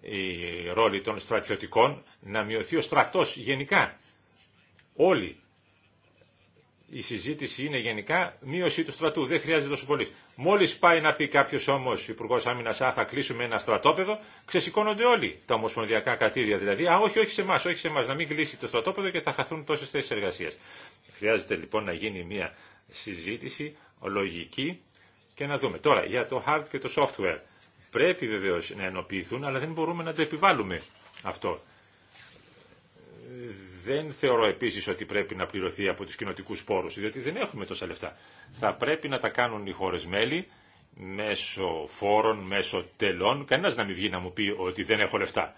οι ρόλοι των στρατιωτικών, να μειωθεί ο στρατός γενικά. Όλοι η συζήτηση είναι γενικά μείωση του στρατού. Δεν χρειάζεται τόσο πολύ. Μόλι πάει να πει κάποιο όμω, Υπουργό Άμυνα, Α, θα κλείσουμε ένα στρατόπεδο, ξεσηκώνονται όλοι τα ομοσπονδιακά κατήρια. Δηλαδή, Α, όχι, όχι σε εμά, όχι σε εμά, να μην κλείσει το στρατόπεδο και θα χαθούν τόσε θέσει εργασία. Χρειάζεται λοιπόν να γίνει μια συζήτηση λογική και να δούμε. Τώρα, για το hard και το software. Πρέπει βεβαίω να ενοποιηθούν, αλλά δεν μπορούμε να το επιβάλλουμε αυτό δεν θεωρώ επίσης ότι πρέπει να πληρωθεί από του κοινοτικού πόρους, διότι δεν έχουμε τόσα λεφτά. Θα πρέπει να τα κάνουν οι χώρες μέλη μέσω φόρων, μέσω τελών. Κανένας να μην βγει να μου πει ότι δεν έχω λεφτά.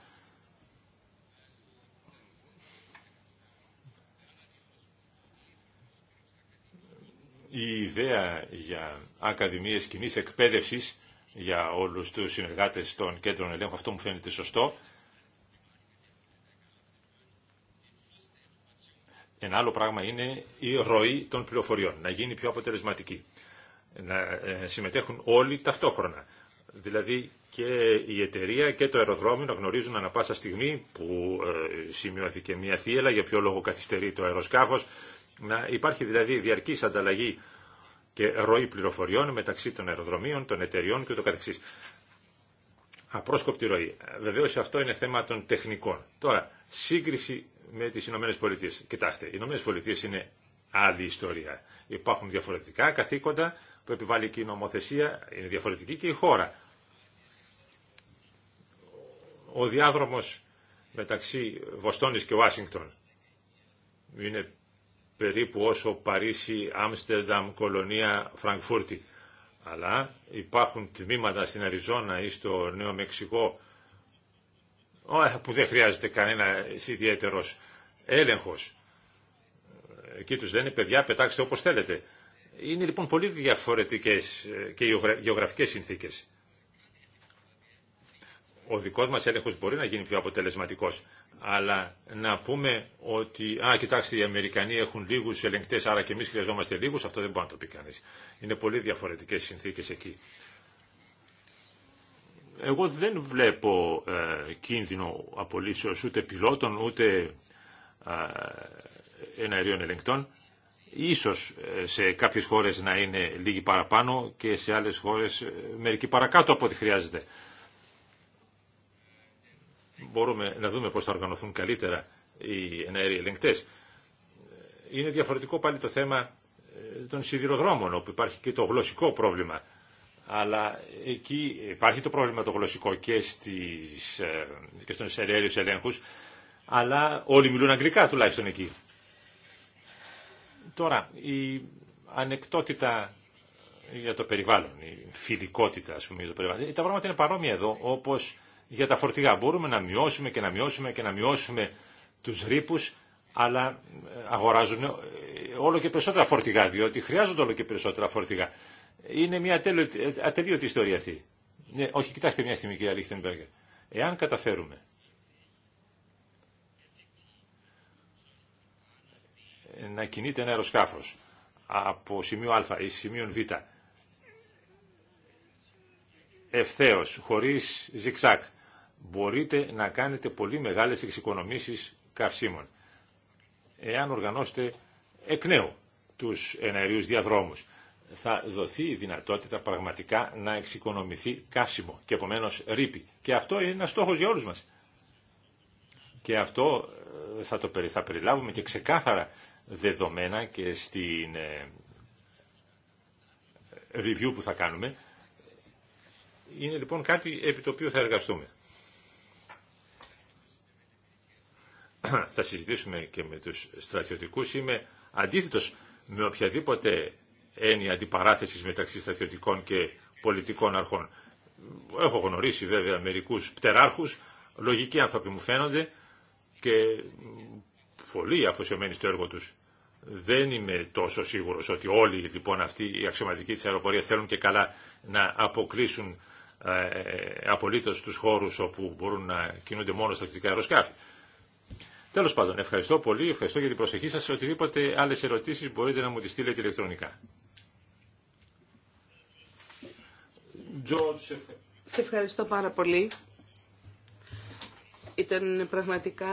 Η ιδέα για ακαδημίες κοινή εκπαίδευσης για όλους τους συνεργάτες των κέντρων ελέγχου, αυτό μου φαίνεται σωστό. Ένα άλλο πράγμα είναι η ροή των πληροφοριών, να γίνει πιο αποτελεσματική. Να ε, συμμετέχουν όλοι ταυτόχρονα. Δηλαδή και η εταιρεία και το αεροδρόμιο να γνωρίζουν ανα πάσα στιγμή που ε, σημειώθηκε μια θύελα, για ποιο λόγο καθυστερεί το αεροσκάφος. Να υπάρχει δηλαδή διαρκής ανταλλαγή και ροή πληροφοριών μεταξύ των αεροδρομίων, των εταιριών και καθεξής. Απρόσκοπτη ροή. Βεβαίω αυτό είναι θέμα των τεχνικών. Τώρα, σύγκριση με τις Ηνωμένες Πολιτείες. Κοιτάξτε, οι Ηνωμένες Πολιτείες είναι άλλη ιστορία. Υπάρχουν διαφορετικά καθήκοντα που επιβάλλει και η νομοθεσία, είναι διαφορετική και η χώρα. Ο διάδρομος μεταξύ Βοστόνης και Ουάσιγκτον είναι περίπου όσο Παρίσι, Άμστερνταμ, Κολονία, Φραγκφούρτη. Αλλά υπάρχουν τμήματα στην Αριζόνα ή στο Νέο Μεξικό που δεν χρειάζεται κανένα ιδιαίτερο έλεγχος. Εκεί τους λένε παιδιά πετάξτε όπως θέλετε. Είναι λοιπόν πολύ διαφορετικές ε, και οι γεωγραφικές συνθήκες. Ο δικός μας έλεγχος μπορεί να γίνει πιο αποτελεσματικός, αλλά να πούμε ότι, α, κοιτάξτε, οι Αμερικανοί έχουν λίγους ελεγκτέ, άρα και εμεί χρειαζόμαστε λίγους, αυτό δεν μπορεί να το πει κανεί. Είναι πολύ διαφορετικές συνθήκε εκεί. Εγώ δεν βλέπω ε, κίνδυνο απολύσεω ούτε πιλότων, ούτε εναερίων ελεγκτών. Ίσως ε, σε κάποιες χώρες να είναι λίγοι παραπάνω και σε άλλες χώρες ε, μερικοί παρακάτω από ό,τι χρειάζεται. Μπορούμε να δούμε πώς θα οργανωθούν καλύτερα οι εναέριοι ελεγκτές. Ε, είναι διαφορετικό πάλι το θέμα των σιδηροδρόμων, όπου υπάρχει και το γλωσσικό πρόβλημα. Αλλά εκεί υπάρχει το πρόβλημα το γλωσσικό και, στις, και στους ελέγχους, αλλά όλοι μιλούν αγγλικά τουλάχιστον εκεί. Τώρα, η ανεκτότητα για το περιβάλλον, η φιλικότητα ας πούμε, για το περιβάλλον. Ε, τα πράγματα είναι παρόμοια εδώ, όπως για τα φορτηγά. Μπορούμε να μειώσουμε και να μειώσουμε και να μειώσουμε τους ρήπους, αλλά ε, αγοράζουν ε, όλο και περισσότερα φορτηγά, διότι χρειάζονται όλο και περισσότερα φορτηγά. Είναι μια ατελείωτη ιστορία αυτή. Ναι, όχι, κοιτάξτε μια στιγμή, κύριε Λίχτενμπεργκερ. Εάν καταφέρουμε να κινείται ένα αεροσκάφο από σημείο Α ή σημείο Β ευθέως, χωρίς ζιξάκ, μπορείτε να κάνετε πολύ μεγάλες εξοικονομήσεις καυσίμων. Εάν οργανώσετε εκ νέου τους εναερίους διαδρόμους, θα δοθεί η σημειο β Ευθέω χωρις ζυξακ μπορειτε να κανετε πολυ μεγαλες εξοικονομησει καυσιμων εαν οργανωσετε εκ νεου τους εναεριου διαδρομους θα δοθει η δυνατοτητα πραγματικα να εξοικονομηθει καυσιμο και επομένω ρήπη. Και αυτό είναι ένα στόχο για όλους μας. Και αυτό ε, θα το θα περιλάβουμε και ξεκάθαρα δεδομένα και στην ε, review που θα κάνουμε. Είναι λοιπόν κάτι επί το οποίο θα εργαστούμε. Θα συζητήσουμε και με τους στρατιωτικούς. Είμαι αντίθετος με οποιαδήποτε έννοια αντιπαράθεσης μεταξύ στρατιωτικών και πολιτικών αρχών. Έχω γνωρίσει βέβαια μερικούς πτεράρχους, λογικοί άνθρωποι μου φαίνονται και πολύ αφοσιωμένοι στο έργο τους. Δεν είμαι τόσο σίγουρος ότι όλοι λοιπόν αυτοί οι αξιωματικοί της αεροπορίας θέλουν και καλά να αποκλείσουν ε, ε απολύτως τους χώρους όπου μπορούν να κινούνται μόνο κριτικά αεροσκάφη. Τέλος πάντων, ευχαριστώ πολύ, ευχαριστώ για την προσοχή σας. Οτιδήποτε άλλες ερωτήσεις μπορείτε να μου τις στείλετε ηλεκτρονικά. σε ευχαριστώ πάρα πολύ. Ήταν πραγματικά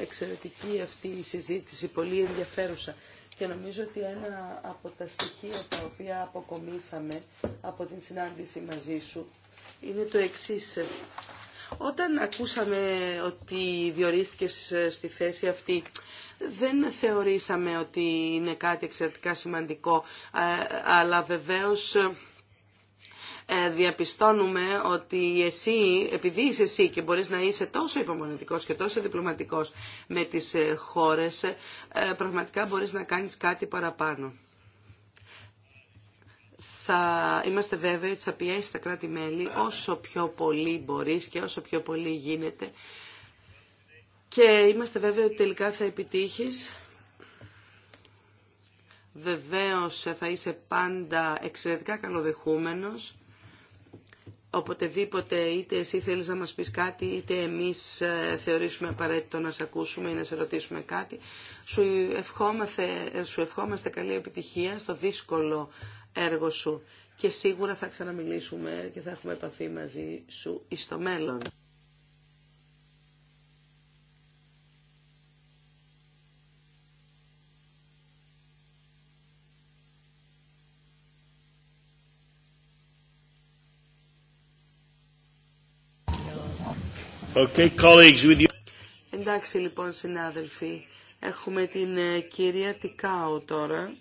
εξαιρετική αυτή η συζήτηση, πολύ ενδιαφέρουσα. Και νομίζω ότι ένα από τα στοιχεία τα οποία αποκομίσαμε από την συνάντηση μαζί σου είναι το εξής. Όταν ακούσαμε ότι διορίστηκες ε, στη θέση αυτή, δεν θεωρήσαμε ότι είναι κάτι εξαιρετικά σημαντικό, ε, αλλά βεβαίως ε, διαπιστώνουμε ότι εσύ, επειδή είσαι εσύ και μπορείς να είσαι τόσο υπομονετικός και τόσο διπλωματικός με τις ε, χώρες, ε, πραγματικά μπορείς να κάνεις κάτι παραπάνω. Θα είμαστε βέβαιοι ότι θα πιέσει τα κράτη-μέλη όσο πιο πολύ μπορείς και όσο πιο πολύ γίνεται και είμαστε βέβαιοι ότι τελικά θα επιτύχεις. Βεβαίως θα είσαι πάντα εξαιρετικά καλοδεχούμενος οποτεδήποτε είτε εσύ θέλεις να μας πεις κάτι είτε εμείς ε, θεωρήσουμε απαραίτητο να σε ακούσουμε ή να σε ρωτήσουμε κάτι. Σου ευχόμαστε, ε, σου ευχόμαστε καλή επιτυχία στο δύσκολο έργο σου και σίγουρα θα ξαναμιλήσουμε και θα έχουμε επαφή μαζί σου εις το μέλλον. Okay, colleagues, with you. Εντάξει λοιπόν συνάδελφοι, έχουμε την ε, κυρία Τικάου τώρα.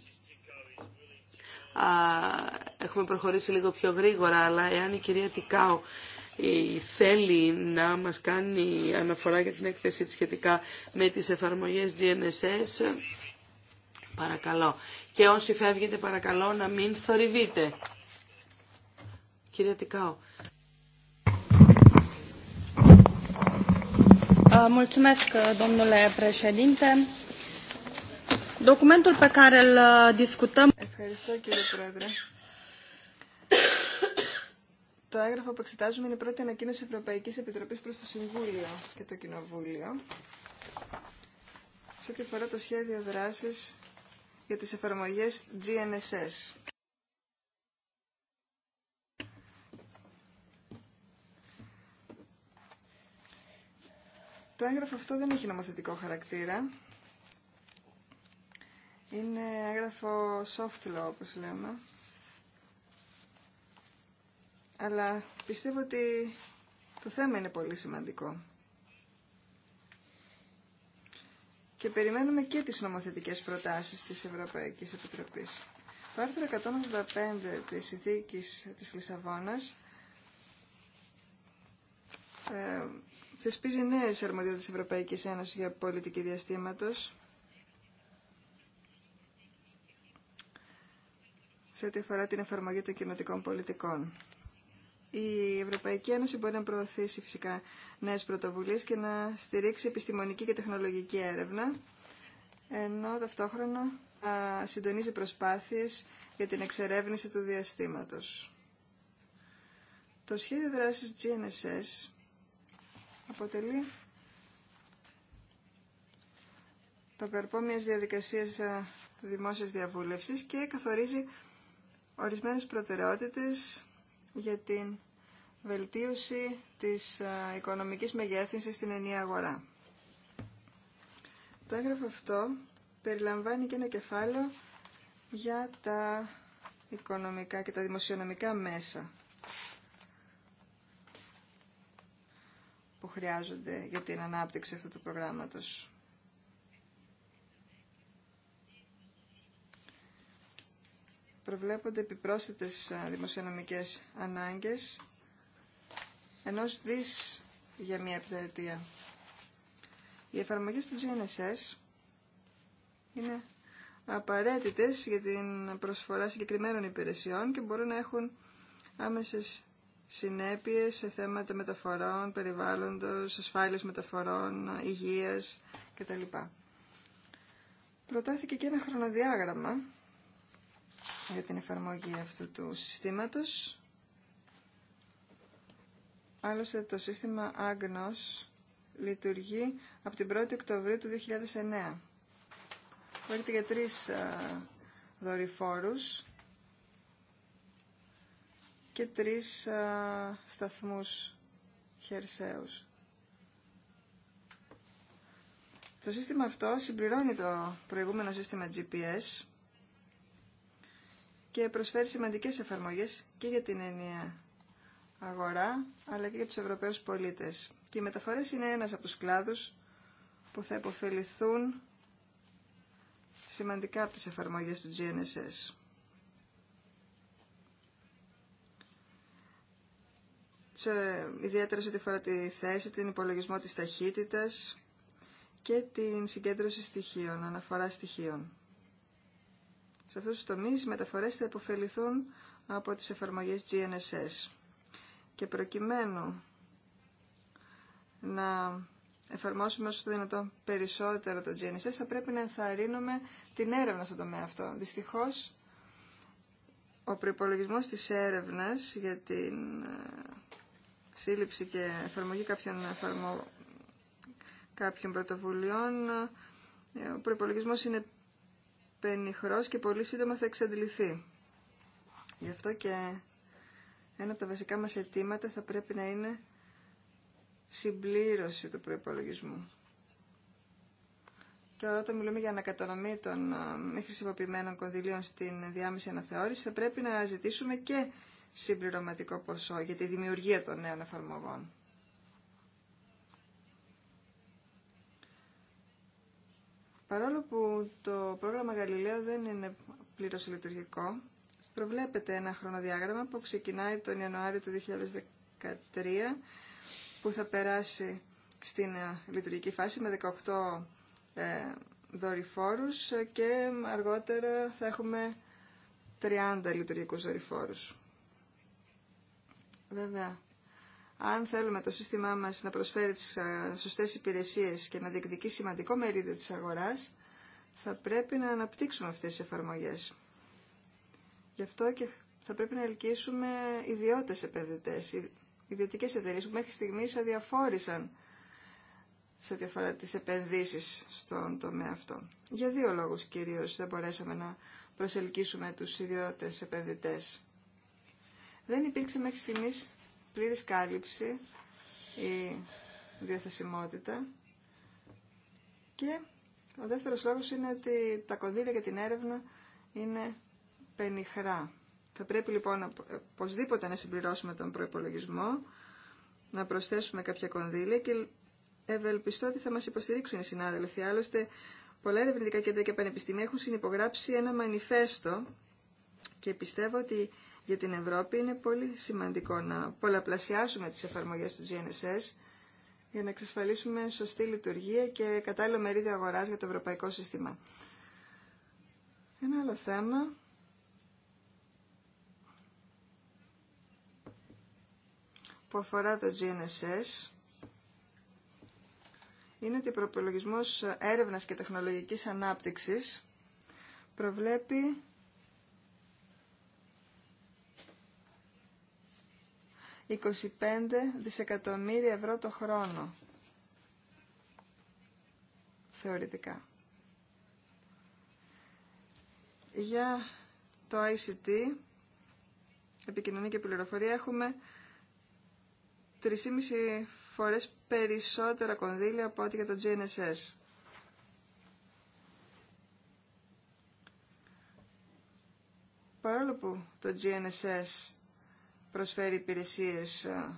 Έχουμε προχωρήσει λίγο πιο γρήγορα, αλλά εάν η κυρία Τικάου ε, θέλει να μας κάνει αναφορά για την έκθεση της σχετικά με τις εφαρμογές GNSS, παρακαλώ. Και όσοι φεύγετε παρακαλώ να μην θορυβείτε. Κυρία Τικάου. Ευχαριστώ, κύριε Πρόεδρε. Το έγγραφο που εξετάζουμε είναι η πρώτη ανακοίνωση Ευρωπαϊκή Επιτροπής προς το Συμβούλιο και το Κοινοβούλιο σε ό,τι αφορά το σχέδιο δράση για τις εφαρμογές GNSS. Το έγγραφο αυτό δεν έχει νομοθετικό χαρακτήρα. Είναι έγγραφο soft law, όπως λέμε. Αλλά πιστεύω ότι το θέμα είναι πολύ σημαντικό. Και περιμένουμε και τις νομοθετικές προτάσεις της Ευρωπαϊκής Επιτροπής. Το άρθρο 185 της Συνθήκης της Λισαβόνας ε, θεσπίζει νέες τη Ευρωπαϊκής Ένωσης για πολιτική διαστήματο σε ό,τι αφορά την εφαρμογή των κοινοτικών πολιτικών. Η Ευρωπαϊκή Ένωση μπορεί να προωθήσει φυσικά νέες πρωτοβουλίες και να στηρίξει επιστημονική και τεχνολογική έρευνα, ενώ ταυτόχρονα συντονίζει προσπάθειες για την εξερεύνηση του διαστήματος. Το σχέδιο δράσης GNSS αποτελεί το καρπό μιας διαδικασίας δημόσιας διαβούλευσης και καθορίζει ορισμένες προτεραιότητες για την βελτίωση της οικονομικής μεγέθυνσης στην ενιαία αγορά. Το έγγραφο αυτό περιλαμβάνει και ένα κεφάλαιο για τα οικονομικά και τα δημοσιονομικά μέσα που χρειάζονται για την ανάπτυξη αυτού του προγράμματος. Προβλέπονται επιπρόσθετες δημοσιονομικές ανάγκες ενός δις για μία επιθετία. Οι εφαρμογές του GNSS είναι απαραίτητες για την προσφορά συγκεκριμένων υπηρεσιών και μπορούν να έχουν άμεσες συνέπειες σε θέματα μεταφορών, περιβάλλοντος, ασφάλειας μεταφορών, υγείας κτλ. Προτάθηκε και ένα χρονοδιάγραμμα για την εφαρμογή αυτού του συστήματος. Άλλωστε το σύστημα Άγνος λειτουργεί από την 1η Οκτωβρίου του 2009. Πρόκειται για τρεις ε, δορυφόρους και τρεις α, σταθμούς χερσαίους. Το σύστημα αυτό συμπληρώνει το προηγούμενο σύστημα GPS και προσφέρει σημαντικές εφαρμογές και για την ενιαία αγορά αλλά και για τους Ευρωπαίους πολίτες. Και οι μεταφορές είναι ένας από τους κλάδους που θα υποφεληθούν σημαντικά από τις εφαρμογές του GNSS. σε, ιδιαίτερα σε ό,τι αφορά τη θέση, την υπολογισμό της ταχύτητας και την συγκέντρωση στοιχείων, αναφορά στοιχείων. Σε αυτούς τους τομείς οι μεταφορές θα υποφεληθούν από τις εφαρμογές GNSS. Και προκειμένου να εφαρμόσουμε όσο το δυνατόν περισσότερο το GNSS, θα πρέπει να ενθαρρύνουμε την έρευνα στον τομέα αυτό. Δυστυχώς, ο προπολογισμό της έρευνας για την ε, σύλληψη και εφαρμογή κάποιων, εφαρμο... κάποιων πρωτοβουλειών, ε, ο προπολογισμό είναι πενιχρός και πολύ σύντομα θα εξαντληθεί. Γι' αυτό και ένα από τα βασικά μας αιτήματα θα πρέπει να είναι συμπλήρωση του προϋπολογισμού. Και όταν μιλούμε για ανακατανομή των ε, μη χρησιμοποιημένων κονδυλίων στην διάμεση αναθεώρηση, θα πρέπει να ζητήσουμε και συμπληρωματικό ποσό για τη δημιουργία των νέων εφαρμογών. Παρόλο που το πρόγραμμα Γαλιλαίο δεν είναι πλήρως λειτουργικό, προβλέπεται ένα χρονοδιάγραμμα που ξεκινάει τον Ιανουάριο του 2013, που θα περάσει στην ε, λειτουργική φάση με 18 ε, δορυφόρους και αργότερα θα έχουμε 30 λειτουργικούς δορυφόρους. Βέβαια, αν θέλουμε το σύστημά μας να προσφέρει τις σωστές υπηρεσίες και να διεκδικεί σημαντικό μερίδιο της αγοράς, θα πρέπει να αναπτύξουμε αυτές τις εφαρμογές. Γι' αυτό και θα πρέπει να ελκύσουμε ιδιώτες επενδυτές, ιδιωτικές εταιρείε που μέχρι στιγμής αδιαφόρησαν σε ό,τι αφορά τις επενδύσεις στον τομέα αυτό. Για δύο λόγους κυρίως δεν μπορέσαμε να προσελκύσουμε τους ιδιώτες επενδυτές. Δεν υπήρξε μέχρι στιγμής πλήρης κάλυψη η διαθεσιμότητα και ο δεύτερος λόγος είναι ότι τα κονδύλια για την έρευνα είναι πενιχρά. Θα πρέπει λοιπόν οπωσδήποτε να συμπληρώσουμε τον προϋπολογισμό, να προσθέσουμε κάποια κονδύλια και ευελπιστώ ότι θα μας υποστηρίξουν οι συνάδελφοι. Άλλωστε, πολλά ερευνητικά κέντρα και πανεπιστήμια έχουν συνυπογράψει ένα μανιφέστο και πιστεύω ότι για την Ευρώπη, είναι πολύ σημαντικό να πολλαπλασιάσουμε τις εφαρμογές του GNSS για να εξασφαλίσουμε σωστή λειτουργία και κατάλληλο μερίδιο αγοράς για το ευρωπαϊκό σύστημα. Ένα άλλο θέμα που αφορά το GNSS είναι ότι ο προπολογισμός έρευνας και τεχνολογικής ανάπτυξης προβλέπει 25 δισεκατομμύρια ευρώ το χρόνο. Θεωρητικά. Για το ICT, επικοινωνία και πληροφορία, έχουμε 3,5 φορές περισσότερα κονδύλια από ό,τι για το GNSS. Παρόλο που το GNSS προσφέρει υπηρεσίες ε,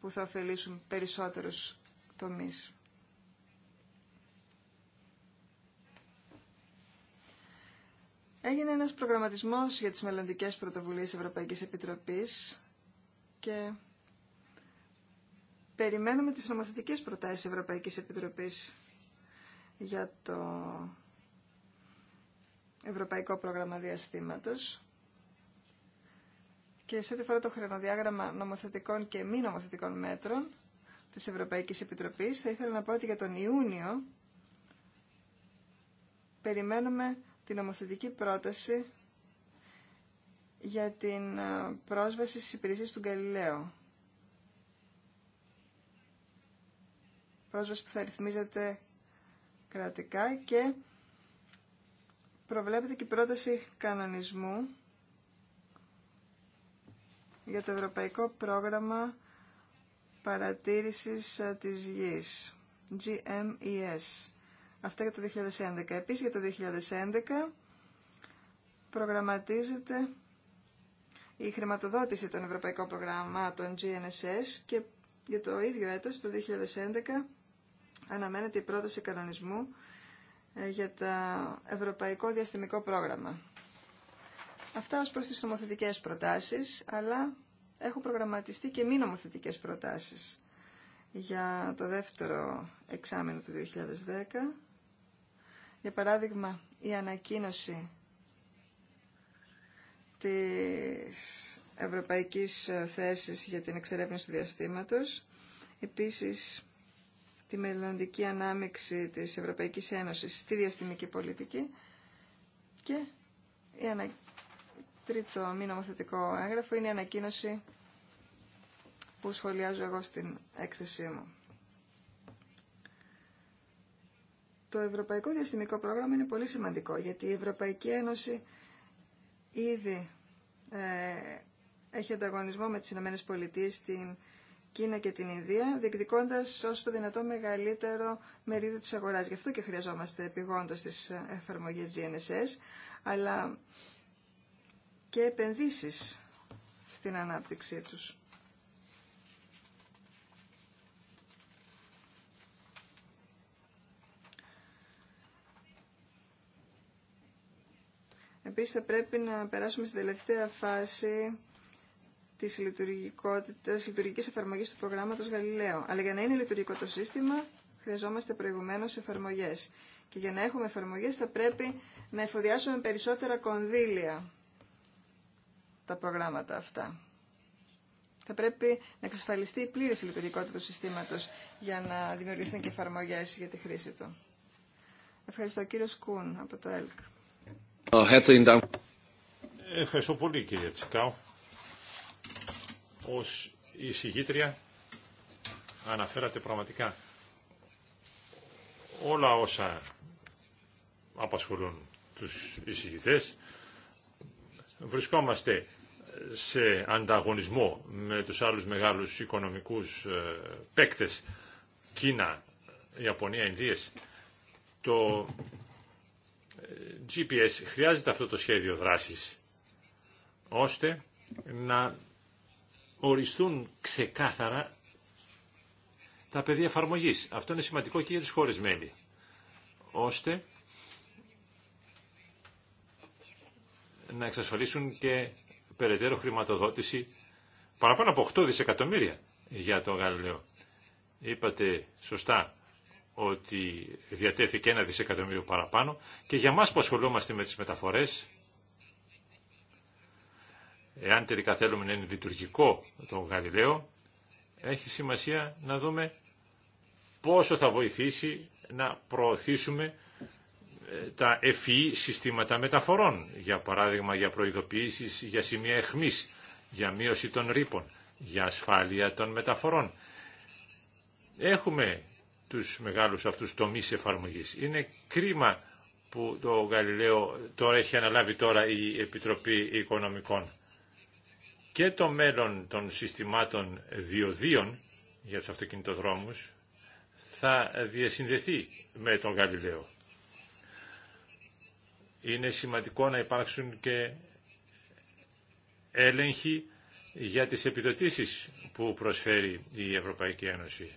που θα ωφελήσουν περισσότερους τομείς. Έγινε ένας προγραμματισμός για τις μελλοντικές πρωτοβουλίες Ευρωπαϊκής Επιτροπής και περιμένουμε τις νομοθετικές προτάσεις Ευρωπαϊκής Επιτροπής για το Ευρωπαϊκό Πρόγραμμα Διαστήματος και σε ό,τι αφορά το χρονοδιάγραμμα νομοθετικών και μη νομοθετικών μέτρων της Ευρωπαϊκής Επιτροπής, θα ήθελα να πω ότι για τον Ιούνιο περιμένουμε την νομοθετική πρόταση για την ε, πρόσβαση στις υπηρεσίες του Γκαλιλαίου. Πρόσβαση που θα ρυθμίζεται κρατικά και προβλέπεται και η πρόταση κανονισμού για το Ευρωπαϊκό Πρόγραμμα Παρατήρησης ε, της Γης, GMES. Αυτά για το 2011. Επίσης για το 2011 προγραμματίζεται η χρηματοδότηση των Ευρωπαϊκών Προγραμμάτων GNSS και για το ίδιο έτος, το 2011, αναμένεται η πρόταση κανονισμού ε, για το Ευρωπαϊκό Διαστημικό Πρόγραμμα. Αυτά ως προς τις νομοθετικές προτάσεις, αλλά έχουν προγραμματιστεί και μη νομοθετικές προτάσεις για το δεύτερο εξάμεινο του 2010. Για παράδειγμα, η ανακοίνωση της ευρωπαϊκής θέσης για την εξερεύνηση του διαστήματος. Επίσης, τη μελλοντική ανάμειξη της Ευρωπαϊκής Ένωσης στη διαστημική πολιτική και η ανακοίνωση Τρίτο μη νομοθετικό έγγραφο είναι η ανακοίνωση που σχολιάζω εγώ στην έκθεσή μου. Το Ευρωπαϊκό Διαστημικό Πρόγραμμα είναι πολύ σημαντικό γιατί η Ευρωπαϊκή Ένωση ήδη ε, έχει ανταγωνισμό με τις Ηνωμένες Πολιτείες, στην Κίνα και την Ινδία, διεκδικώντας όσο το δυνατό μεγαλύτερο μερίδιο της αγοράς. Γι' αυτό και χρειαζόμαστε επιγόντως της ε, εφαρμογής GNSS, αλλά και επενδύσεις στην ανάπτυξή τους. Επίσης θα πρέπει να περάσουμε στην τελευταία φάση της λειτουργικότητας, λειτουργικής εφαρμογής του προγράμματος Γαλιλαίο. Αλλά για να είναι λειτουργικό το σύστημα, χρειαζόμαστε προηγουμένως εφαρμογές. Και για να έχουμε εφαρμογές θα πρέπει να εφοδιάσουμε περισσότερα κονδύλια τα προγράμματα αυτά. Θα πρέπει να εξασφαλιστεί η πλήρη λειτουργικότητα του συστήματος για να δημιουργηθούν και εφαρμογέ για τη χρήση του. Ευχαριστώ κύριο Σκούν από το ΕΛΚ. Ε, Ευχαριστώ πολύ κύριε Τσικάου. Ως εισηγήτρια αναφέρατε πραγματικά όλα όσα απασχολούν τους εισηγητές. Βρισκόμαστε σε ανταγωνισμό με τους άλλους μεγάλους οικονομικούς ε, παίκτες Κίνα, Ιαπωνία, Ινδίες το ε, GPS χρειάζεται αυτό το σχέδιο δράσης ώστε να οριστούν ξεκάθαρα τα πεδία εφαρμογή. Αυτό είναι σημαντικό και για τις χώρες μέλη ώστε να εξασφαλίσουν και περαιτέρω χρηματοδότηση παραπάνω από 8 δισεκατομμύρια για το Γαλιλαίο. Είπατε σωστά ότι διατέθηκε ένα δισεκατομμύριο παραπάνω και για μας που ασχολούμαστε με τις μεταφορές, εάν τελικά θέλουμε να είναι λειτουργικό το Γαλιλαίο, έχει σημασία να δούμε πόσο θα βοηθήσει να προωθήσουμε τα FEE συστήματα μεταφορών, για παράδειγμα για προειδοποιήσεις για σημεία εχμής, για μείωση των ρήπων, για ασφάλεια των μεταφορών. Έχουμε τους μεγάλους αυτούς τομείς εφαρμογής. Είναι κρίμα που το Γαλιλαίο το έχει αναλάβει τώρα η Επιτροπή Οικονομικών. Και το μέλλον των συστημάτων διοδίων για τους αυτοκινητοδρόμους θα διασυνδεθεί με τον Γαλιλαίο είναι σημαντικό να υπάρξουν και έλεγχοι για τις επιδοτήσεις που προσφέρει η Ευρωπαϊκή Ένωση.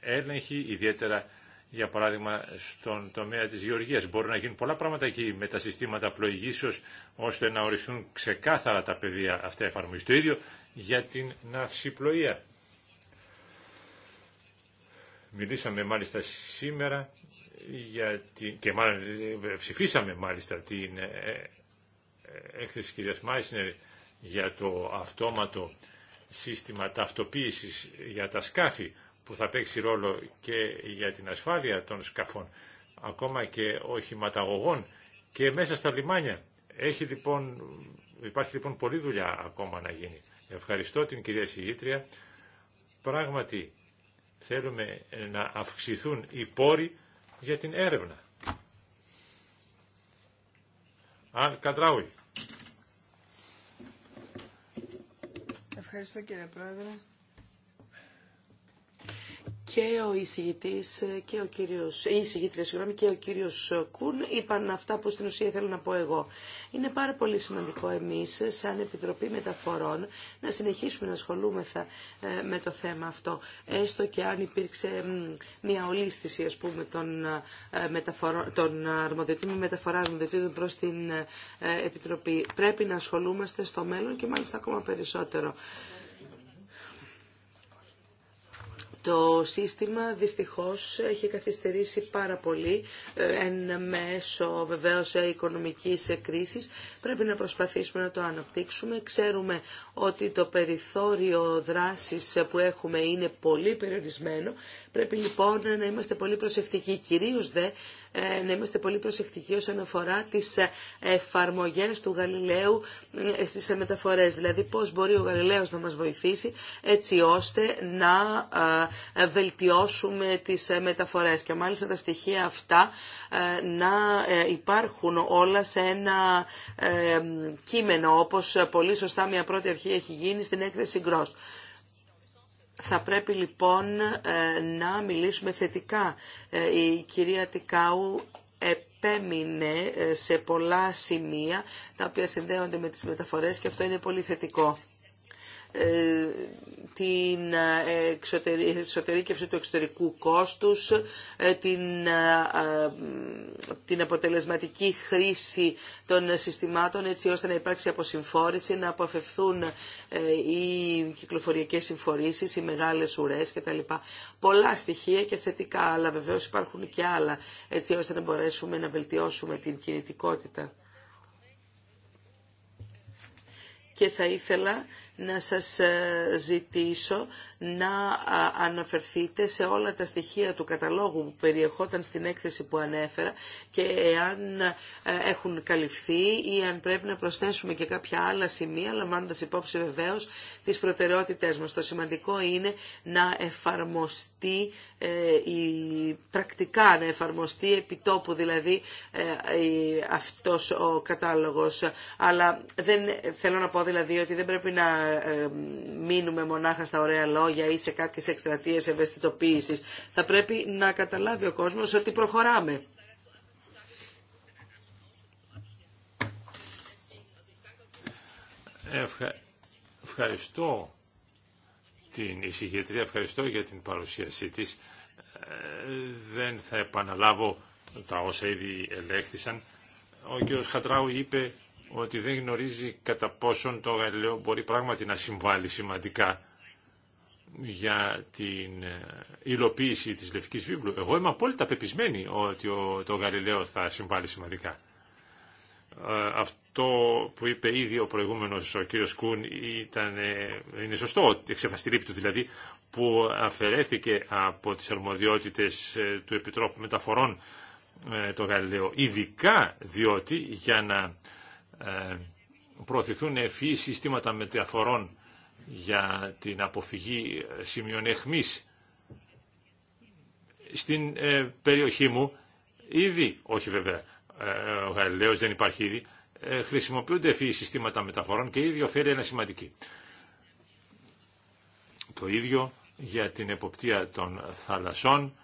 Έλεγχοι ιδιαίτερα για παράδειγμα στον τομέα της γεωργίας. Μπορεί να γίνουν πολλά πράγματα εκεί με τα συστήματα πλοηγήσεως ώστε να οριστούν ξεκάθαρα τα πεδία αυτά εφαρμογής. Το ίδιο για την ναυσιπλοεία. Μιλήσαμε μάλιστα σήμερα και μάλλον ψηφίσαμε μάλιστα την ε, ε, έκθεση της κυρίας Μάισνερ για το αυτόματο σύστημα ταυτοποίησης για τα σκάφη που θα παίξει ρόλο και για την ασφάλεια των σκαφών, ακόμα και οχηματαγωγών και μέσα στα λιμάνια. Έχει λοιπόν, υπάρχει λοιπόν πολλή δουλειά ακόμα να γίνει. Ευχαριστώ την κυρία Συγήτρια. Πράγματι θέλουμε να αυξηθούν οι πόροι για την έρευνα. Αλ Καντράουι. Ευχαριστώ κύριε Πρόεδρε και ο εισηγητής και ο κύριος, ε, η εισηγήτρια και ο κύριος Κούν είπαν αυτά που στην ουσία θέλω να πω εγώ. Είναι πάρα πολύ σημαντικό εμείς σαν Επιτροπή Μεταφορών να συνεχίσουμε να ασχολούμεθα ε, με το θέμα αυτό. Έστω και αν υπήρξε μια ολίσθηση ας πούμε των, ε, μεταφορών, των αρμοδιοτήτων μεταφορά προς την Επιτροπή. Πρέπει να ασχολούμαστε στο μέλλον και μάλιστα ακόμα περισσότερο. Το σύστημα δυστυχώς έχει καθυστερήσει πάρα πολύ ε, εν μέσω βεβαίως οικονομικής κρίσης. Πρέπει να προσπαθήσουμε να το αναπτύξουμε. Ξέρουμε ότι το περιθώριο δράσης που έχουμε είναι πολύ περιορισμένο. Πρέπει λοιπόν να είμαστε πολύ προσεκτικοί, κυρίως δε ε, να είμαστε πολύ προσεκτικοί όσον αφορά τις ε, εφαρμογές του Γαλιλαίου ε, στις μεταφορές. Δηλαδή πώς μπορεί ο Γαλιλαίος να μας βοηθήσει έτσι ώστε να βελτιώσουμε τις μεταφορές και μάλιστα τα στοιχεία αυτά να υπάρχουν όλα σε ένα κείμενο όπως πολύ σωστά μια πρώτη αρχή έχει γίνει στην έκθεση Gross. Θα πρέπει λοιπόν ε, να μιλήσουμε θετικά. Ε, η κυρία Τικάου επέμεινε ε, σε πολλά σημεία τα οποία συνδέονται με τις μεταφορές και αυτό είναι πολύ θετικό. Ε, την ε, εξωτερήκευση του εξωτερικού κόστους, ε, την, την αποτελεσματική χρήση των συστημάτων έτσι ώστε να υπάρξει αποσυμφόρηση, να αποφευθούν οι κυκλοφοριακές συμφορήσεις, οι μεγάλες ουρές κτλ. Πολλά στοιχεία και θετικά, αλλά βεβαίως υπάρχουν και άλλα έτσι ώστε να μπορέσουμε να βελτιώσουμε την κινητικότητα. Και θα ήθελα να σας ε, ζητήσω να αναφερθείτε σε όλα τα στοιχεία του καταλόγου που περιεχόταν στην έκθεση που ανέφερα και εάν ε, έχουν καλυφθεί ή αν πρέπει να προσθέσουμε και κάποια άλλα σημεία, λαμβάνοντας υπόψη βεβαίως τις προτεραιότητές μας. Το σημαντικό είναι να εφαρμοστεί ε, η πρακτικά να εφαρμοστεί επιτόπου δηλαδή αυτός ο κατάλογος. Αλλά δεν θέλω να πω δηλαδή ότι δεν πρέπει να μείνουμε μονάχα στα ωραία λόγια ή σε κάποιες εκστρατείες ευαισθητοποίησης. Θα πρέπει να καταλάβει ο κόσμος ότι προχωράμε. Ευχαριστώ την εισηγητρία, ευχαριστώ για την παρουσίασή της. Ε, δεν θα επαναλάβω τα όσα ήδη ελέγχθησαν. Ο κ. Χατράου είπε ότι δεν γνωρίζει κατά πόσον το Γαλιλαίο μπορεί πράγματι να συμβάλλει σημαντικά για την ε, υλοποίηση της Λευκής Βίβλου. Εγώ είμαι απόλυτα πεπισμένη ότι το Γαλιλαίο θα συμβάλλει σημαντικά. Ε, αυτό που είπε ήδη ο προηγούμενος ο κύριος Κούν ήταν, ε, είναι σωστό, εξεφαστηρίπτου του δηλαδή, που αφαιρέθηκε από τις αρμοδιότητες του Επιτρόπου Μεταφορών το Γαλιλαίο, ειδικά διότι για να ε, προωθηθούν ευφύ συστήματα μεταφορών για την αποφυγή σημείων Στην ε, περιοχή μου ήδη, όχι βέβαια ε, ο Γαλιλαίος δεν υπάρχει ήδη, χρησιμοποιούνται ευφύ συστήματα μεταφορών και ήδη ωφέλει ένα σημαντική. Το ίδιο για την εποπτεία των θαλασσών,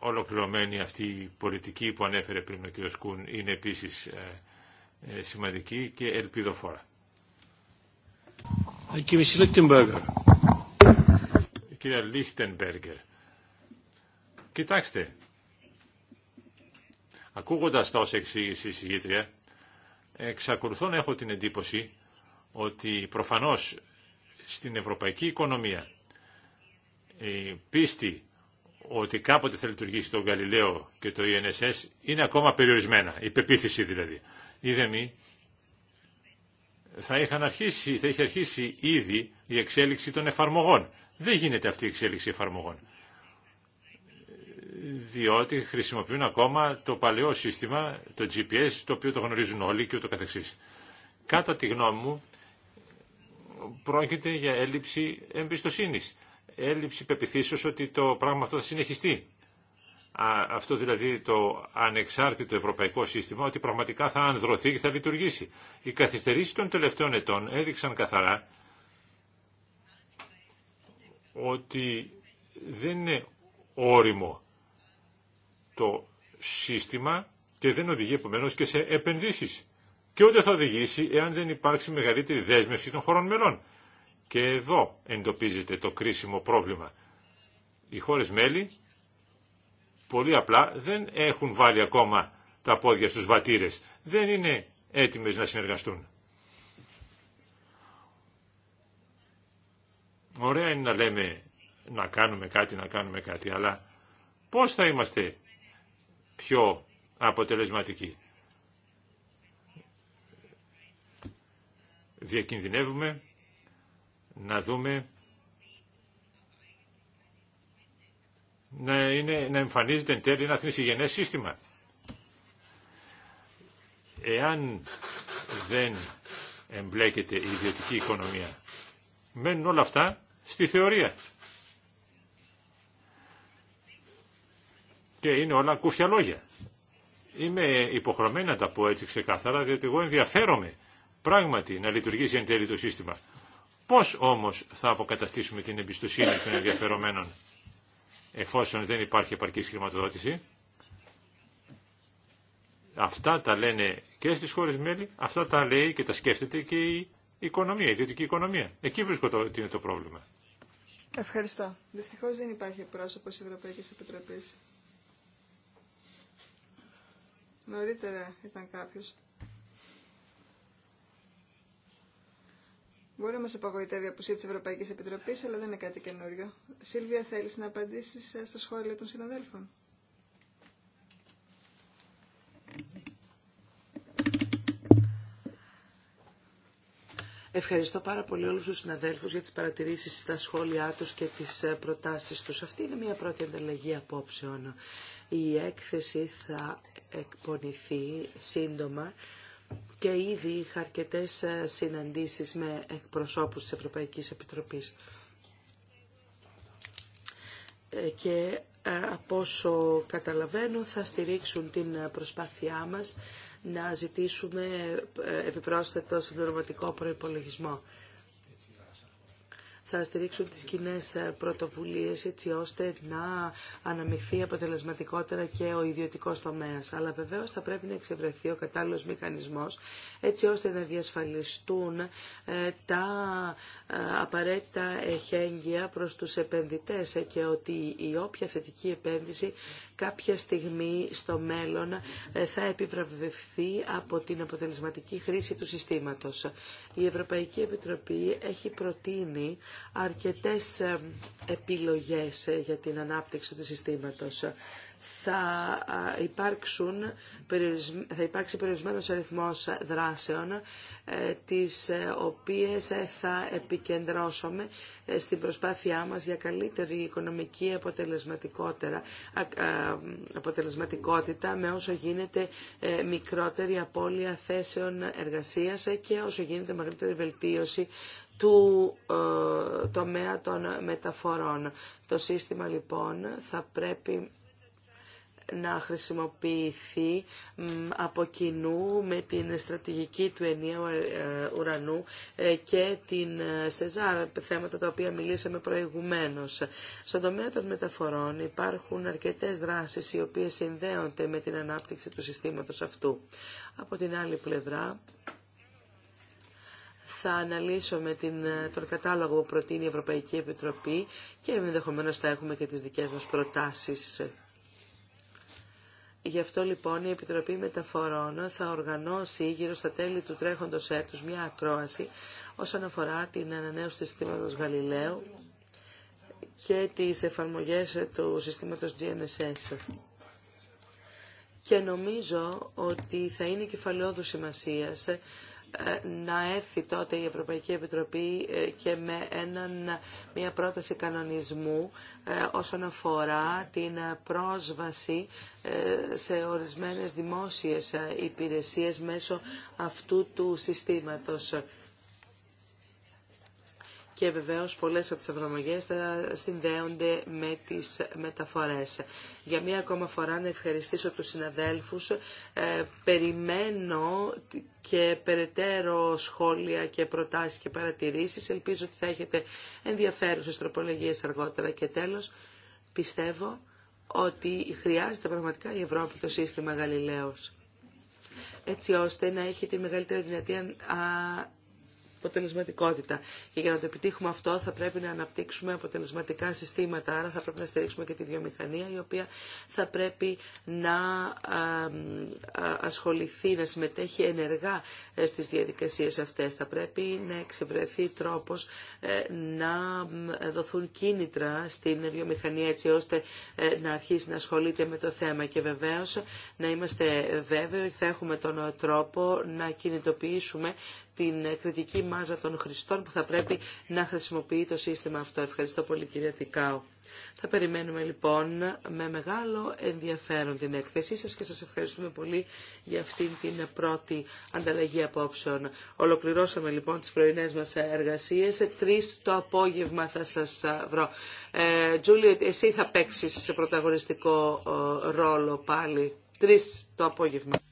ολοκληρωμένη αυτή η πολιτική που ανέφερε πριν ο κ. Κούν είναι επίσης ε, ε, σημαντική και ελπιδοφόρα. Κύριε Λίχτενμπέργκερ, κοιτάξτε, ακούγοντας τα όσα εξήγησε η συγγήτρια, εξακολουθώ να έχω την εντύπωση ότι προφανώς στην ευρωπαϊκή οικονομία η πίστη ότι κάποτε θα λειτουργήσει το Γαλιλαίο και το INSS είναι ακόμα περιορισμένα, η πεποίθηση δηλαδή. Είδε θα, είχαν αρχίσει, θα είχε αρχίσει ήδη η εξέλιξη των εφαρμογών. Δεν γίνεται αυτή η εξέλιξη εφαρμογών. Διότι χρησιμοποιούν ακόμα το παλαιό σύστημα, το GPS, το οποίο το γνωρίζουν όλοι και ούτω καθεξής. Κατά τη γνώμη μου, πρόκειται για έλλειψη εμπιστοσύνης έλλειψη πεπιθήσεως ότι το πράγμα αυτό θα συνεχιστεί. Αυτό δηλαδή το ανεξάρτητο ευρωπαϊκό σύστημα ότι πραγματικά θα ανδρωθεί και θα λειτουργήσει. Οι καθυστερήσεις των τελευταίων ετών έδειξαν καθαρά ότι δεν είναι όριμο το σύστημα και δεν οδηγεί επομένω και σε επενδύσεις. Και ούτε θα οδηγήσει εάν δεν υπάρξει μεγαλύτερη δέσμευση των χωρών μελών. Και εδώ εντοπίζεται το κρίσιμο πρόβλημα. Οι χώρες μέλη πολύ απλά δεν έχουν βάλει ακόμα τα πόδια στους βατήρες. Δεν είναι έτοιμες να συνεργαστούν. Ωραία είναι να λέμε να κάνουμε κάτι, να κάνουμε κάτι, αλλά πώς θα είμαστε πιο αποτελεσματικοί. Διακινδυνεύουμε να δούμε να, είναι, να εμφανίζεται εν τέλει ένα θνησιγενές σύστημα. Εάν δεν εμπλέκεται η ιδιωτική οικονομία, μένουν όλα αυτά στη θεωρία. Και είναι όλα κούφια λόγια. Είμαι υποχρεωμένη να τα πω έτσι ξεκάθαρα, διότι εγώ ενδιαφέρομαι πράγματι να λειτουργήσει εν τέλει το σύστημα. Πώς όμως θα αποκαταστήσουμε την εμπιστοσύνη των ενδιαφερομένων εφόσον δεν υπάρχει επαρκής χρηματοδότηση. Αυτά τα λένε και στις χώρες μέλη, αυτά τα λέει και τα σκέφτεται και η οικονομία, η ιδιωτική οικονομία. Εκεί βρίσκω το, ότι είναι το πρόβλημα. Ευχαριστώ. Δυστυχώς δεν υπάρχει πρόσωπος Ευρωπαϊκής Επιτροπής. Νωρίτερα ήταν κάποιος. Μπορεί να μα απογοητεύει η απουσία τη Ευρωπαϊκή Επιτροπή, αλλά δεν είναι κάτι καινούριο. Σίλβια, θέλει να απαντήσει ε, στα σχόλια των συναδέλφων. Ευχαριστώ πάρα πολύ όλους τους συναδέλφους για τις παρατηρήσεις στα σχόλιά τους και τις ε, προτάσεις τους. Αυτή είναι μια πρώτη ανταλλαγή απόψεων. Η έκθεση θα εκπονηθεί σύντομα και ήδη είχα αρκετές ε, συναντήσεις με εκπροσώπους της Ευρωπαϊκής Επιτροπής. Ε, και ε, από όσο καταλαβαίνω θα στηρίξουν την προσπάθειά μας να ζητήσουμε επιπρόσθετο συμπληρωματικό προϋπολογισμό θα στηρίξουν τις κοινέ ε, πρωτοβουλίες έτσι ώστε να αναμειχθεί αποτελεσματικότερα και ο ιδιωτικός τομέας. Αλλά βεβαίως θα πρέπει να εξευρεθεί ο κατάλληλος μηχανισμός έτσι ώστε να διασφαλιστούν ε, τα ε, απαραίτητα εχέγγυα προς τους επενδυτές και ότι η όποια θετική επένδυση κάποια στιγμή στο μέλλον ε, θα επιβραβευθεί από την αποτελεσματική χρήση του συστήματος. Η Ευρωπαϊκή Επιτροπή έχει προτείνει αρκετές ε, επιλογές ε, για την ανάπτυξη του συστήματος θα, υπάρξουν, θα υπάρξει περιορισμένος αριθμός δράσεων ε, τις ε, οποίες ε, θα επικεντρώσουμε στην προσπάθειά μας για καλύτερη οικονομική αποτελεσματικότητα με όσο γίνεται μικρότερη απώλεια θέσεων εργασίας και όσο γίνεται μεγαλύτερη βελτίωση του τομέα των μεταφορών. Το σύστημα λοιπόν θα πρέπει να χρησιμοποιηθεί από κοινού με την στρατηγική του ενιαίου ε, ε, ουρανού ε, και την ΣΕΖΑΡ, θέματα τα οποία μιλήσαμε προηγουμένως. Στον τομέα των μεταφορών υπάρχουν αρκετές δράσεις οι οποίες συνδέονται με την ανάπτυξη του συστήματος αυτού. Από την άλλη πλευρά, θα αναλύσω με τον κατάλογο που προτείνει η Ευρωπαϊκή Επιτροπή και ενδεχομένως θα έχουμε και τις δικές μας προτάσεις Γι' αυτό λοιπόν η Επιτροπή Μεταφορών θα οργανώσει γύρω στα τέλη του τρέχοντος έτους μια ακρόαση όσον αφορά την ανανέωση του συστήματος Γαλιλαίου και τις εφαρμογές του συστήματος GNSS. Και νομίζω ότι θα είναι κεφαλαιόδου σημασίας ε, να έρθει τότε η Ευρωπαϊκή Επιτροπή ε, και με έναν, μια πρόταση κανονισμού ε, όσον αφορά την πρόσβαση σε ορισμένες δημόσιες υπηρεσίες μέσω αυτού του συστήματος και βεβαίως πολλές από τις ευρωμογές θα συνδέονται με τις μεταφορές. Για μία ακόμα φορά να ευχαριστήσω τους συναδέλφους. Ε, περιμένω και περαιτέρω σχόλια και προτάσεις και παρατηρήσεις. Ελπίζω ότι θα έχετε ενδιαφέρουσες τροπολογίες αργότερα. Και τέλος, πιστεύω ότι χρειάζεται πραγματικά η Ευρώπη το σύστημα Γαλιλαίος έτσι ώστε να έχετε τη μεγαλύτερη δυνατή αποτελεσματικότητα. Και για να το επιτύχουμε αυτό θα πρέπει να αναπτύξουμε αποτελεσματικά συστήματα. Άρα θα πρέπει να στηρίξουμε και τη βιομηχανία η οποία θα πρέπει να ασχοληθεί, να συμμετέχει ενεργά ε, στις διαδικασίες αυτές. Θα πρέπει να εξευρεθεί τρόπος ε, να δοθούν κίνητρα στην βιομηχανία έτσι ώστε ε, να αρχίσει να ασχολείται με το θέμα και βεβαίως να είμαστε βέβαιοι ότι θα έχουμε τον τρόπο να κινητοποιήσουμε την κριτική μάζα των χρηστών που θα πρέπει να χρησιμοποιεί το σύστημα αυτό. Ευχαριστώ πολύ κυρία Τικάου. Θα περιμένουμε λοιπόν με μεγάλο ενδιαφέρον την έκθεσή σας και σας ευχαριστούμε πολύ για αυτήν την πρώτη ανταλλαγή απόψεων. Ολοκληρώσαμε λοιπόν τις πρωινές μας εργασίες. Τρεις το απόγευμα θα σας βρω. Ε, Τζούλιετ, εσύ θα παίξεις σε πρωταγωνιστικό ε, ρόλο πάλι. Τρεις το απόγευμα.